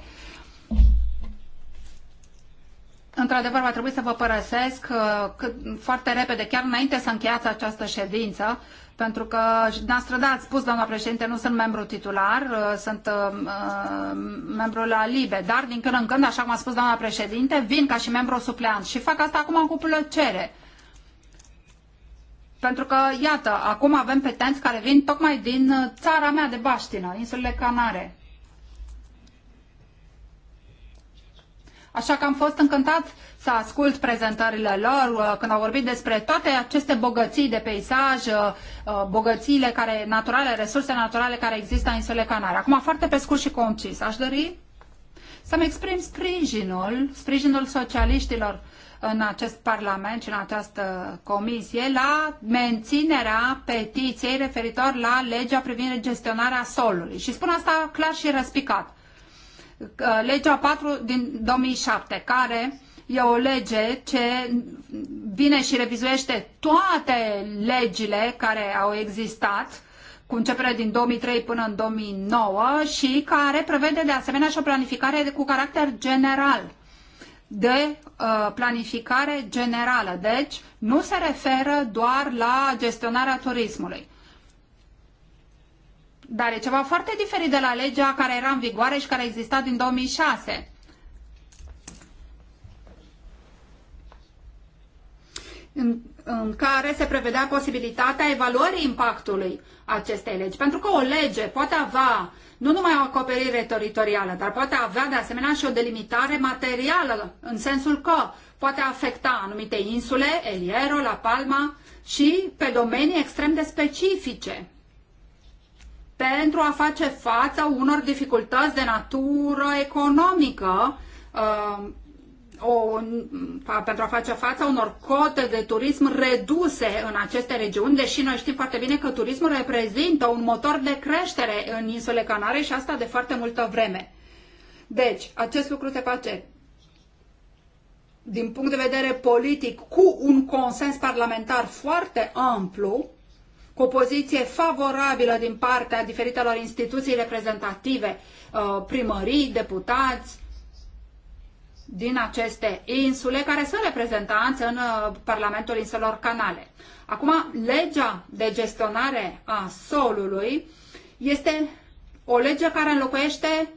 Într-adevăr, va trebui să vă părăsesc uh, cât, foarte repede, chiar înainte să încheiați această ședință, pentru că noastră, da, ați spus, doamna președinte, nu sunt membru titular, uh, sunt uh, uh, membru la LIBE, dar din când în când, așa cum a spus doamna președinte, vin ca și membru supleant și fac asta acum cu plăcere pentru că, iată, acum avem petenți care vin tocmai din uh, țara mea de baștină, insulele Canare. Așa că am fost încântat să ascult prezentările lor uh, când au vorbit despre toate aceste bogății de peisaj, uh, bogățiile care, naturale, resurse naturale care există în insulele Canare. Acum, foarte pe scurt și concis, aș dori să-mi exprim sprijinul, sprijinul socialiștilor în acest Parlament și în această comisie la menținerea petiției referitor la legea privind gestionarea solului. Și spun asta clar și răspicat. Legea 4 din 2007, care e o lege ce vine și revizuiește toate legile care au existat cu începere din 2003 până în 2009 și care prevede de asemenea și o planificare cu caracter general de uh, planificare generală, deci nu se referă doar la gestionarea turismului. Dar e ceva foarte diferit de la legea care era în vigoare și care exista din 2006. În, în care se prevedea posibilitatea evaluării impactului acestei legi. Pentru că o lege poate avea nu numai o acoperire teritorială, dar poate avea de asemenea și o delimitare materială, în sensul că poate afecta anumite insule, Eliero, La Palma și pe domenii extrem de specifice pentru a face față unor dificultăți de natură economică uh, o, pentru a face față unor cote de turism reduse în aceste regiuni, deși noi știm foarte bine că turismul reprezintă un motor de creștere în insule Canare și asta de foarte multă vreme. Deci, acest lucru se face din punct de vedere politic cu un consens parlamentar foarte amplu, cu o poziție favorabilă din partea diferitelor instituții reprezentative, uh, primării, deputați, din aceste insule care sunt reprezentanți în uh, Parlamentul Insulor Canale. Acum, legea de gestionare a solului este o lege care înlocuiește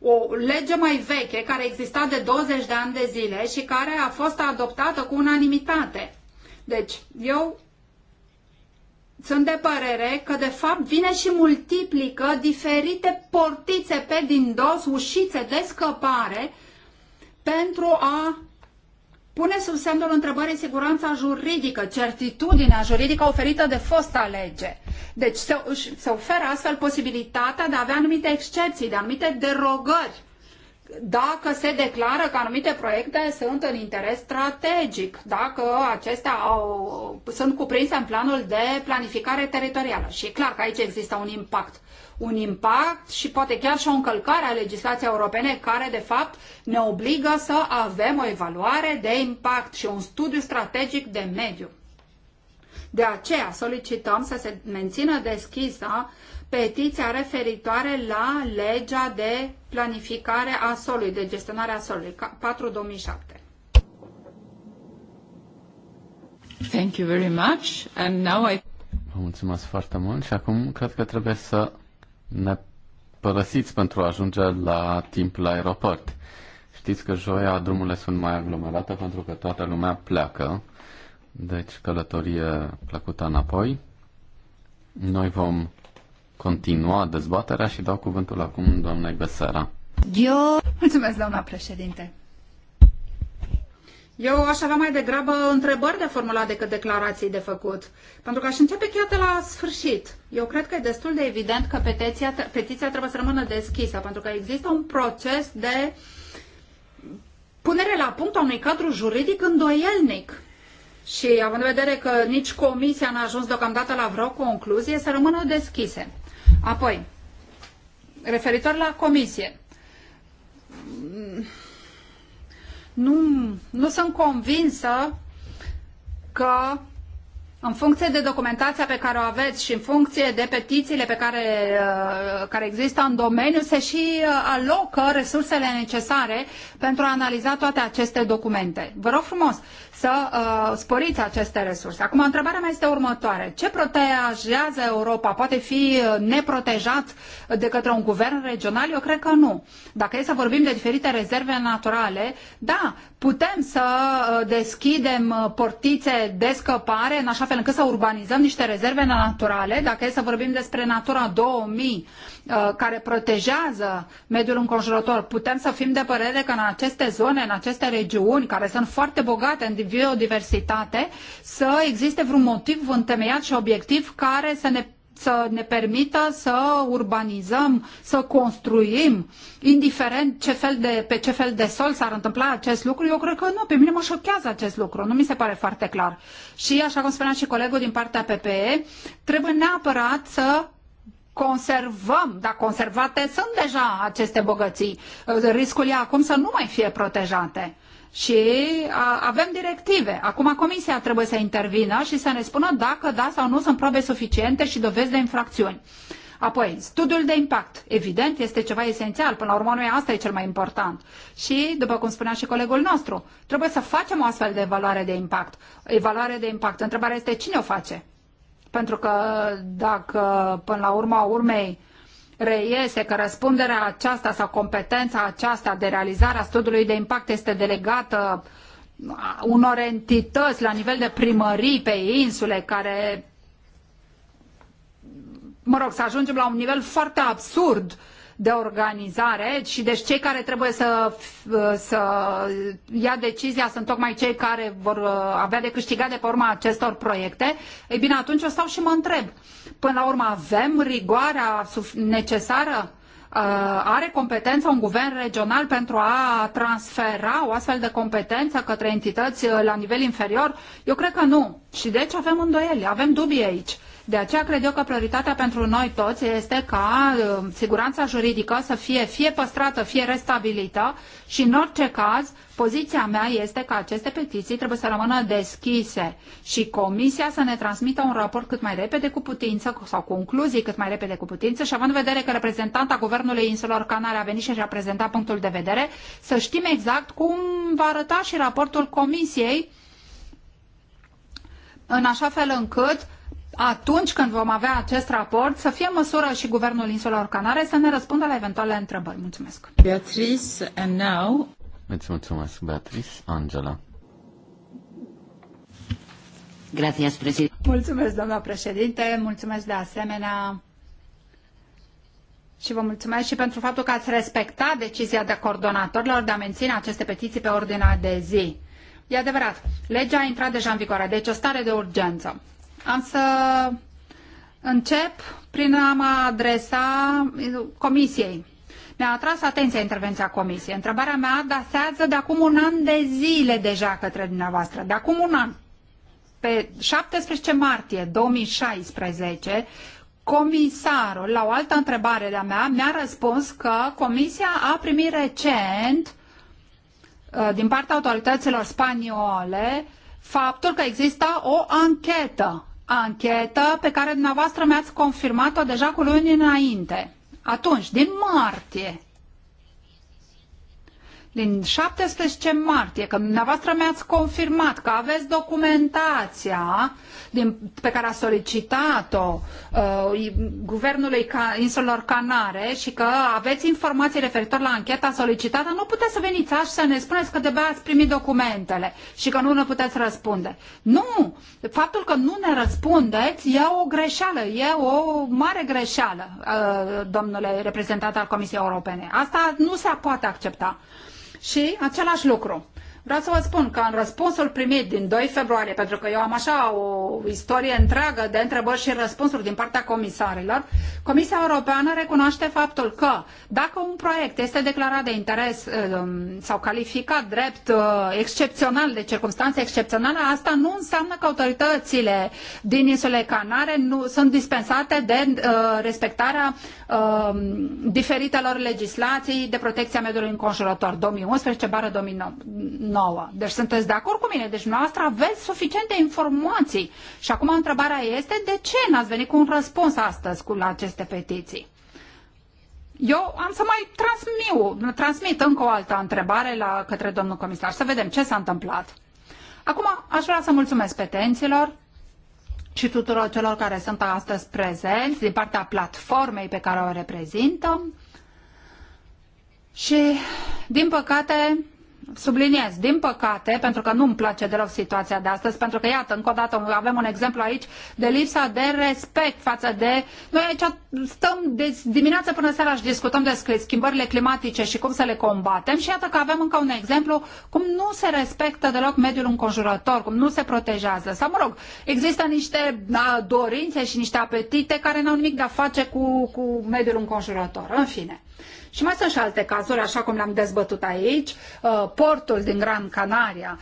o lege mai veche care exista de 20 de ani de zile și care a fost adoptată cu unanimitate. Deci, eu sunt de părere că de fapt vine și multiplică diferite portițe pe din dos, ușițe de scăpare pentru a pune sub semnul întrebării siguranța juridică, certitudinea juridică oferită de fosta lege. Deci se, se oferă astfel posibilitatea de a avea anumite excepții, de anumite derogări dacă se declară că anumite proiecte sunt în interes strategic, dacă acestea au, sunt cuprinse în planul de planificare teritorială. Și e clar că aici există un impact. Un impact și poate chiar și o încălcare a legislației europene care, de fapt, ne obligă să avem o evaluare de impact și un studiu strategic de mediu. De aceea solicităm să se mențină deschisă petiția referitoare la legea de planificare a solului, de gestionare a solului, 4-2007. Thank you very much. And now I... Vă mulțumesc foarte mult și acum cred că trebuie să ne părăsiți pentru a ajunge la timp la aeroport. Știți că joia drumurile sunt mai aglomerate pentru că toată lumea pleacă. Deci călătorie plăcută înapoi. Noi vom continua dezbaterea și dau cuvântul acum doamnei Besara. Eu... Mulțumesc, doamna președinte. Eu aș avea mai degrabă întrebări de formulat decât declarații de făcut, pentru că aș începe chiar de la sfârșit. Eu cred că e destul de evident că petiția, petiția trebuie să rămână deschisă, pentru că există un proces de punere la punct a unui cadru juridic îndoielnic. Și având în vedere că nici comisia n-a ajuns deocamdată la vreo concluzie, să rămână deschise. Apoi, referitor la comisie, nu, nu sunt convinsă că în funcție de documentația pe care o aveți și în funcție de petițiile pe care, uh, care există în domeniu, se și uh, alocă resursele necesare pentru a analiza toate aceste documente. Vă rog frumos, să uh, sporiți aceste resurse. Acum, întrebarea mea este următoare. Ce protejează Europa? Poate fi uh, neprotejat de către un guvern regional? Eu cred că nu. Dacă e să vorbim de diferite rezerve naturale, da, putem să uh, deschidem uh, portițe de scăpare în așa fel încât să urbanizăm niște rezerve naturale. Dacă e să vorbim despre Natura 2000, Uh, care protejează mediul înconjurător. Putem să fim de părere că în aceste zone, în aceste regiuni, care sunt foarte bogate în biodiversitate, să existe vreun motiv întemeiat și obiectiv care să ne să ne permită să urbanizăm, să construim, indiferent ce fel de, pe ce fel de sol s-ar întâmpla acest lucru, eu cred că nu, pe mine mă șochează acest lucru, nu mi se pare foarte clar. Și, așa cum spunea și colegul din partea PPE, trebuie neapărat să conservăm, dar conservate sunt deja aceste bogății. Riscul e acum să nu mai fie protejate. Și avem directive. Acum comisia trebuie să intervină și să ne spună dacă da sau nu sunt probe suficiente și dovezi de infracțiuni. Apoi, studiul de impact. Evident, este ceva esențial. Până la urmă, noi asta e cel mai important. Și, după cum spunea și colegul nostru, trebuie să facem o astfel de evaluare de impact. Evaluare de impact. Întrebarea este cine o face? Pentru că dacă până la urma urmei reiese că răspunderea aceasta sau competența aceasta de realizare a studiului de impact este delegată unor entități la nivel de primării pe insule care, mă rog, să ajungem la un nivel foarte absurd uh, de organizare și deci cei care trebuie să, să ia decizia sunt tocmai cei care vor uh, avea de câștigat de pe urma acestor proiecte, ei bine, atunci o stau și mă întreb, până la urmă avem rigoarea necesară? Uh, are competența un guvern regional pentru a transfera o astfel de competență către entități uh, la nivel inferior? Eu cred că nu. Și deci avem îndoieli, avem dubii aici. De aceea cred eu că prioritatea pentru noi toți este ca uh, siguranța juridică să fie fie păstrată, fie restabilită și în orice caz Poziția mea este că aceste petiții trebuie să rămână deschise și comisia să ne transmită un raport cât mai repede cu putință sau concluzii cât mai repede cu putință și având în vedere că reprezentanta Guvernului Insulor Canare a venit și a prezentat punctul de vedere, să știm exact cum va arăta și raportul comisiei în așa fel încât atunci când vom avea acest raport, să fie în măsură și Guvernul Insulelor Canare să ne răspundă la eventuale întrebări. Mulțumesc! Beatrice, and now... Îți mulțumesc, Beatrice. Angela. Gracias, președinte. Mulțumesc, doamna președinte. Mulțumesc de asemenea și vă mulțumesc și pentru faptul că ați respectat decizia de coordonatorilor de a menține aceste petiții pe ordinea de zi. E adevărat, legea a intrat deja în vigoare, deci o stare de urgență. Am să încep prin a mă adresa Comisiei. Mi-a atras atenția intervenția Comisiei. Întrebarea mea datează de acum un an de zile deja către dumneavoastră. De acum un an. Pe 17 martie 2016, comisarul, la o altă întrebare de-a mea, mi-a răspuns că Comisia a primit recent uh, din partea autorităților spaniole faptul că există o anchetă anchetă pe care dumneavoastră mi-ați confirmat-o deja cu luni înainte. Atunci, din martie, din 17 martie, că dumneavoastră mi-ați confirmat că aveți documentația din, pe care a solicitat-o uh, Guvernului Ca, Insulor Canare și că aveți informații referitor la ancheta solicitată, nu puteți să veniți așa să ne spuneți că de ați primit documentele și că nu ne puteți răspunde. Nu! Faptul că nu ne răspundeți e o greșeală, e o mare greșeală, uh, domnule reprezentant al Comisiei Europene. Asta nu se poate accepta și același lucru. Vreau să vă spun că în răspunsul primit din 2 februarie, pentru că eu am așa o istorie întreagă de întrebări și răspunsuri din partea comisarilor, Comisia Europeană recunoaște faptul că dacă un proiect este declarat de interes um, sau calificat drept uh, excepțional, de circunstanțe excepționale, asta nu înseamnă că autoritățile din insulele Canare nu sunt dispensate de uh, respectarea um, diferitelor legislații de protecția mediului înconjurător 2011 bară 2009 nouă. Deci sunteți de acord cu mine? Deci dumneavoastră aveți suficiente informații. Și acum întrebarea este de ce n-ați venit cu un răspuns astăzi cu la aceste petiții? Eu am să mai transmiu, transmit încă o altă întrebare la către domnul comisar, să vedem ce s-a întâmplat. Acum aș vrea să mulțumesc petenților și tuturor celor care sunt astăzi prezenți din partea platformei pe care o reprezintă. Și, din păcate, subliniez, din păcate, pentru că nu-mi place deloc situația de astăzi, pentru că, iată, încă o dată avem un exemplu aici de lipsa de respect față de... Noi aici stăm de dimineața până seara și discutăm despre schimbările climatice și cum să le combatem și iată că avem încă un exemplu cum nu se respectă deloc mediul înconjurător, cum nu se protejează. Sau, mă rog, există niște dorințe și niște apetite care n-au nimic de a face cu, cu mediul înconjurător. În fine. Și mai sunt și alte cazuri, așa cum le-am dezbătut aici, uh, portul din Gran Canaria,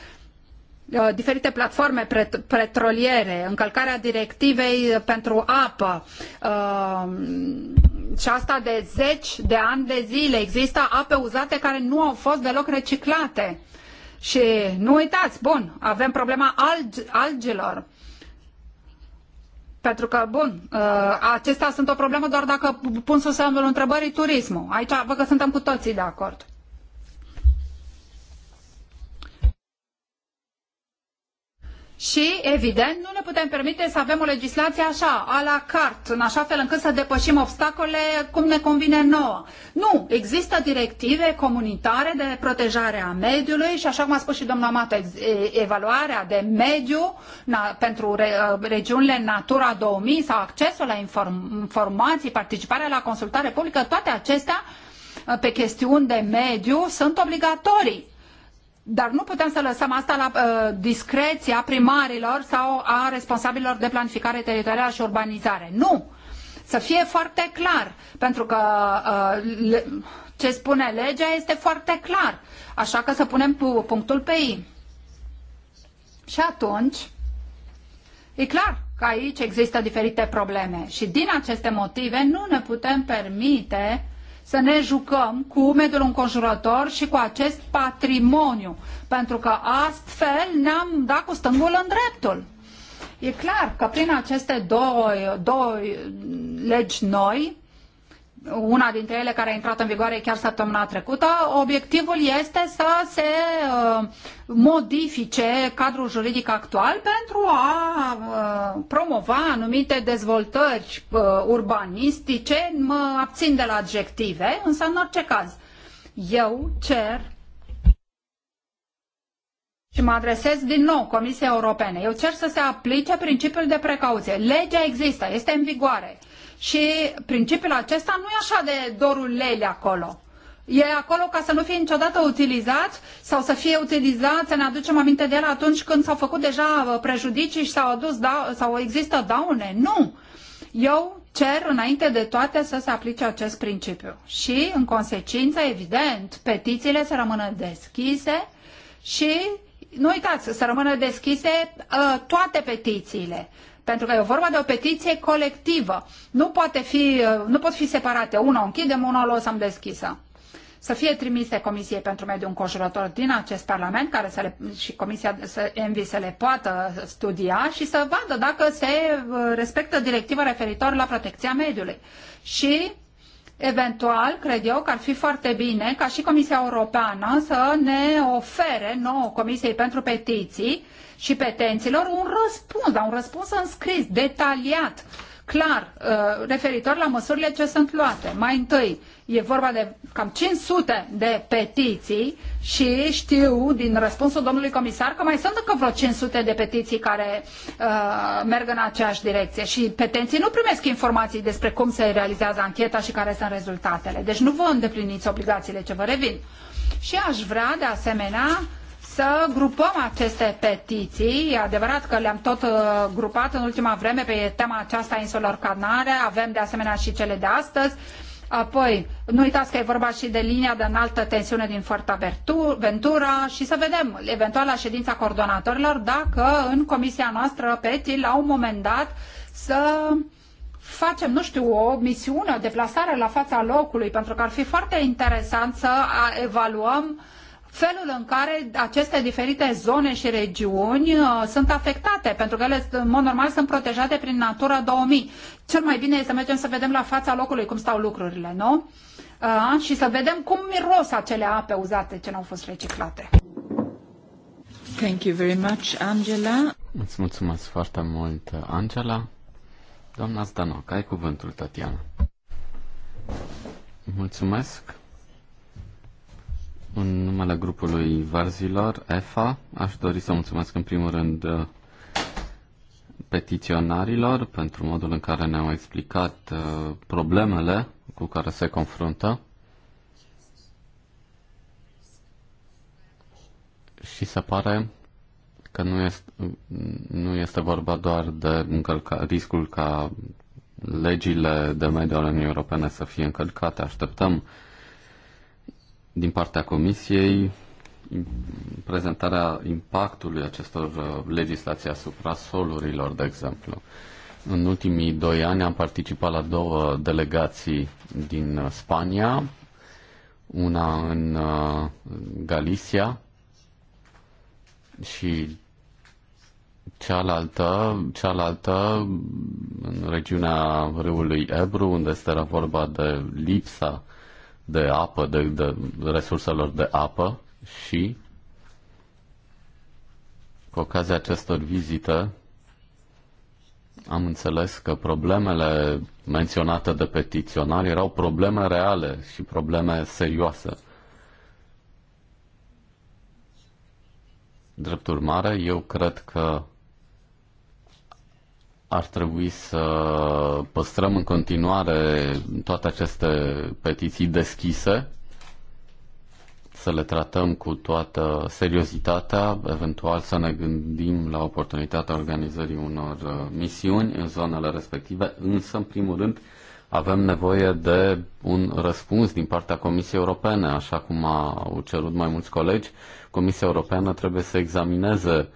uh, diferite platforme petroliere, încălcarea directivei pentru apă uh, și asta de zeci de ani de zile. Există ape uzate care nu au fost deloc reciclate. Și nu uitați, bun, avem problema alg algilor pentru că, bun, uh, acestea sunt o problemă doar dacă pun sub semnul întrebării turismul. Aici văd că suntem cu toții de acord. Și, evident, nu ne putem permite să avem o legislație așa, a la carte, în așa fel încât să depășim obstacole cum ne convine nouă. Nu, există directive comunitare de protejare a mediului și, așa cum a spus și doamna Mată, evaluarea de mediu na, pentru re, uh, regiunile Natura 2000 sau accesul la inform, informații, participarea la consultare publică, toate acestea uh, pe chestiuni de mediu sunt obligatorii dar nu putem să lăsăm asta la uh, discreția primarilor sau a responsabililor de planificare teritorială și urbanizare. Nu! Să fie foarte clar, pentru că uh, le, ce spune legea este foarte clar. Așa că să punem punctul pe I. Și atunci, e clar că aici există diferite probleme și din aceste motive nu ne putem permite să ne jucăm cu mediul înconjurător și cu acest patrimoniu, pentru că astfel ne-am dat cu stângul în dreptul. E clar că prin aceste două, două legi noi, una dintre ele care a intrat în vigoare chiar săptămâna trecută, obiectivul este să se uh, modifice cadrul juridic actual pentru a uh, promova anumite dezvoltări uh, urbanistice. Mă abțin de la adjective, însă în orice caz. Eu cer și mă adresez din nou Comisiei Europene. Eu cer să se aplice principiul de precauție. Legea există, este în vigoare și principiul acesta nu e așa de dorul lele acolo. E acolo ca să nu fie niciodată utilizat sau să fie utilizat, să ne aducem aminte de el atunci când s-au făcut deja uh, prejudicii și s-au adus da- sau există daune. Nu! Eu cer înainte de toate să se aplice acest principiu. Și, în consecință, evident, petițiile să rămână deschise și, nu uitați, să rămână deschise uh, toate petițiile pentru că e vorba de o petiție colectivă. Nu, poate fi, uh, nu pot fi separate. Una o închidem, una o lăsăm deschisă să fie trimise Comisiei pentru Mediul Înconjurător din acest Parlament care să le, și Comisia să, Envi să le poată studia și să vadă dacă se uh, respectă directiva referitor la protecția mediului. Și Eventual, cred eu că ar fi foarte bine ca și Comisia Europeană să ne ofere nouă Comisiei pentru Petiții și petenților un răspuns, dar un răspuns înscris, detaliat, clar uh, referitor la măsurile ce sunt luate. Mai întâi, e vorba de cam 500 de petiții și știu din răspunsul domnului comisar că mai sunt încă vreo 500 de petiții care uh, merg în aceeași direcție și petenții nu primesc informații despre cum se realizează ancheta și care sunt rezultatele. Deci nu vă îndepliniți obligațiile ce vă revin. Și aș vrea, de asemenea, să grupăm aceste petiții. E adevărat că le-am tot uh, grupat în ultima vreme pe tema aceasta a insulor Canare, avem de asemenea și cele de astăzi. Apoi, nu uitați că e vorba și de linia de înaltă tensiune din Ventura și să vedem eventual la ședința coordonatorilor dacă în comisia noastră PETI la un moment dat să facem, nu știu, o misiune, o deplasare la fața locului, pentru că ar fi foarte interesant să evaluăm uh, felul în care aceste diferite zone și regiuni uh, sunt afectate, pentru că ele, în mod normal, sunt protejate prin Natura 2000. Cel mai bine este să mergem să vedem la fața locului cum stau lucrurile, nu? Uh, și să vedem cum miros acele ape uzate ce nu au fost reciclate. Thank you very much, Angela. Îți mulțumesc foarte mult, Angela. Doamna Stanoc, ai cuvântul, Tatiana. Mulțumesc. În numele grupului Varzilor, EFA, aș dori să mulțumesc în primul rând uh, petiționarilor pentru modul în care ne-au explicat uh, problemele cu care se confruntă și se pare că nu este, nu este vorba doar de încălca, riscul ca legile de mediu ale Uniunii Europene să fie încălcate. Așteptăm uh, din partea Comisiei prezentarea impactului acestor uh, legislații asupra solurilor, de exemplu. În ultimii doi ani am participat la două delegații din uh, Spania, una în uh, Galicia și cealaltă, cealaltă în regiunea râului Ebru, unde este vorba de lipsa uh, de apă, de, de resurselor de apă și cu ocazia acestor vizite am înțeles că problemele menționate de petiționari erau probleme reale și probleme serioase. Drept urmare, eu cred că ar trebui să păstrăm în continuare toate aceste petiții deschise, să le tratăm cu toată seriozitatea, eventual să ne gândim la oportunitatea organizării unor uh, misiuni în zonele respective, însă, în primul rând, avem nevoie de un răspuns din partea Comisiei Europene, așa cum au cerut mai mulți colegi. Comisia Europeană trebuie să examineze uh,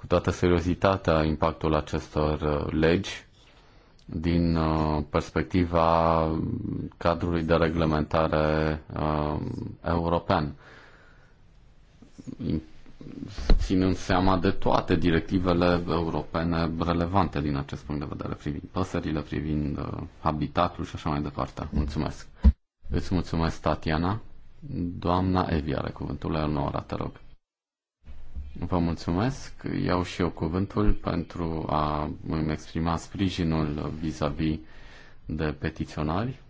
cu toată seriozitatea impactul acestor uh, legi din uh, perspectiva cadrului de reglementare uh, european ținând seama de toate directivele europene relevante din acest punct de vedere, privind păsările, privind habitatul și așa mai departe. Mulțumesc. Îți mulțumesc, Tatiana. Doamna Evi are cuvântul la nouă te rog. Vă mulțumesc. Iau și eu cuvântul pentru a îmi exprima sprijinul vis-a-vis -vis de petiționari.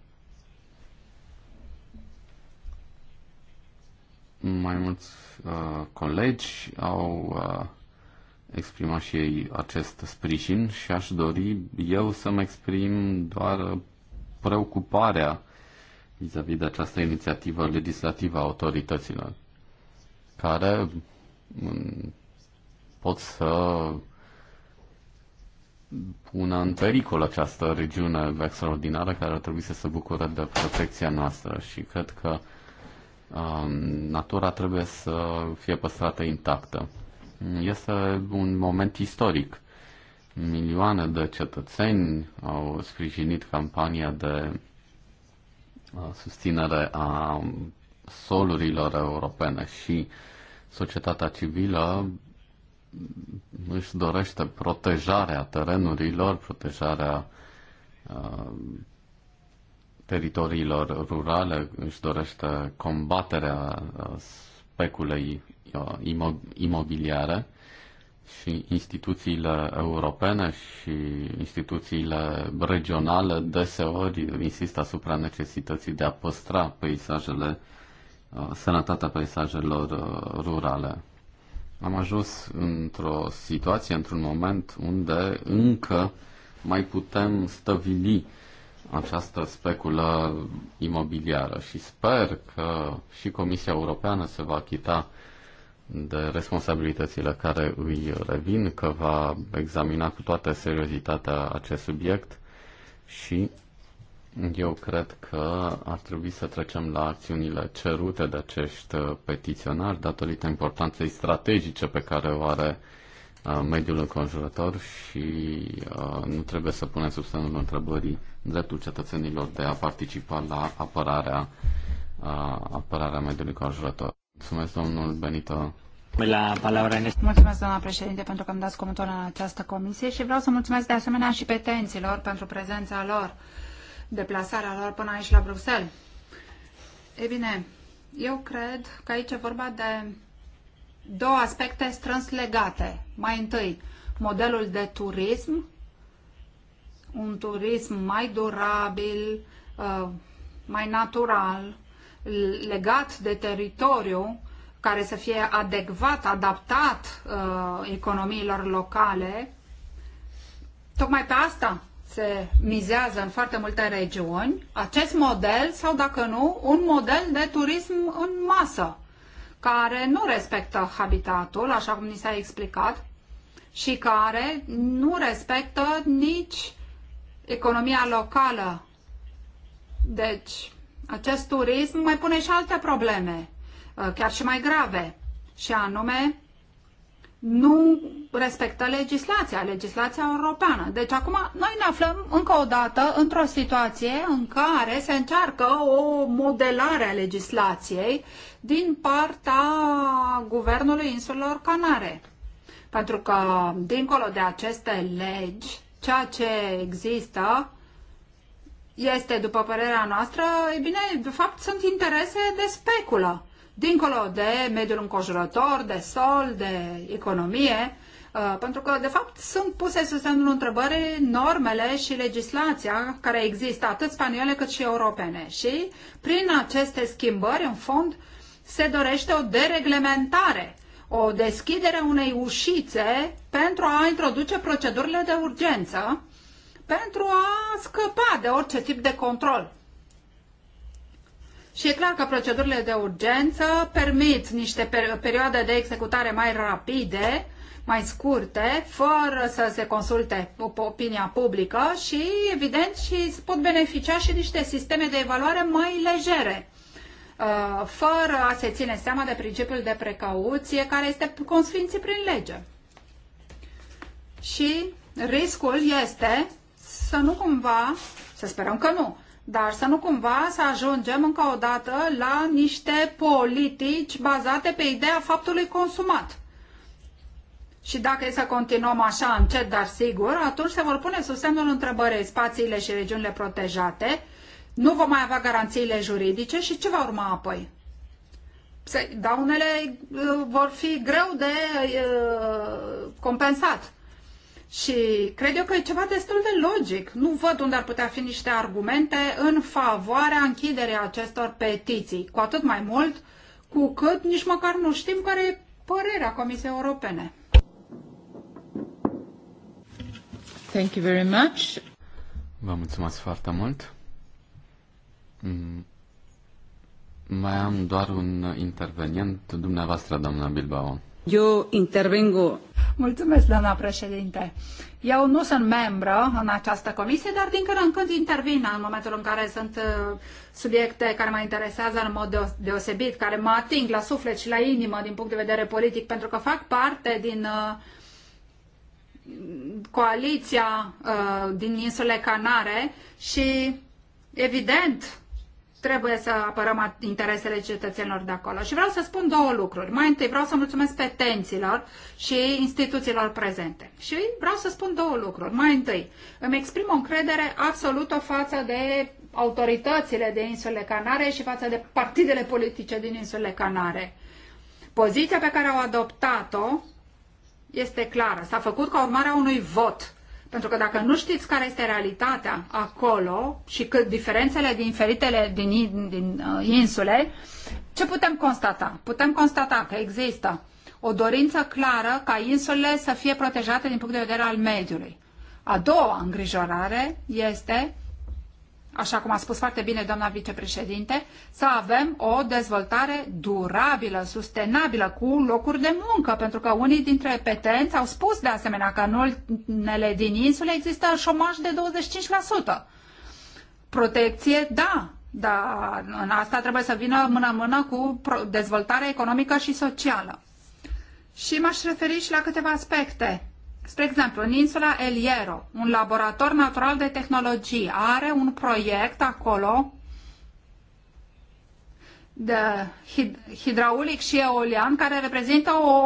Mai mulți uh, colegi au uh, exprimat și ei acest sprijin și aș dori eu să-mi exprim doar preocuparea vis-a-vis -vis de această inițiativă legislativă a autorităților, care pot să pună în pericol această regiune extraordinară care ar trebui să se bucure de protecția noastră și cred că um, natura trebuie să fie păstrată intactă. Este un moment istoric. Milioane de cetățeni au sprijinit campania de uh, susținere a solurilor europene și uh, societatea civilă își dorește protejarea terenurilor, protejarea uh, teritoriilor rurale, își dorește combaterea uh, speculei uh, imobiliare și instituțiile europene și instituțiile regionale deseori insistă asupra necesității de a păstra peisajele uh, Uh, sănătatea peisajelor uh, rurale. Am ajuns într-o situație, într-un moment unde încă mai putem stăvili această speculă imobiliară și sper că și Comisia Europeană se va achita de responsabilitățile care îi revin, că va examina cu toată seriozitatea acest subiect și eu cred că ar trebui să trecem la acțiunile cerute de acești uh, petiționari datorită importanței strategice pe care o are uh, mediul înconjurător și uh, nu trebuie să punem sub semnul întrebării dreptul cetățenilor de a participa la apărarea, apărarea mediului înconjurător. Mulțumesc, domnul Benito la Mulțumesc, doamna președinte, pentru că îmi dați cuvântul în această comisie și vreau să mulțumesc de asemenea și petenților pentru prezența lor deplasarea lor până aici la Bruxelles. E bine, eu cred că aici e vorba de două aspecte strâns legate. Mai întâi, modelul de turism, un turism mai durabil, uh, mai natural, legat de teritoriu, care să fie adecvat, adaptat uh, economiilor locale. Tocmai pe asta se mizează în foarte multe regiuni, acest model sau, dacă nu, un model de turism în masă, care nu respectă habitatul, așa cum ni s-a explicat, și care nu respectă nici economia locală. Deci, acest turism mai pune și alte probleme, uh, chiar și mai grave, și anume nu respectă legislația, legislația europeană. Deci acum noi ne aflăm încă o dată într-o situație în care se încearcă o modelare a legislației din partea Guvernului Insulor Canare. Pentru că, dincolo de aceste legi, ceea ce există este, după părerea noastră, e bine, de fapt sunt interese de speculă dincolo de mediul înconjurător, de sol, de economie, uh, pentru că, de fapt, sunt puse sub semnul întrebării normele și legislația care există atât spaniole cât și europene. Și prin aceste schimbări, în fond, se dorește o dereglementare, o deschidere unei ușițe pentru a introduce procedurile de urgență, pentru a scăpa de orice tip de control și e clar că procedurile de urgență permit niște perioade de executare mai rapide, mai scurte, fără să se consulte opinia publică și, evident, și pot beneficia și niște sisteme de evaluare mai legere uh, fără a se ține seama de principiul de precauție care este consfințit prin lege. Și riscul este să nu cumva, să sperăm că nu, dar să nu cumva să ajungem încă o dată la niște politici bazate pe ideea faptului consumat. Și dacă e să continuăm așa încet, dar sigur, atunci se vor pune sub semnul întrebării spațiile și regiunile protejate, nu vom mai avea garanțiile juridice și ce va urma apoi? Daunele uh, vor fi greu de uh, compensat. Și cred eu că e ceva destul de logic. Nu văd unde ar putea fi niște argumente în favoarea închiderii acestor petiții, cu atât mai mult cu cât nici măcar nu știm care e părerea Comisiei Europene. Thank you very much. Vă mulțumesc foarte mult. Mm. Mai am doar un intervenient, dumneavoastră, doamna Bilbao. Eu intervengo. Mulțumesc, doamna președinte. Eu nu sunt membră în această comisie, dar din când în când intervin în momentul în care sunt uh, subiecte care mă interesează în mod deosebit, care mă ating la suflet și la inimă din punct de vedere politic, pentru că fac parte din uh, coaliția uh, din insulele Canare și, evident, trebuie să apărăm interesele cetățenilor de acolo. Și vreau să spun două lucruri. Mai întâi vreau să mulțumesc petenților și instituțiilor prezente. Și vreau să spun două lucruri. Mai întâi, îmi exprim o încredere absolută față de autoritățile de insule Canare și față de partidele politice din insule Canare. Poziția pe care au adoptat-o este clară. S-a făcut ca urmare a unui vot pentru că dacă nu știți care este realitatea acolo și cât diferențele din diferitele din, din uh, insule, ce putem constata? Putem constata că există o dorință clară ca insulele să fie protejate din punct de vedere al mediului. A doua îngrijorare este așa cum a spus foarte bine doamna vicepreședinte, să avem o dezvoltare durabilă, sustenabilă, cu locuri de muncă, pentru că unii dintre petenți au spus de asemenea că în unele din insule există șomaj de 25%. Protecție, da, dar în asta trebuie să vină mână-mână cu dezvoltarea economică și socială. Și m-aș referi și la câteva aspecte Spre exemplu, în insula El Hierro, un laborator natural de tehnologie are un proiect acolo de hidraulic și eolian, care reprezintă o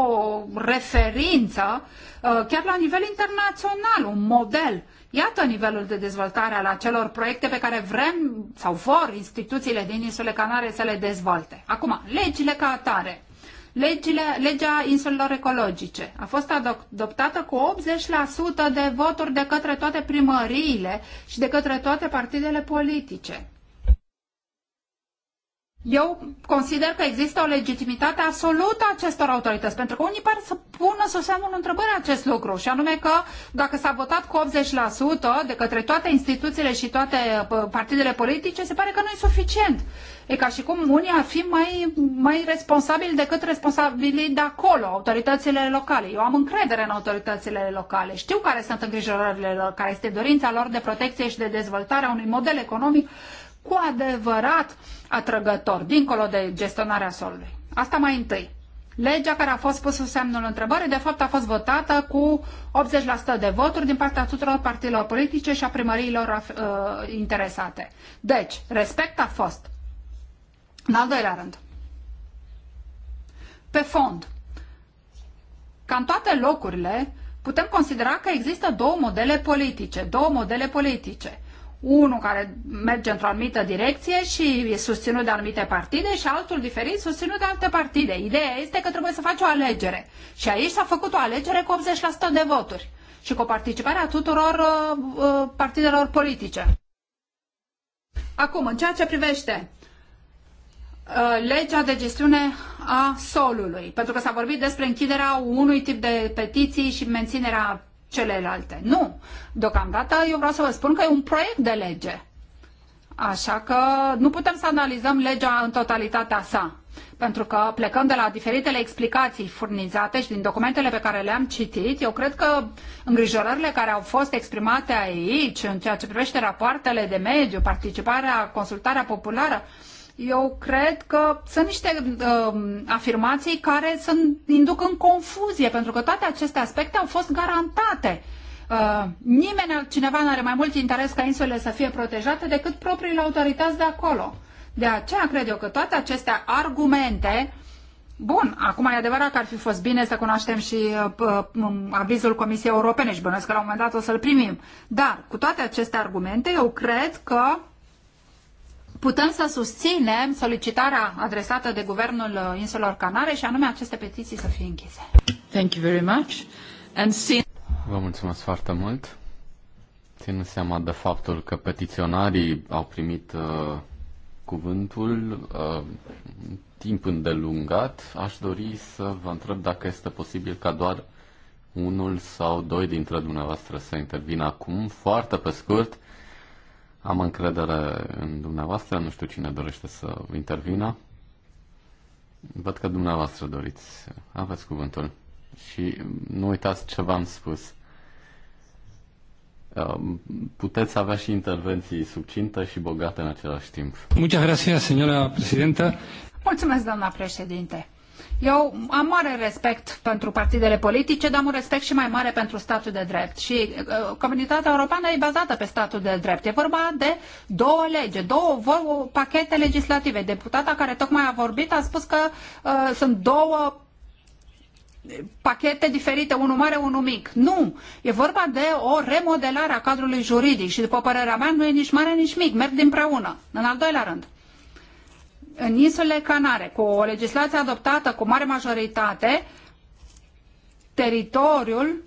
referință uh, chiar la nivel internațional, un model. Iată nivelul de dezvoltare al acelor proiecte pe care vrem sau vor instituțiile din insule Canare să le dezvolte. Acum, legile ca atare legile, legea insulelor ecologice. A fost adoptată cu 80% de voturi de către toate primăriile și de către toate partidele politice. Eu consider că există o legitimitate absolută a acestor autorități, pentru că unii par să pună sub semnul întrebării acest lucru, și anume că dacă s-a votat cu 80% de către toate instituțiile și toate uh, partidele politice, se pare că nu e suficient. E ca și cum unii ar fi mai, mai responsabili decât responsabilii de acolo, autoritățile locale. Eu am încredere în autoritățile locale. Știu care sunt îngrijorările lor, care este dorința lor de protecție și de dezvoltare a unui model economic cu adevărat atrăgător, dincolo de gestionarea solului. Asta mai întâi. Legea care a fost pusă semnul întrebării, de fapt, a fost votată cu 80% de voturi din partea tuturor partidelor politice și a primăriilor uh, interesate. Deci, respect a fost. În al doilea rând, pe fond, ca în toate locurile, putem considera că există două modele politice, două modele politice unul care merge într-o anumită direcție și e susținut de anumite partide și altul diferit susținut de alte partide. Ideea este că trebuie să faci o alegere. Și aici s-a făcut o alegere cu 80% de voturi și cu participarea tuturor uh, uh, partidelor politice. Acum, în ceea ce privește uh, legea de gestiune a solului, pentru că s-a vorbit despre închiderea unui tip de petiții și menținerea celelalte. Nu! Deocamdată eu vreau să vă spun că e un proiect de lege. Așa că nu putem să analizăm legea în totalitatea sa. Pentru că plecând de la diferitele explicații furnizate și din documentele pe care le-am citit, eu cred că îngrijorările care au fost exprimate aici, în ceea ce privește rapoartele de mediu, participarea, consultarea populară, uh, eu cred că sunt niște uh, afirmații care sunt, induc în confuzie, pentru că toate aceste aspecte au fost garantate. Uh, nimeni, cineva nu are mai mult interes ca insulele să fie protejate decât propriile autorități de acolo. De aceea cred eu că toate aceste argumente Bun, acum e adevărat că ar fi fost bine să cunoaștem și uh, um, avizul Comisiei Europene și bănuiesc că la un moment dat o să-l primim. Dar, cu toate aceste argumente, eu cred că putem să susținem solicitarea adresată de Guvernul uh, Insulor Canare și anume aceste petiții să fie închise. Thank you very much. And since... Vă mulțumesc foarte mult. Ținând seama de faptul că petiționarii au primit uh, cuvântul uh, timp îndelungat, aș dori să vă întreb dacă este posibil ca doar unul sau doi dintre dumneavoastră să intervină acum, foarte pe scurt, am încredere în dumneavoastră, nu știu cine dorește să intervină. Văd că dumneavoastră doriți. Aveți cuvântul. Și nu uitați ce v-am spus. Uh, puteți avea și intervenții subcinte și bogate în același timp. Muchas Mulțumesc, doamna președinte. Eu am mare respect pentru partidele politice, dar am un respect și mai mare pentru statul de drept. Și uh, comunitatea europeană e bazată pe statul de drept. E vorba de două lege, două pachete legislative. Deputata care tocmai a vorbit a spus că uh, sunt două pachete diferite, unul mare, unul mic. Nu! E vorba de o remodelare a cadrului juridic și, după părerea mea, nu e nici mare, nici mic. Merg împreună. În al doilea rând, în insulele Canare, cu o legislație adoptată cu mare majoritate, teritoriul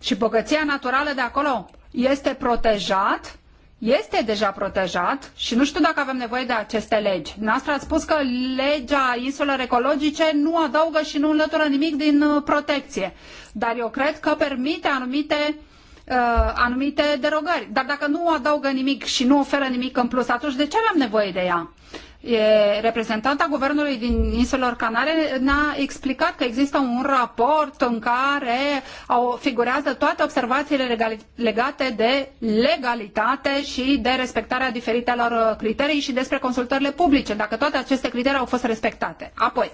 și bogăția naturală de acolo este protejat, este deja protejat și nu știu dacă avem nevoie de aceste legi. Noastră ați spus că legea insulelor ecologice nu adaugă și nu înlătură nimic din uh, protecție, dar eu cred că permite anumite uh, Uh, anumite derogări. Dar dacă nu adaugă nimic și nu oferă nimic în plus, atunci de ce avem nevoie de ea? E, reprezentanta guvernului din insulor Canare ne-a explicat că există un raport în care au, figurează toate observațiile legali, legate de legalitate și de respectarea diferitelor uh, criterii și despre consultările publice, dacă toate aceste criterii au fost respectate. Apoi,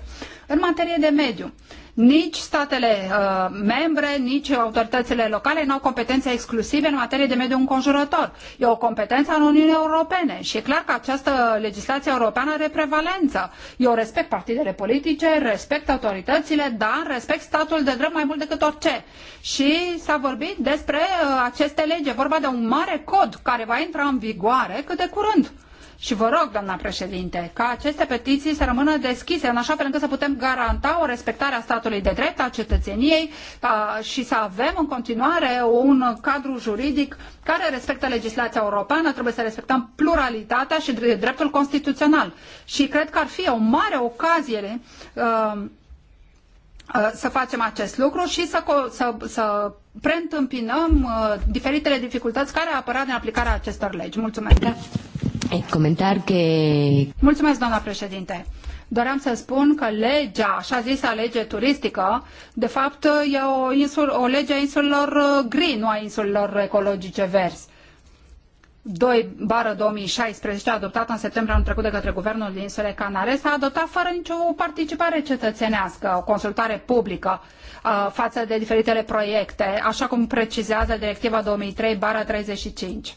în materie de mediu, nici statele uh, membre, nici autoritățile locale nu au competențe exclusive în materie de mediu înconjurător. E o competență a Uniunii Europene și e clar că această legislație europeană are prevalență. Eu respect partidele politice, respect autoritățile, dar respect statul de drept mai mult decât orice. Și s-a vorbit despre uh, aceste legi. E vorba de un mare cod care va intra în vigoare cât de curând. Și vă rog, doamna președinte, ca aceste petiții să rămână deschise în așa fel încât să putem garanta o respectare a statului de drept, a cetățeniei a, și să avem în continuare un cadru juridic care respectă legislația europeană, trebuie să respectăm pluralitatea și dreptul constituțional. Și cred că ar fi o mare ocazie uh, uh, să facem acest lucru și să, să, să preîntâmpinăm uh, diferitele dificultăți care apărea în aplicarea acestor legi. Mulțumesc! Eh, comentar că... Mulțumesc, doamna președinte. Doream să spun că legea, așa zisa lege turistică, de fapt e o, insul, o lege a insulelor uh, gri, nu a insulelor ecologice verzi. 2 bară 2016, adoptată în septembrie anul trecut de către Guvernul din Insule Canare, s-a adoptat fără nicio participare cetățenească, o consultare publică uh, față de diferitele proiecte, așa cum precizează Directiva 2003 bară 35.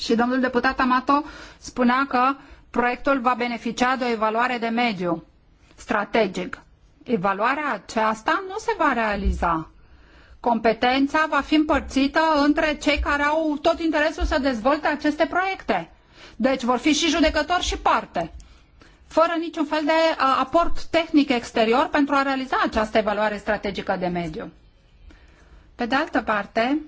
Și domnul deputat Amato spunea că proiectul va beneficia de o evaluare de mediu strategic. Evaluarea aceasta nu se va realiza. Competența va fi împărțită între cei care au tot interesul să dezvolte aceste proiecte. Deci vor fi și judecători și parte, fără niciun fel de aport tehnic exterior pentru a realiza această evaluare strategică de mediu. Pe de altă parte,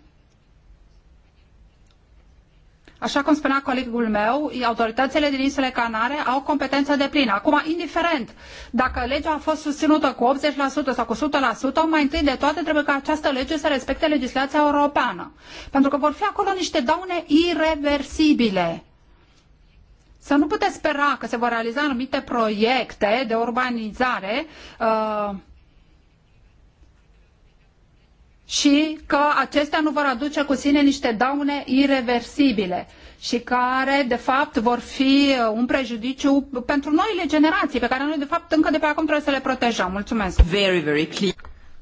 Așa cum spunea colegul meu, autoritățile din insulele Canare au competență de plină. Acum, indiferent dacă legea a fost susținută cu 80% sau cu 100%, mai întâi de toate trebuie ca această lege să respecte legislația europeană. Pentru că vor fi acolo niște daune irreversibile. Să nu puteți spera că se vor realiza anumite proiecte de urbanizare uh, și că acestea nu vor aduce cu sine niște daune irreversibile și care, de fapt, vor fi uh, un prejudiciu pentru noile generații, pe care noi, de fapt, încă de pe acum trebuie să le protejăm. Mulțumesc! Very, very clear.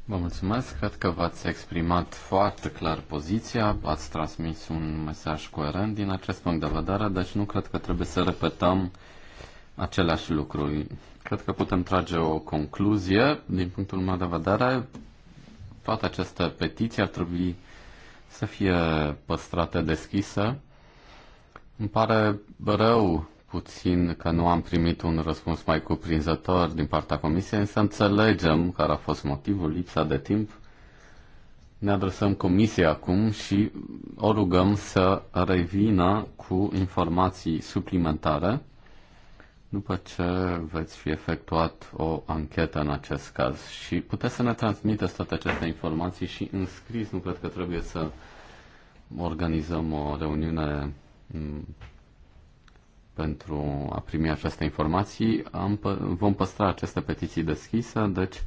Vă mulțumesc, cred că v-ați exprimat foarte clar poziția, ați transmis un mesaj coerent din acest punct de vedere, deci nu cred că trebuie să repetăm aceleași lucruri. Cred că putem trage o concluzie, din punctul meu de vedere, toată această petiție ar trebui să fie păstrată deschisă. Îmi pare rău puțin că nu am primit un răspuns mai cuprinzător din partea Comisiei, însă înțelegem care a fost motivul, lipsa de timp. Ne adresăm Comisiei acum și o rugăm să revină cu informații suplimentare după ce veți fi efectuat o anchetă în acest caz. Și puteți să ne transmiteți toate aceste informații și în scris, nu cred că trebuie să organizăm o reuniune mm, pentru a primi aceste informații. Am, vom păstra aceste petiții deschise, deci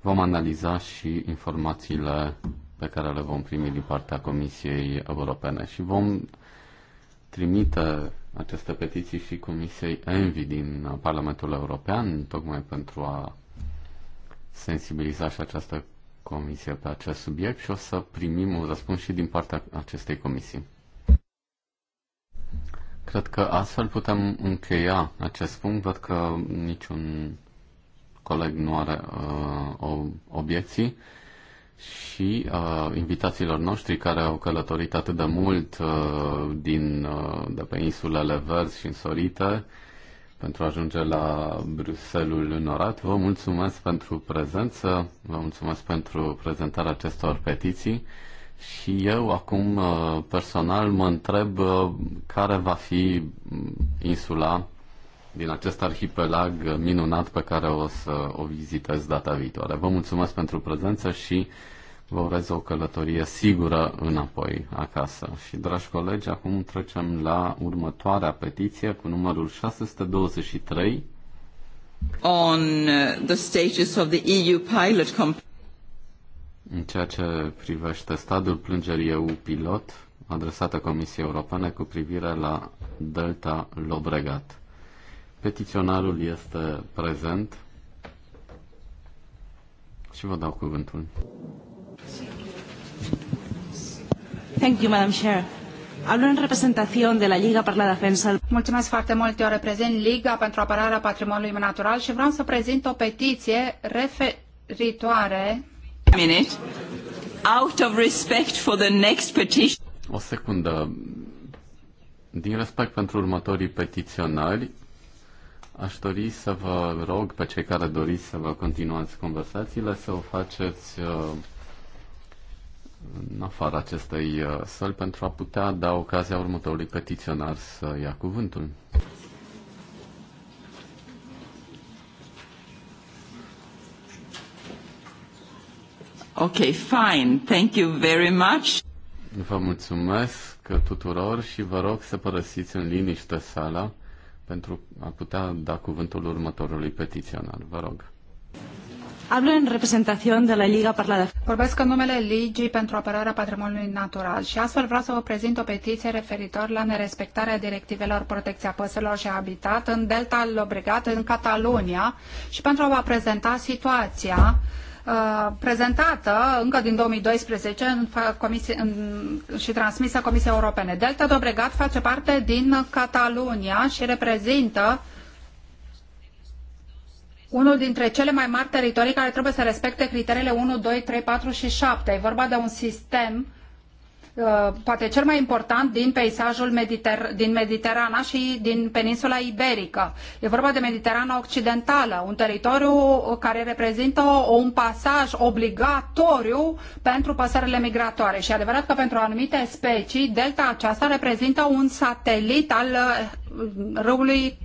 vom analiza și informațiile pe care le vom primi din partea Comisiei Europene și vom trimite această petiții și Comisiei Envi din Parlamentul European, tocmai pentru a sensibiliza și această comisie pe acest subiect și o să primim un răspuns și din partea acestei comisii. Cred că astfel putem încheia acest punct. Văd că niciun coleg nu are uh, obiecții și uh, invitațiilor noștri care au călătorit atât de mult uh, din, uh, de pe insulele Verzi și Însorite pentru a ajunge la Bruselul înorat. Vă mulțumesc pentru prezență, vă mulțumesc pentru prezentarea acestor petiții și eu acum uh, personal mă întreb uh, care va fi insula din acest arhipelag minunat pe care o să o vizitez data viitoare. Vă mulțumesc pentru prezență și vă urez o călătorie sigură înapoi acasă. Și, dragi colegi, acum trecem la următoarea petiție cu numărul 623 on uh, the status of the EU pilot În ceea ce privește stadiul plângerii EU pilot adresată Comisiei Europene cu privire la Delta Lobregat. Petiționarul este prezent și vă dau cuvântul. Thank you, Madam Chair. Hablo en representación de la Liga para la Defensa. Mulțumesc foarte mult. Eu reprezint Liga pentru apărarea patrimoniului natural și vreau să prezint o petiție referitoare. A minute. Out of respect for the next petition. O secundă. Din respect pentru următorii petiționari, Aș dori să vă rog pe cei care doriți să vă continuați conversațiile să o faceți uh, în afara acestei uh, săli pentru a putea da ocazia următorului petiționar să ia cuvântul. Ok, fine. Thank you very much. Vă mulțumesc tuturor și vă rog să părăsiți în liniște sala pentru a putea da cuvântul următorului petiționar. Vă rog. Hablo în reprezentación de la Liga Parlada. Vorbesc în numele Ligii pentru apărarea patrimoniului natural și astfel vreau să vă prezint o petiție referitor la nerespectarea directivelor protecția păsărilor și habitat în delta Llobregat, în Catalonia și pentru a vă prezenta situația Uh, prezentată încă din 2012 în comisie, în, și transmisă Comisiei Europene. Delta Dobregat face parte din Catalunia și reprezintă unul dintre cele mai mari teritorii care trebuie să respecte criteriile 1, 2, 3, 4 și 7. E vorba de un sistem Uh, poate cel mai important din peisajul Mediter din Mediterana și din peninsula iberică. E vorba de Mediterana Occidentală, un teritoriu care reprezintă un pasaj obligatoriu pentru păsările migratoare. Și adevărat că pentru anumite specii, delta aceasta reprezintă un satelit al uh, râului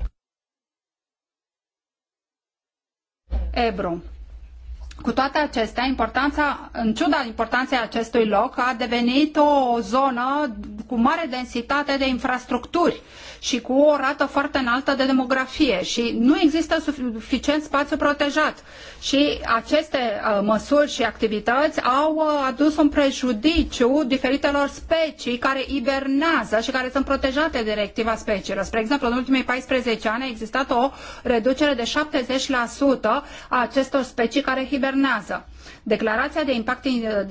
Ebru. Cu toate acestea, importanța, în ciuda importanței acestui loc, a devenit o zonă cu mare densitate de infrastructuri și cu o rată foarte înaltă de demografie și nu există suficient spațiu protejat. Și aceste uh, măsuri și activități au uh, adus un prejudiciu diferitelor specii care ibernează și care sunt protejate de directiva speciilor. Spre exemplu, în ultimii 14 ani a existat o reducere de 70% a acestor specii care hibernează. Declarația de impact de,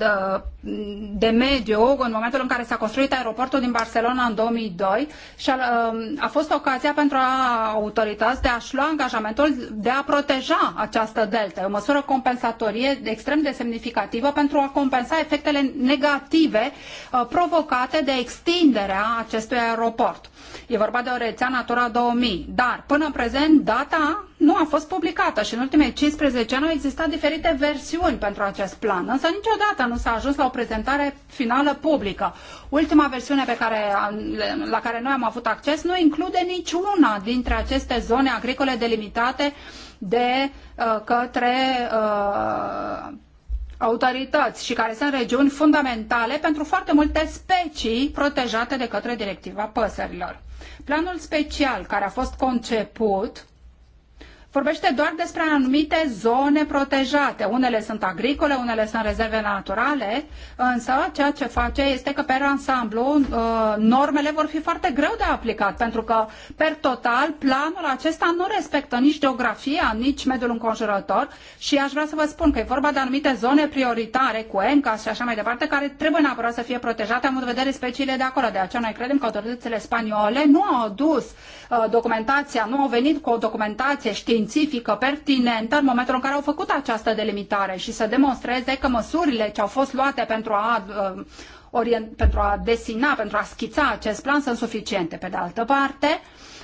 de mediu în momentul în care s-a construit aeroportul din Barcelona în 2002 și a, um, a fost ocazia pentru a, autorități de a-și lua angajamentul de a proteja această delta, o măsură compensatorie extrem de semnificativă pentru a compensa efectele negative uh, provocate de extinderea acestui aeroport. E vorba de o rețea Natura 2000, dar până în prezent data nu a fost publicată și în ultimele 15 ani au existat diferite versiuni pentru acest plan, însă niciodată nu s-a ajuns la o prezentare finală publică. Ultima versiune pe care, la care noi am avut acces nu include niciuna dintre aceste zone agricole delimitate de uh, către uh, autorități și care sunt regiuni fundamentale pentru foarte multe specii protejate de către directiva păsărilor. Planul special care a fost conceput vorbește doar despre anumite zone protejate. Unele sunt agricole, unele sunt rezerve naturale, însă ceea ce face este că per ansamblu uh, normele vor fi foarte greu de aplicat, pentru că per total planul acesta nu respectă nici geografia, nici mediul înconjurător și aș vrea să vă spun că e vorba de anumite zone prioritare cu ENCA și așa mai departe, care trebuie neapărat să fie protejate, am în vedere speciile de acolo. De aceea noi credem că autoritățile spaniole nu au dus uh, documentația, nu au venit cu o documentație științifică științifică pertinentă în momentul în care au făcut această delimitare și să demonstreze că măsurile ce au fost luate pentru a, uh, orient, pentru a desina, pentru a schița acest plan sunt suficiente. Pe de altă parte,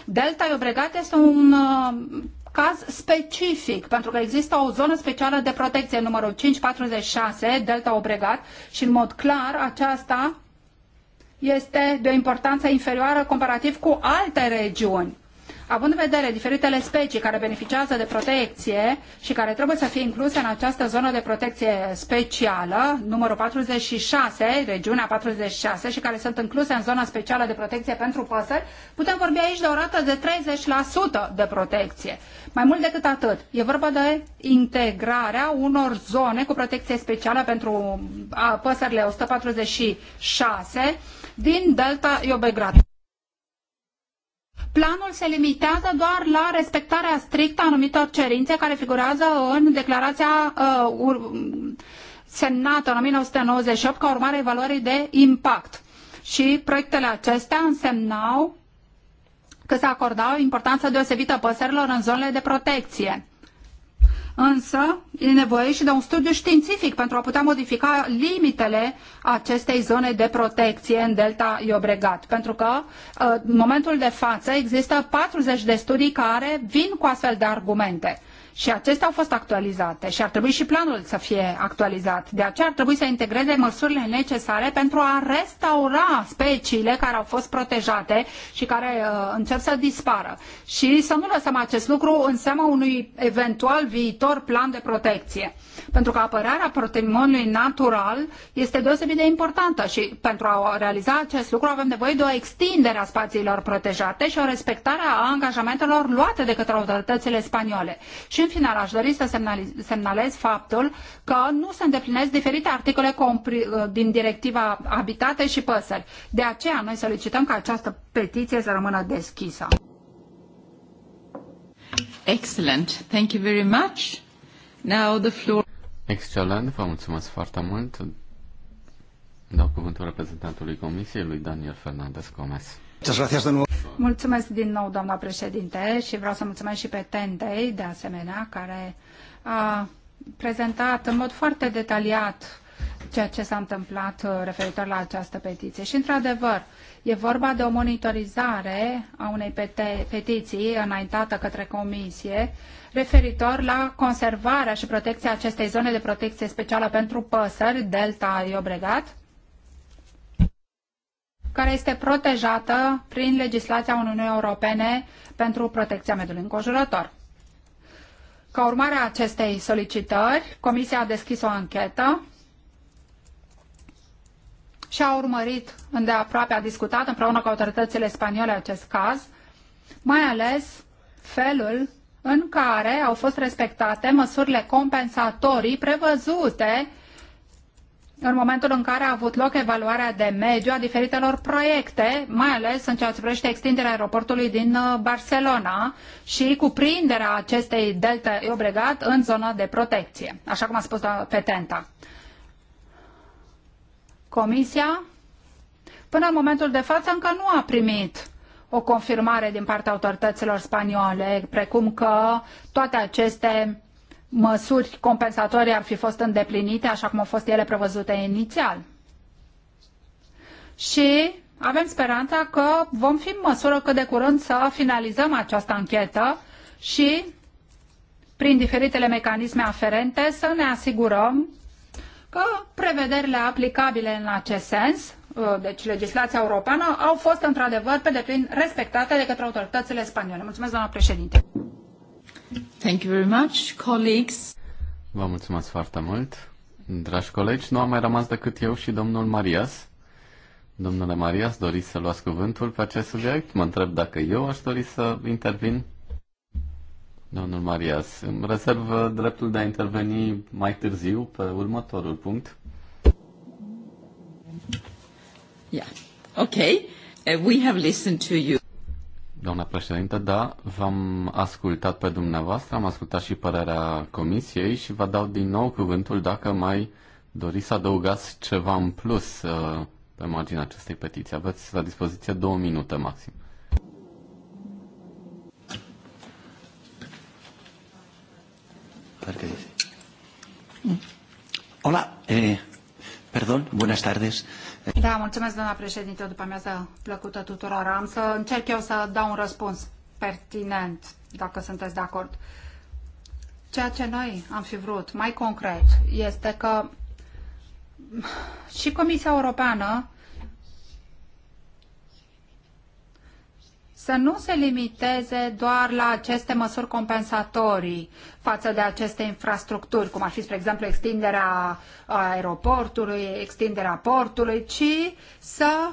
Delta Iobregat este un uh, caz specific, pentru că există o zonă specială de protecție, numărul 546, Delta Obregat, și în mod clar aceasta este de o importanță inferioară comparativ cu alte regiuni. Având în vedere diferitele specii care beneficiază de protecție și care trebuie să fie incluse în această zonă de protecție specială, numărul 46, regiunea 46, și care sunt incluse în zona specială de protecție pentru păsări, putem vorbi aici de o rată de 30% de protecție. Mai mult decât atât, e vorba de integrarea unor zone cu protecție specială pentru păsările 146 din delta Iobegrad. Planul se limitează doar la respectarea strictă a anumitor cerințe care figurează în declarația uh, semnată în 1998 ca urmare a evaluării de impact. Și proiectele acestea însemnau că se acordau importanță deosebită păsărilor în zonele de protecție. Însă e nevoie și de un studiu științific pentru a putea modifica limitele acestei zone de protecție în delta Iobregat. Pentru că uh, în momentul de față există 40 de studii care vin cu astfel de argumente. Și acestea au fost actualizate și ar trebui și planul să fie actualizat. De aceea ar trebui să integreze măsurile necesare pentru a restaura speciile care au fost protejate și care uh, încep să dispară. Și să nu lăsăm acest lucru în seama unui eventual viitor plan de protecție. Pentru că apărarea patrimoniului natural este deosebit de importantă și pentru a realiza acest lucru avem nevoie de o extindere a spațiilor protejate și o respectare a angajamentelor luate de către autoritățile spaniole. Și în final, aș dori să semnalez faptul că nu se îndeplinesc diferite articole uh, din directiva Habitate și Păsări. De aceea, noi solicităm ca această petiție să rămână deschisă. Excellent. Thank you very much. Now the floor... Excelent, vă mulțumesc foarte mult. Dau cuvântul reprezentantului Comisiei, lui Daniel Fernandez Gomez. Mulțumesc din nou, doamna președinte, și vreau să mulțumesc și pe Tendei, de asemenea, care a prezentat în mod foarte detaliat ceea ce s-a întâmplat uh, referitor la această petiție. Și, într-adevăr, e vorba de o monitorizare a unei petiții înaintată către Comisie referitor la conservarea și protecția acestei zone de protecție specială pentru păsări, Delta Iobregat, care este protejată prin legislația Uniunii Europene pentru protecția mediului înconjurător. Ca urmare a acestei solicitări, Comisia a deschis o anchetă și a urmărit îndeaproape, a discutat împreună cu autoritățile spaniole acest caz, mai ales felul în care au fost respectate măsurile compensatorii prevăzute în momentul în care a avut loc evaluarea de mediu a diferitelor proiecte, mai ales în ceea ce privește extinderea aeroportului din uh, Barcelona și cuprinderea acestei delte Obregat în zona de protecție, așa cum a spus petenta. Comisia, până în momentul de față, încă nu a primit o confirmare din partea autorităților spaniole, precum că toate aceste măsuri compensatorii ar fi fost îndeplinite așa cum au fost ele prevăzute inițial. Și avem speranța că vom fi în măsură cât de curând să finalizăm această anchetă și prin diferitele mecanisme aferente să ne asigurăm că prevederile aplicabile în acest sens, ă, deci legislația europeană, au fost într-adevăr pe deplin respectate de către autoritățile spaniole. Mulțumesc, doamna președinte. Thank you very much, colleagues. Vă mulțumesc foarte mult. Dragi colegi, nu am mai rămas decât eu și domnul Marias. Domnule Marias, doriți să luați cuvântul pe acest subiect? Mă întreb dacă eu aș dori să intervin. Domnul Marias, îmi rezerv dreptul de a interveni mai târziu pe următorul punct. Yeah. Okay. Uh, we have listened to you. Doamna președintă, da, v-am ascultat pe dumneavoastră, am ascultat și părerea comisiei și vă dau din nou cuvântul dacă mai doriți să adăugați ceva în plus uh, pe marginea acestei petiții. Aveți la dispoziție două minute maxim. Hola, eh, perdón, buenas tardes. Da, mulțumesc, doamna președinte, după amiază plăcută tuturor. Am să încerc eu să dau un răspuns pertinent, dacă sunteți de acord. Ceea ce noi am fi vrut, mai concret, este că și Comisia Europeană să nu se limiteze doar la aceste măsuri compensatorii față de aceste infrastructuri, cum ar fi, spre exemplu, extinderea uh, aeroportului, extinderea portului, ci să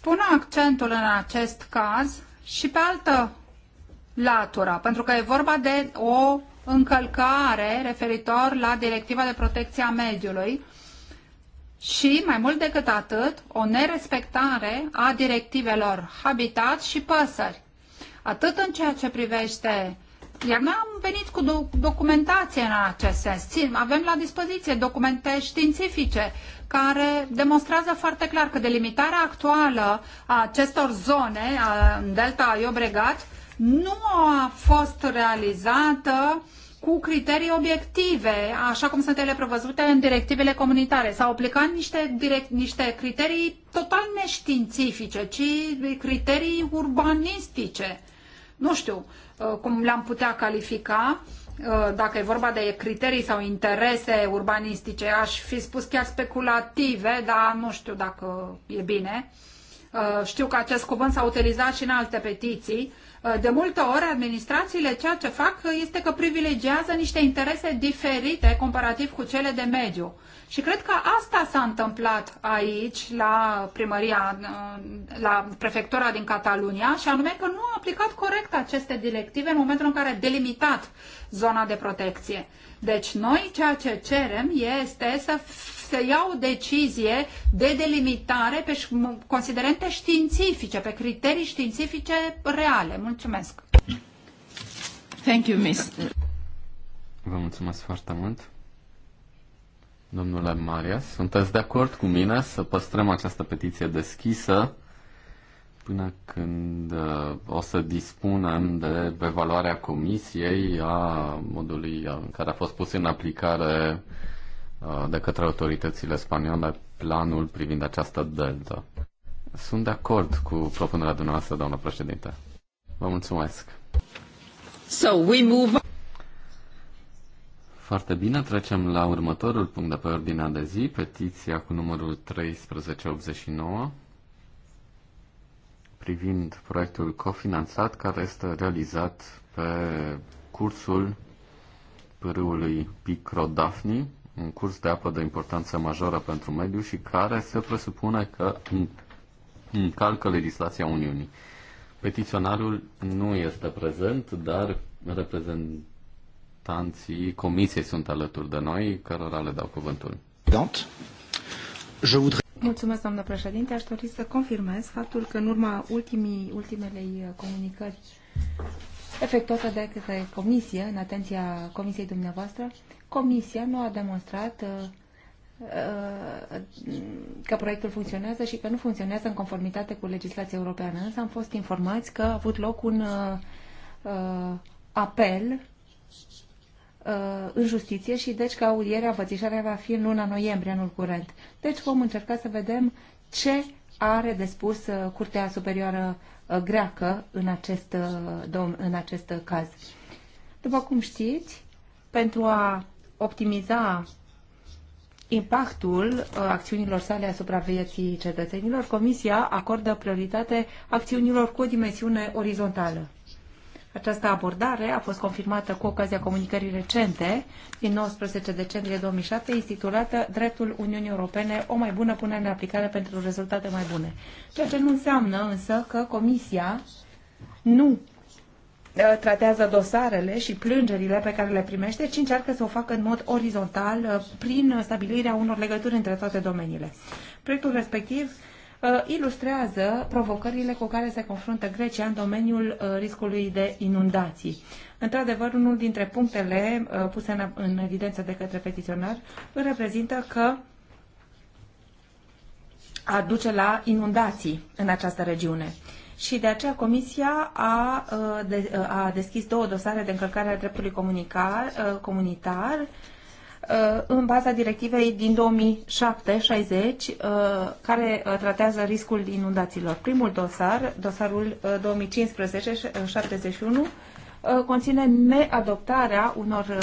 pună accentul în acest caz și pe altă latură, pentru că e vorba de o încălcare referitor la Directiva de Protecție a Mediului, și, mai mult decât atât, o nerespectare a directivelor habitat și păsări. Atât în ceea ce privește iar noi am venit cu documentație în acest sens. Avem la dispoziție documente științifice care demonstrează foarte clar că delimitarea actuală a acestor zone, în delta Iobregat, nu a fost realizată uh, cu criterii obiective, așa cum sunt ele prevăzute în directivele comunitare. S-au aplicat niște, direct, niște criterii total neștiințifice, ci criterii urbanistice. Nu știu uh, cum le-am putea califica, uh, dacă e vorba de criterii sau interese urbanistice, aș fi spus chiar speculative, dar nu știu dacă e bine. Uh, știu că acest cuvânt s-a utilizat și în alte petiții Eh, de multe ori administrațiile ceea ce fac este că privilegiază niște interese diferite comparativ cu cele de mediu. Și cred că asta s-a întâmplat aici, la primăria, eh, la prefectura din Catalunia, și anume că nu a aplicat corect aceste directive în momentul în care a delimitat zona de protecție. Deci noi ceea ce cerem este să să ia o decizie de delimitare pe considerente științifice, pe criterii științifice reale. Mulțumesc! Thank you, miss. Vă mulțumesc foarte mult. Domnule Maria, sunteți de acord cu mine să păstrăm această petiție deschisă până când uh, o să dispunem de evaluarea comisiei a modului în care a fost pus în aplicare Uh, de către autoritățile spaniole planul privind această delta. Sunt de acord cu propunerea dumneavoastră, doamnă președinte. Vă mulțumesc. So we move foarte bine, trecem la următorul punct de pe ordinea de zi, petiția cu numărul 1389 privind proiectul cofinanțat care este realizat pe cursul pârâului Daphne un curs de apă de importanță majoră pentru mediu și care se presupune că încalcă legislația Uniunii. Petiționarul nu este prezent, dar reprezentanții comisiei sunt alături de noi, cărora le dau cuvântul. Mulțumesc, doamnă președinte. Aș dori să confirmez faptul că în urma ultimii, ultimelei comunicări efectuată de către comisie, în atenția comisiei dumneavoastră, Comisia nu a demonstrat uh, uh, că proiectul funcționează și că nu funcționează în conformitate cu legislația europeană. Însă am fost informați că a avut loc un uh, apel în justiție și deci că audierea, învățișarea va fi în luna noiembrie anul curent. Deci vom încerca să vedem ce are de spus Curtea Superioară Greacă în acest, în acest caz. După cum știți, pentru a optimiza impactul uh, acțiunilor sale asupra vieții cetățenilor, Comisia acordă prioritate acțiunilor cu o dimensiune orizontală. Această abordare a fost confirmată cu ocazia comunicării recente din 19 decembrie 2007, intitulată Dreptul Uniunii Europene, o mai bună punere în aplicare pentru rezultate mai bune. Ceea ce nu înseamnă însă că Comisia nu Uh, tratează dosarele și plângerile pe care le primește, ci încearcă să o facă în mod orizontal uh, prin stabilirea unor legături între toate domeniile. Proiectul respectiv uh, ilustrează provocările cu care se confruntă Grecia în domeniul riscului de inundații. Într-adevăr, unul dintre punctele puse în evidență de către petiționar reprezintă că aduce duce la inundații în această regiune și de aceea Comisia a, uh, uh, a deschis două dosare de încălcare a dreptului uh, comunitar în baza directivei din 2007-60, care tratează riscul inundațiilor. Primul dosar, dosarul 2015-71, conține neadoptarea unor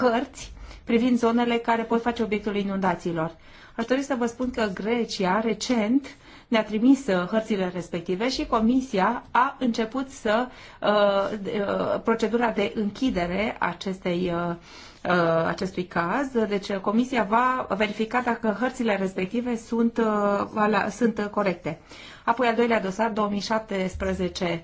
hărți privind zonele care pot face obiectul inundațiilor. Aș dori să vă spun că Grecia recent ne-a trimis uh, hărțile respective și Comisia a început să uh, uh, procedura de închidere acestei acestui caz. Deci comisia va verifica dacă hărțile respective sunt, sunt corecte. Apoi al doilea dosar, 2017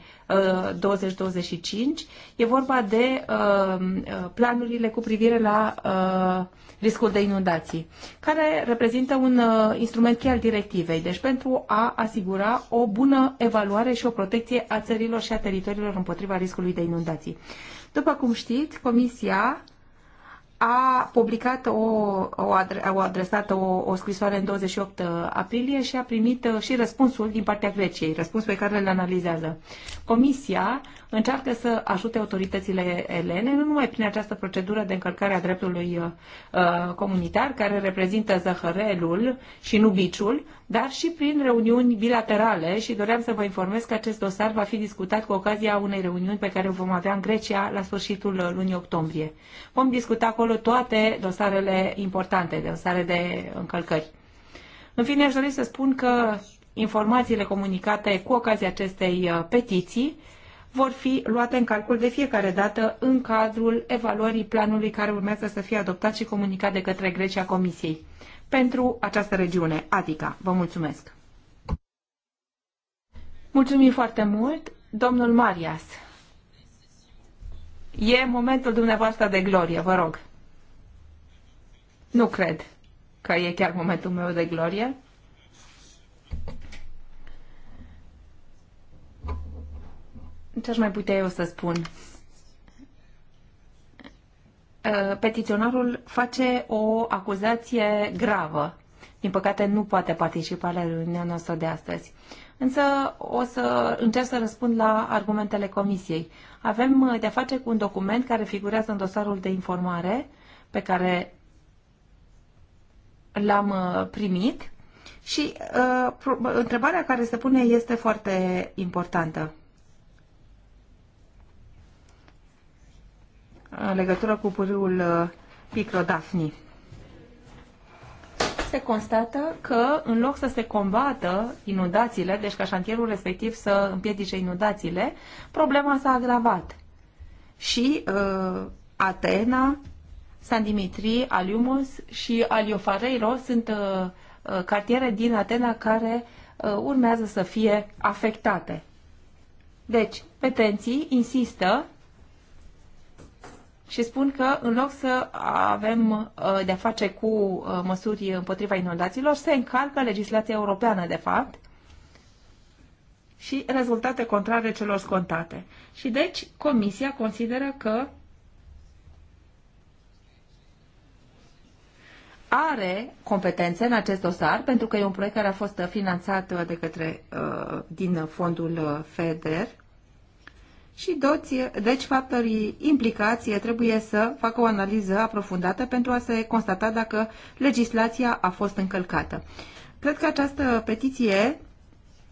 2025. E vorba de uh, planurile cu privire la uh, riscul de inundații, care reprezintă un uh, instrument chiar al directivei, deci pentru a asigura o bună evaluare și o protecție a țărilor și a teritoriilor împotriva riscului de inundații. După cum știți, Comisia a publicat o, o, adre, o adresat o, o scrisoare în 28 uh, aprilie și a primit uh, și răspunsul din partea Greciei, răspunsul pe care îl analizează. Comisia încearcă să ajute autoritățile elene, nu numai prin această procedură de încălcare a dreptului uh, uh comunitar, care reprezintă zahărelul și nu biciul, dar și prin reuniuni bilaterale și doream să vă informez că acest dosar va fi discutat cu ocazia unei reuniuni pe care o vom avea în Grecia la sfârșitul lunii octombrie. Vom discuta acolo acolo toate dosarele importante, dosare de încălcări. În fine, aș dori să spun că informațiile comunicate cu ocazia acestei uh, petiții vor fi luate în calcul de fiecare dată în cadrul evaluării planului care urmează să fie adoptat și comunicat de către Grecia Comisiei pentru această regiune, Atica. Vă mulțumesc! Mulțumim foarte mult, domnul Marias. E momentul dumneavoastră de glorie, vă rog. Nu cred că e chiar momentul meu de glorie. Ce aș mai putea eu să spun? Ă, petiționarul face o acuzație gravă. Din păcate nu poate participa la reuniunea noastră de astăzi. Însă o să încerc să răspund la argumentele comisiei. Avem de-a face cu un document care figurează în dosarul de informare pe care l-am uh, primit și uh, întrebarea care se pune este foarte importantă. În legătură cu pârâul uh, Picrodafni. Se constată că în loc să se combată inundațiile, deci ca șantierul respectiv să împiedice inundațiile, problema s-a agravat. Și uh, Atena San Dimitri, Aliumos și Aliofareiro sunt uh, uh, cartiere din Atena care uh, urmează să fie afectate. Deci, petenții insistă și spun că în loc să avem de-a face cu măsuri împotriva inundațiilor, se încalcă legislația europeană, de fapt, și rezultate contrare celor scontate. Și deci Comisia consideră că are competențe în acest dosar, pentru că e un proiect care a fost finanțat uh, de către, uh, din fondul uh, FEDER. Și doți, deci factorii implicați trebuie să facă o analiză aprofundată pentru a se constata dacă legislația a fost încălcată. Cred că această petiție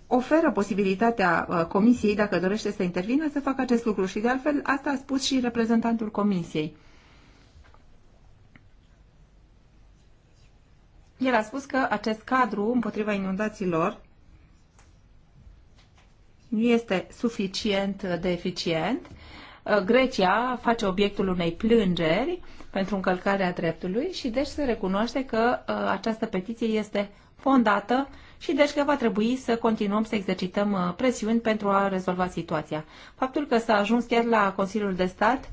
oferă posibilitatea comisiei, dacă dorește să intervină, să facă acest lucru și de altfel asta a spus și reprezentantul comisiei. El a spus că acest cadru împotriva inundațiilor nu este suficient de eficient. Uh, Grecia face obiectul unei plângeri pentru încălcarea dreptului și deci se recunoaște că uh, această petiție este fondată și deci că va trebui să continuăm să exercităm uh, presiuni pentru a rezolva situația. Faptul că s-a ajuns chiar la Consiliul de Stat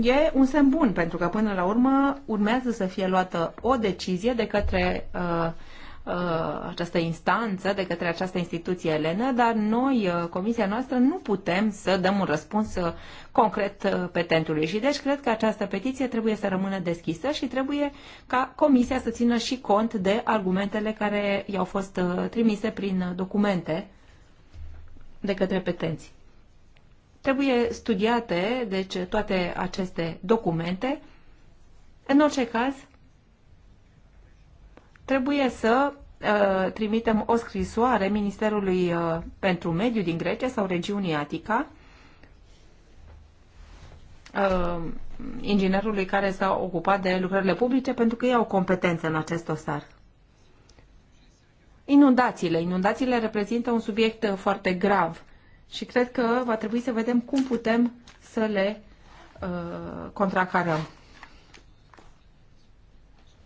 e un semn bun, pentru că până la urmă urmează să fie luată o decizie de către uh, uh, această instanță, de către această instituție Elena, dar noi, uh, comisia noastră, nu putem să dăm un răspuns uh, concret uh, petentului. Și deci cred că această petiție trebuie să rămână deschisă și trebuie ca comisia să țină și cont de argumentele care i-au fost uh, trimise prin uh, documente de către petenții. Trebuie studiate, deci, toate aceste documente. În orice caz, trebuie să uh, trimitem o scrisoare Ministerului uh, pentru Mediu din Grecia sau regiunii Atica, uh, inginerului care s-a ocupat de lucrările publice, pentru că ei au competență în acest dosar. Inundațiile. Inundațiile reprezintă un subiect uh, foarte grav și cred că va trebui să vedem cum putem să le uh, contracarăm.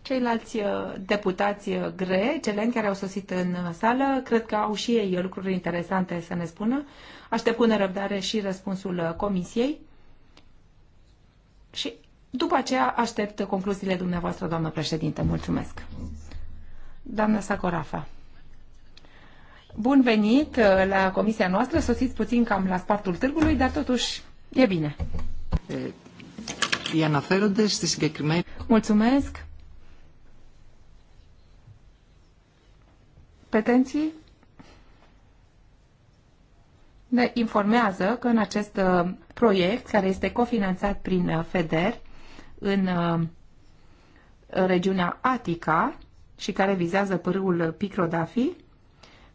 Ceilalți uh, deputați uh, gre, celeni care au sosit în sală, cred că au și ei uh, lucruri interesante să ne spună. Aștept cu nerăbdare și răspunsul comisiei. Și după aceea aștept concluziile dumneavoastră, doamnă președinte. Mulțumesc. Doamna Sacorafa. Bun venit uh, la comisia noastră, sosiți puțin cam la spartul târgului, dar totuși e bine. Οι αναφέροντες στη συγκεκριμένη... Mulțumesc. Petenții ne informează că în acest uh, proiect, care este cofinanțat prin uh, FEDER în regiunea Atica și care vizează părâul Picrodafi,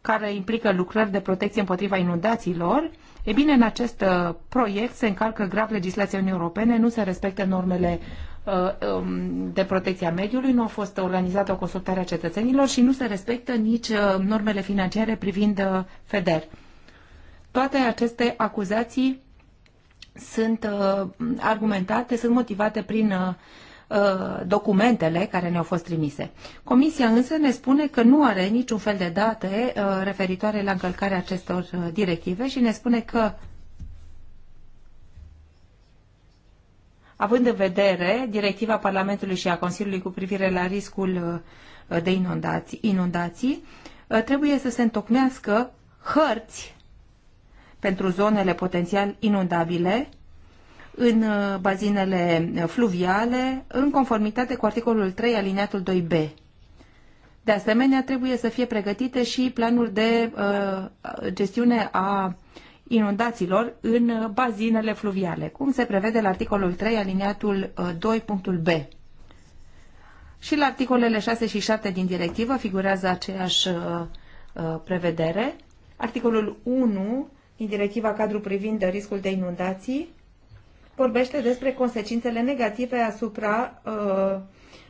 care implică lucrări de protecție împotriva inundațiilor, e bine, în acest uh, proiect se încalcă grav legislația Uniunii Europene, nu se respectă normele uh, um, de protecția mediului, nu a fost organizată o consultare a cetățenilor și nu se respectă nici uh, normele financiare privind uh, FEDER. Toate aceste acuzații sunt uh, argumentate, sunt motivate prin uh, Uh, documentele care ne-au fost trimise. Comisia însă ne spune că nu are niciun fel de date uh, referitoare la încălcarea acestor uh, directive și ne spune că având în vedere directiva Parlamentului și a Consiliului cu privire la riscul de inundații, inundații trebuie să se întocmească hărți pentru zonele potențial inundabile în uh, bazinele uh, fluviale, în conformitate cu articolul 3, alineatul 2b. De asemenea, trebuie să fie pregătite și planuri de uh, gestiune a inundațiilor în uh, bazinele fluviale, cum se prevede la articolul 3, alineatul 2.b. Și la articolele 6 și 7 din directivă figurează aceeași uh, prevedere. Articolul 1 din directiva cadru privind riscul de inundații vorbește despre consecințele negative asupra uh,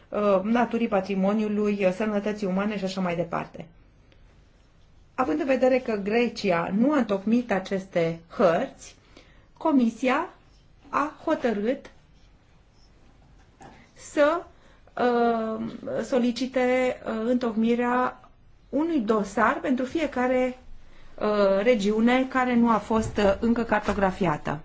uh, naturii patrimoniului, uh, sănătății umane și așa mai departe. Având în vedere că Grecia nu a întocmit aceste hărți, Comisia a hotărât să uh, solicite uh, întocmirea unui dosar pentru fiecare uh, regiune care nu a fost uh, încă cartografiată.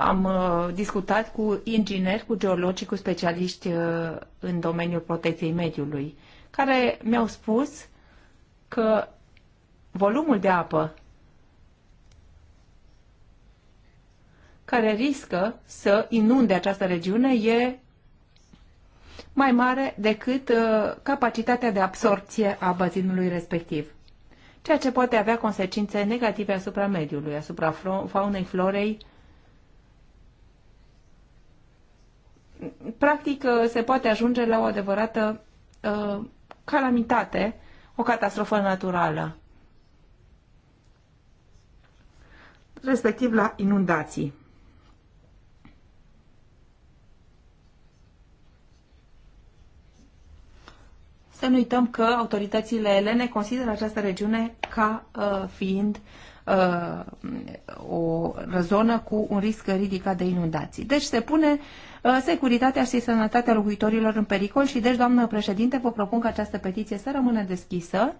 Am uh, discutat cu ingineri, cu geologi, cu specialiști uh, în domeniul protecției mediului, care mi-au spus că volumul de apă care riscă să inunde această regiune e mai mare decât uh, capacitatea de absorpție a bazinului respectiv, ceea ce poate avea consecințe negative asupra mediului, asupra faunei, florei practic uh, se poate ajunge la o adevărată uh, calamitate, o catastrofă naturală, respectiv la inundații. Să nu uităm că autoritățile elene consideră această regiune ca uh, fiind uh, Uh, o zonă cu un risc ridicat de inundații. Deci se pune uh, securitatea și sănătatea locuitorilor în pericol și deci, doamnă președinte, vă propun ca această petiție să rămână deschisă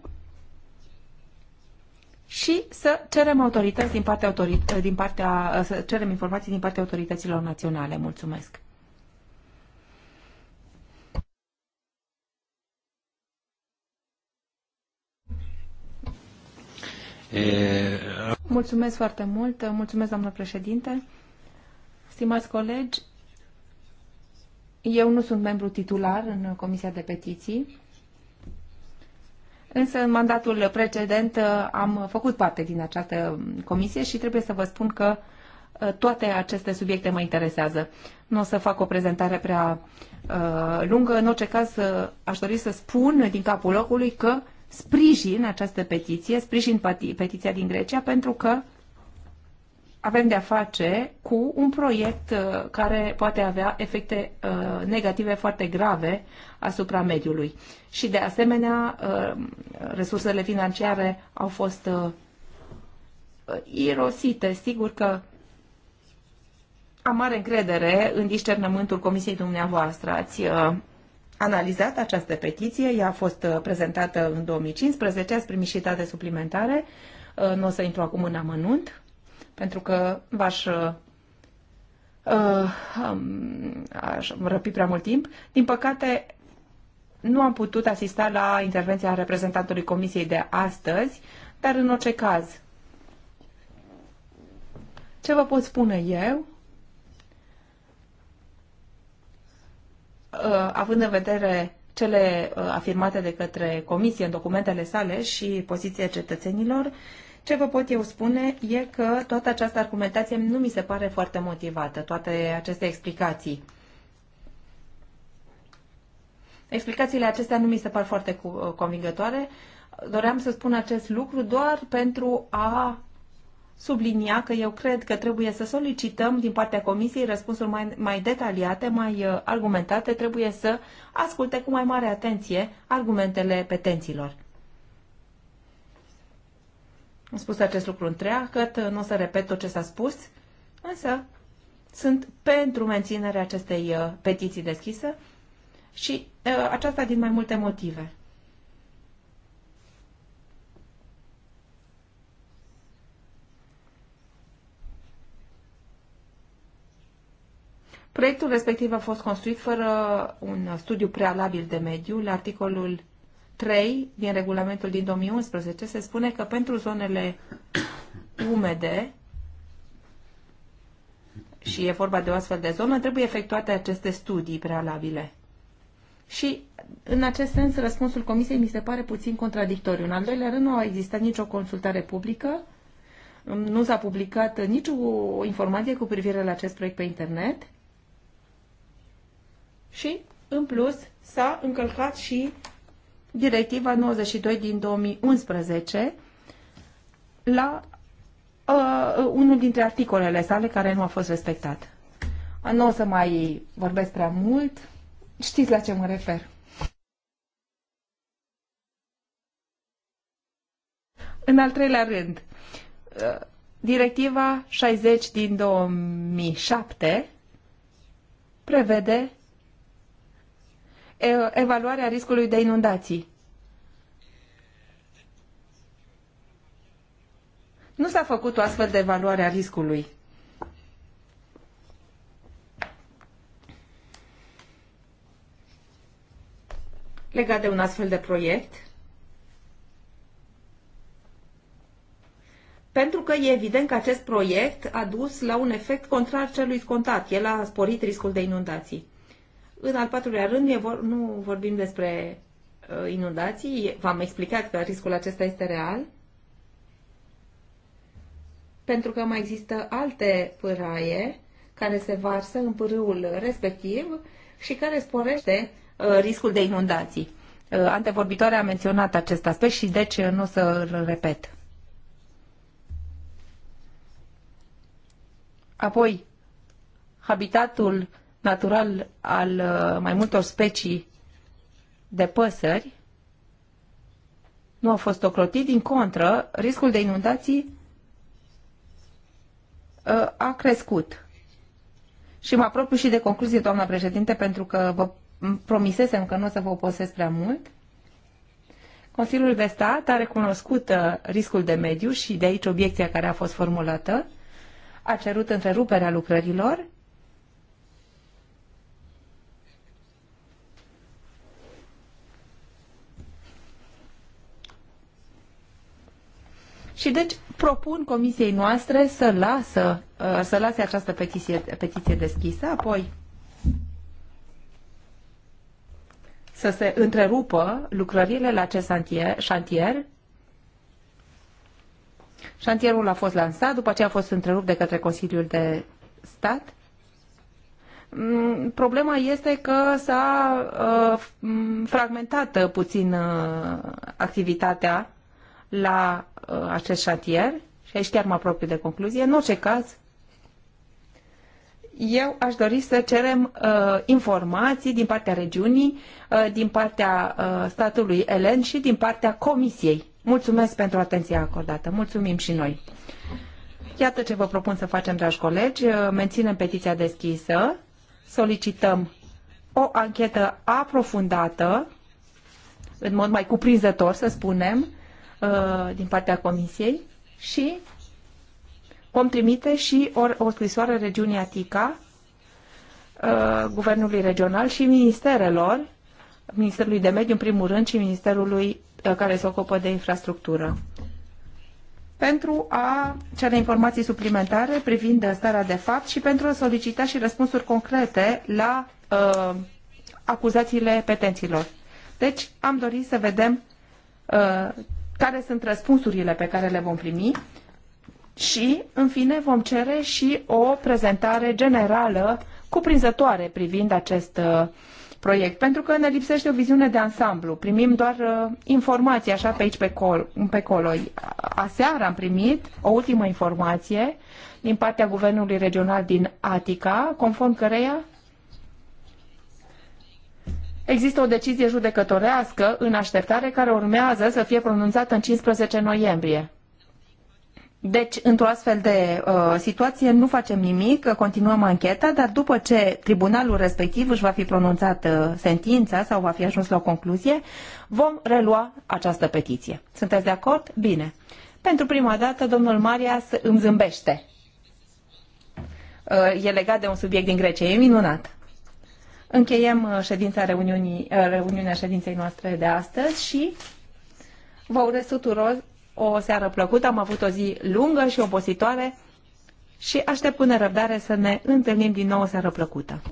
și să cerem autorități din partea, autorit- din partea uh, să cerem informații din partea autorităților naționale. Mulțumesc. Mulțumesc foarte mult, mulțumesc doamnă președinte. Stimați colegi, eu nu sunt membru titular în Comisia de Petiții, însă în mandatul precedent uh, am făcut parte din această comisie și trebuie să vă spun că uh, toate aceste subiecte mă interesează. Nu o să fac o prezentare prea uh, lungă. În orice caz, uh, aș dori să spun din capul locului că uh, sprijin această petiție, sprijin petiția din Grecia, pentru că avem de-a face cu un proiect uh, care poate avea efecte uh, negative foarte grave asupra mediului. Și de asemenea, uh, resursele financiare au fost irosite. Sigur că am mare încredere în discernământul comisiei dumneavoastră. Ați analizat această petiție, ea a fost uh, prezentată în 2015, ați primit și date suplimentare, uh, nu o să intru acum în amănunt, pentru că v-aș uh, aș răpi prea mult timp. Din păcate, nu am putut asista la intervenția reprezentantului Comisiei de astăzi, dar în orice caz, ce vă pot spune eu Uh, având în vedere cele uh, afirmate de către comisie în documentele sale și poziția cetățenilor, ce vă pot eu spune e că toată această argumentație nu mi se pare foarte motivată, toate aceste explicații. Explicațiile acestea nu mi se par foarte uh, convingătoare. Doream să spun acest lucru doar pentru a sublinia că eu cred că trebuie să solicităm din partea Comisiei răspunsuri mai, mai detaliate, mai uh, argumentate, trebuie să asculte cu mai mare atenție argumentele petenților. Am spus acest lucru întreagăt, uh, nu o să repet tot ce s-a spus, însă sunt pentru menținerea acestei uh, petiții deschise și uh, aceasta din mai multe motive. Proiectul respectiv a fost construit fără un studiu prealabil de mediu. La articolul 3 din regulamentul din 2011 se spune că pentru zonele umede, și e vorba de o astfel de zonă, trebuie efectuate aceste studii prealabile. Și, în acest sens, răspunsul Comisiei mi se pare puțin contradictoriu. În al doilea rând, nu a existat nicio consultare publică, nu s-a publicat nicio informație cu privire la acest proiect pe internet și, în plus, s-a încălcat și Directiva 92 din 2011 la uh, uh, unul dintre articolele sale care nu a fost respectat. Nu o să mai vorbesc prea mult. Știți la ce mă refer. În al treilea rând, uh, Directiva 60 din 2007 prevede evaluarea riscului de inundații. Nu s-a făcut o astfel de evaluare a riscului. Legat de un astfel de proiect, pentru că e evident că acest proiect a dus la un efect contrar celui scontat. El a sporit riscul de inundații. În al patrulea rând, vor, nu vorbim despre uh, inundații. V-am explicat că riscul acesta este real. Pentru că mai există alte pâraie care se varsă în pârâul respectiv și care sporește uh, riscul de inundații. Uh, antevorbitoarea a menționat acest aspect și deci uh, nu o să îl repet. Apoi, habitatul natural al uh, mai multor specii de păsări nu a fost ocrotit. Din contră, riscul de inundații uh, a crescut. Și mă apropiu și de concluzie, doamna președinte, pentru că vă promisesem că nu o să vă oposesc prea mult. Consiliul de Stat a recunoscut uh, riscul de mediu și de aici obiecția care a fost formulată. A cerut întreruperea lucrărilor Și deci propun comisiei noastre să, lasă, uh, să lase această petiție, petiție deschisă, apoi să se întrerupă lucrările la acest șantier, șantier. Șantierul a fost lansat, după aceea a fost întrerupt de către Consiliul de Stat. Mm, problema este că s-a uh, fragmentat puțin uh, activitatea la uh, acest șatier și aici chiar mă apropiu de concluzie. În orice caz, eu aș dori să cerem uh, informații din partea regiunii, uh, din partea uh, statului elen și din partea comisiei. Mulțumesc pentru atenția acordată. Mulțumim și noi. Iată ce vă propun să facem, dragi colegi. Uh, menținem petiția deschisă. Solicităm o anchetă aprofundată, în mod mai cuprinzător, să spunem, Uh, din partea Comisiei și vom trimite și o, o scrisoare regiunii Atica, uh, guvernului regional și ministerelor, Ministerului de Mediu în primul rând și Ministerului uh, care se ocupă de infrastructură pentru a cere informații suplimentare privind starea de fapt și pentru a solicita și răspunsuri concrete la uh, acuzațiile petenților. Deci am dorit să vedem uh, care sunt răspunsurile pe care le vom primi și, în fine, vom cere și o prezentare generală cuprinzătoare privind acest uh, proiect, pentru că ne lipsește o viziune de ansamblu. Primim doar uh, informații așa pe aici, pe, col, pe colo. Aseară am primit o ultimă informație din partea Guvernului Regional din Atica, conform căreia Există o decizie judecătorească în așteptare care urmează să fie pronunțată în 15 noiembrie. Deci, într-o astfel de uh, situație, nu facem nimic, continuăm ancheta, dar după ce tribunalul respectiv își va fi pronunțat uh, sentința sau va fi ajuns la o concluzie, vom relua această petiție. Sunteți de acord? Bine. Pentru prima dată, domnul Marias îmi zâmbește. Uh, e legat de un subiect din Grecia. E minunat. Încheiem uh, ședința reuniunii, uh, reuniunea ședinței noastre de astăzi și vă urez tuturor o seară plăcută. Am avut o zi lungă și obositoare și aștept până răbdare să ne întâlnim din nou o seară plăcută.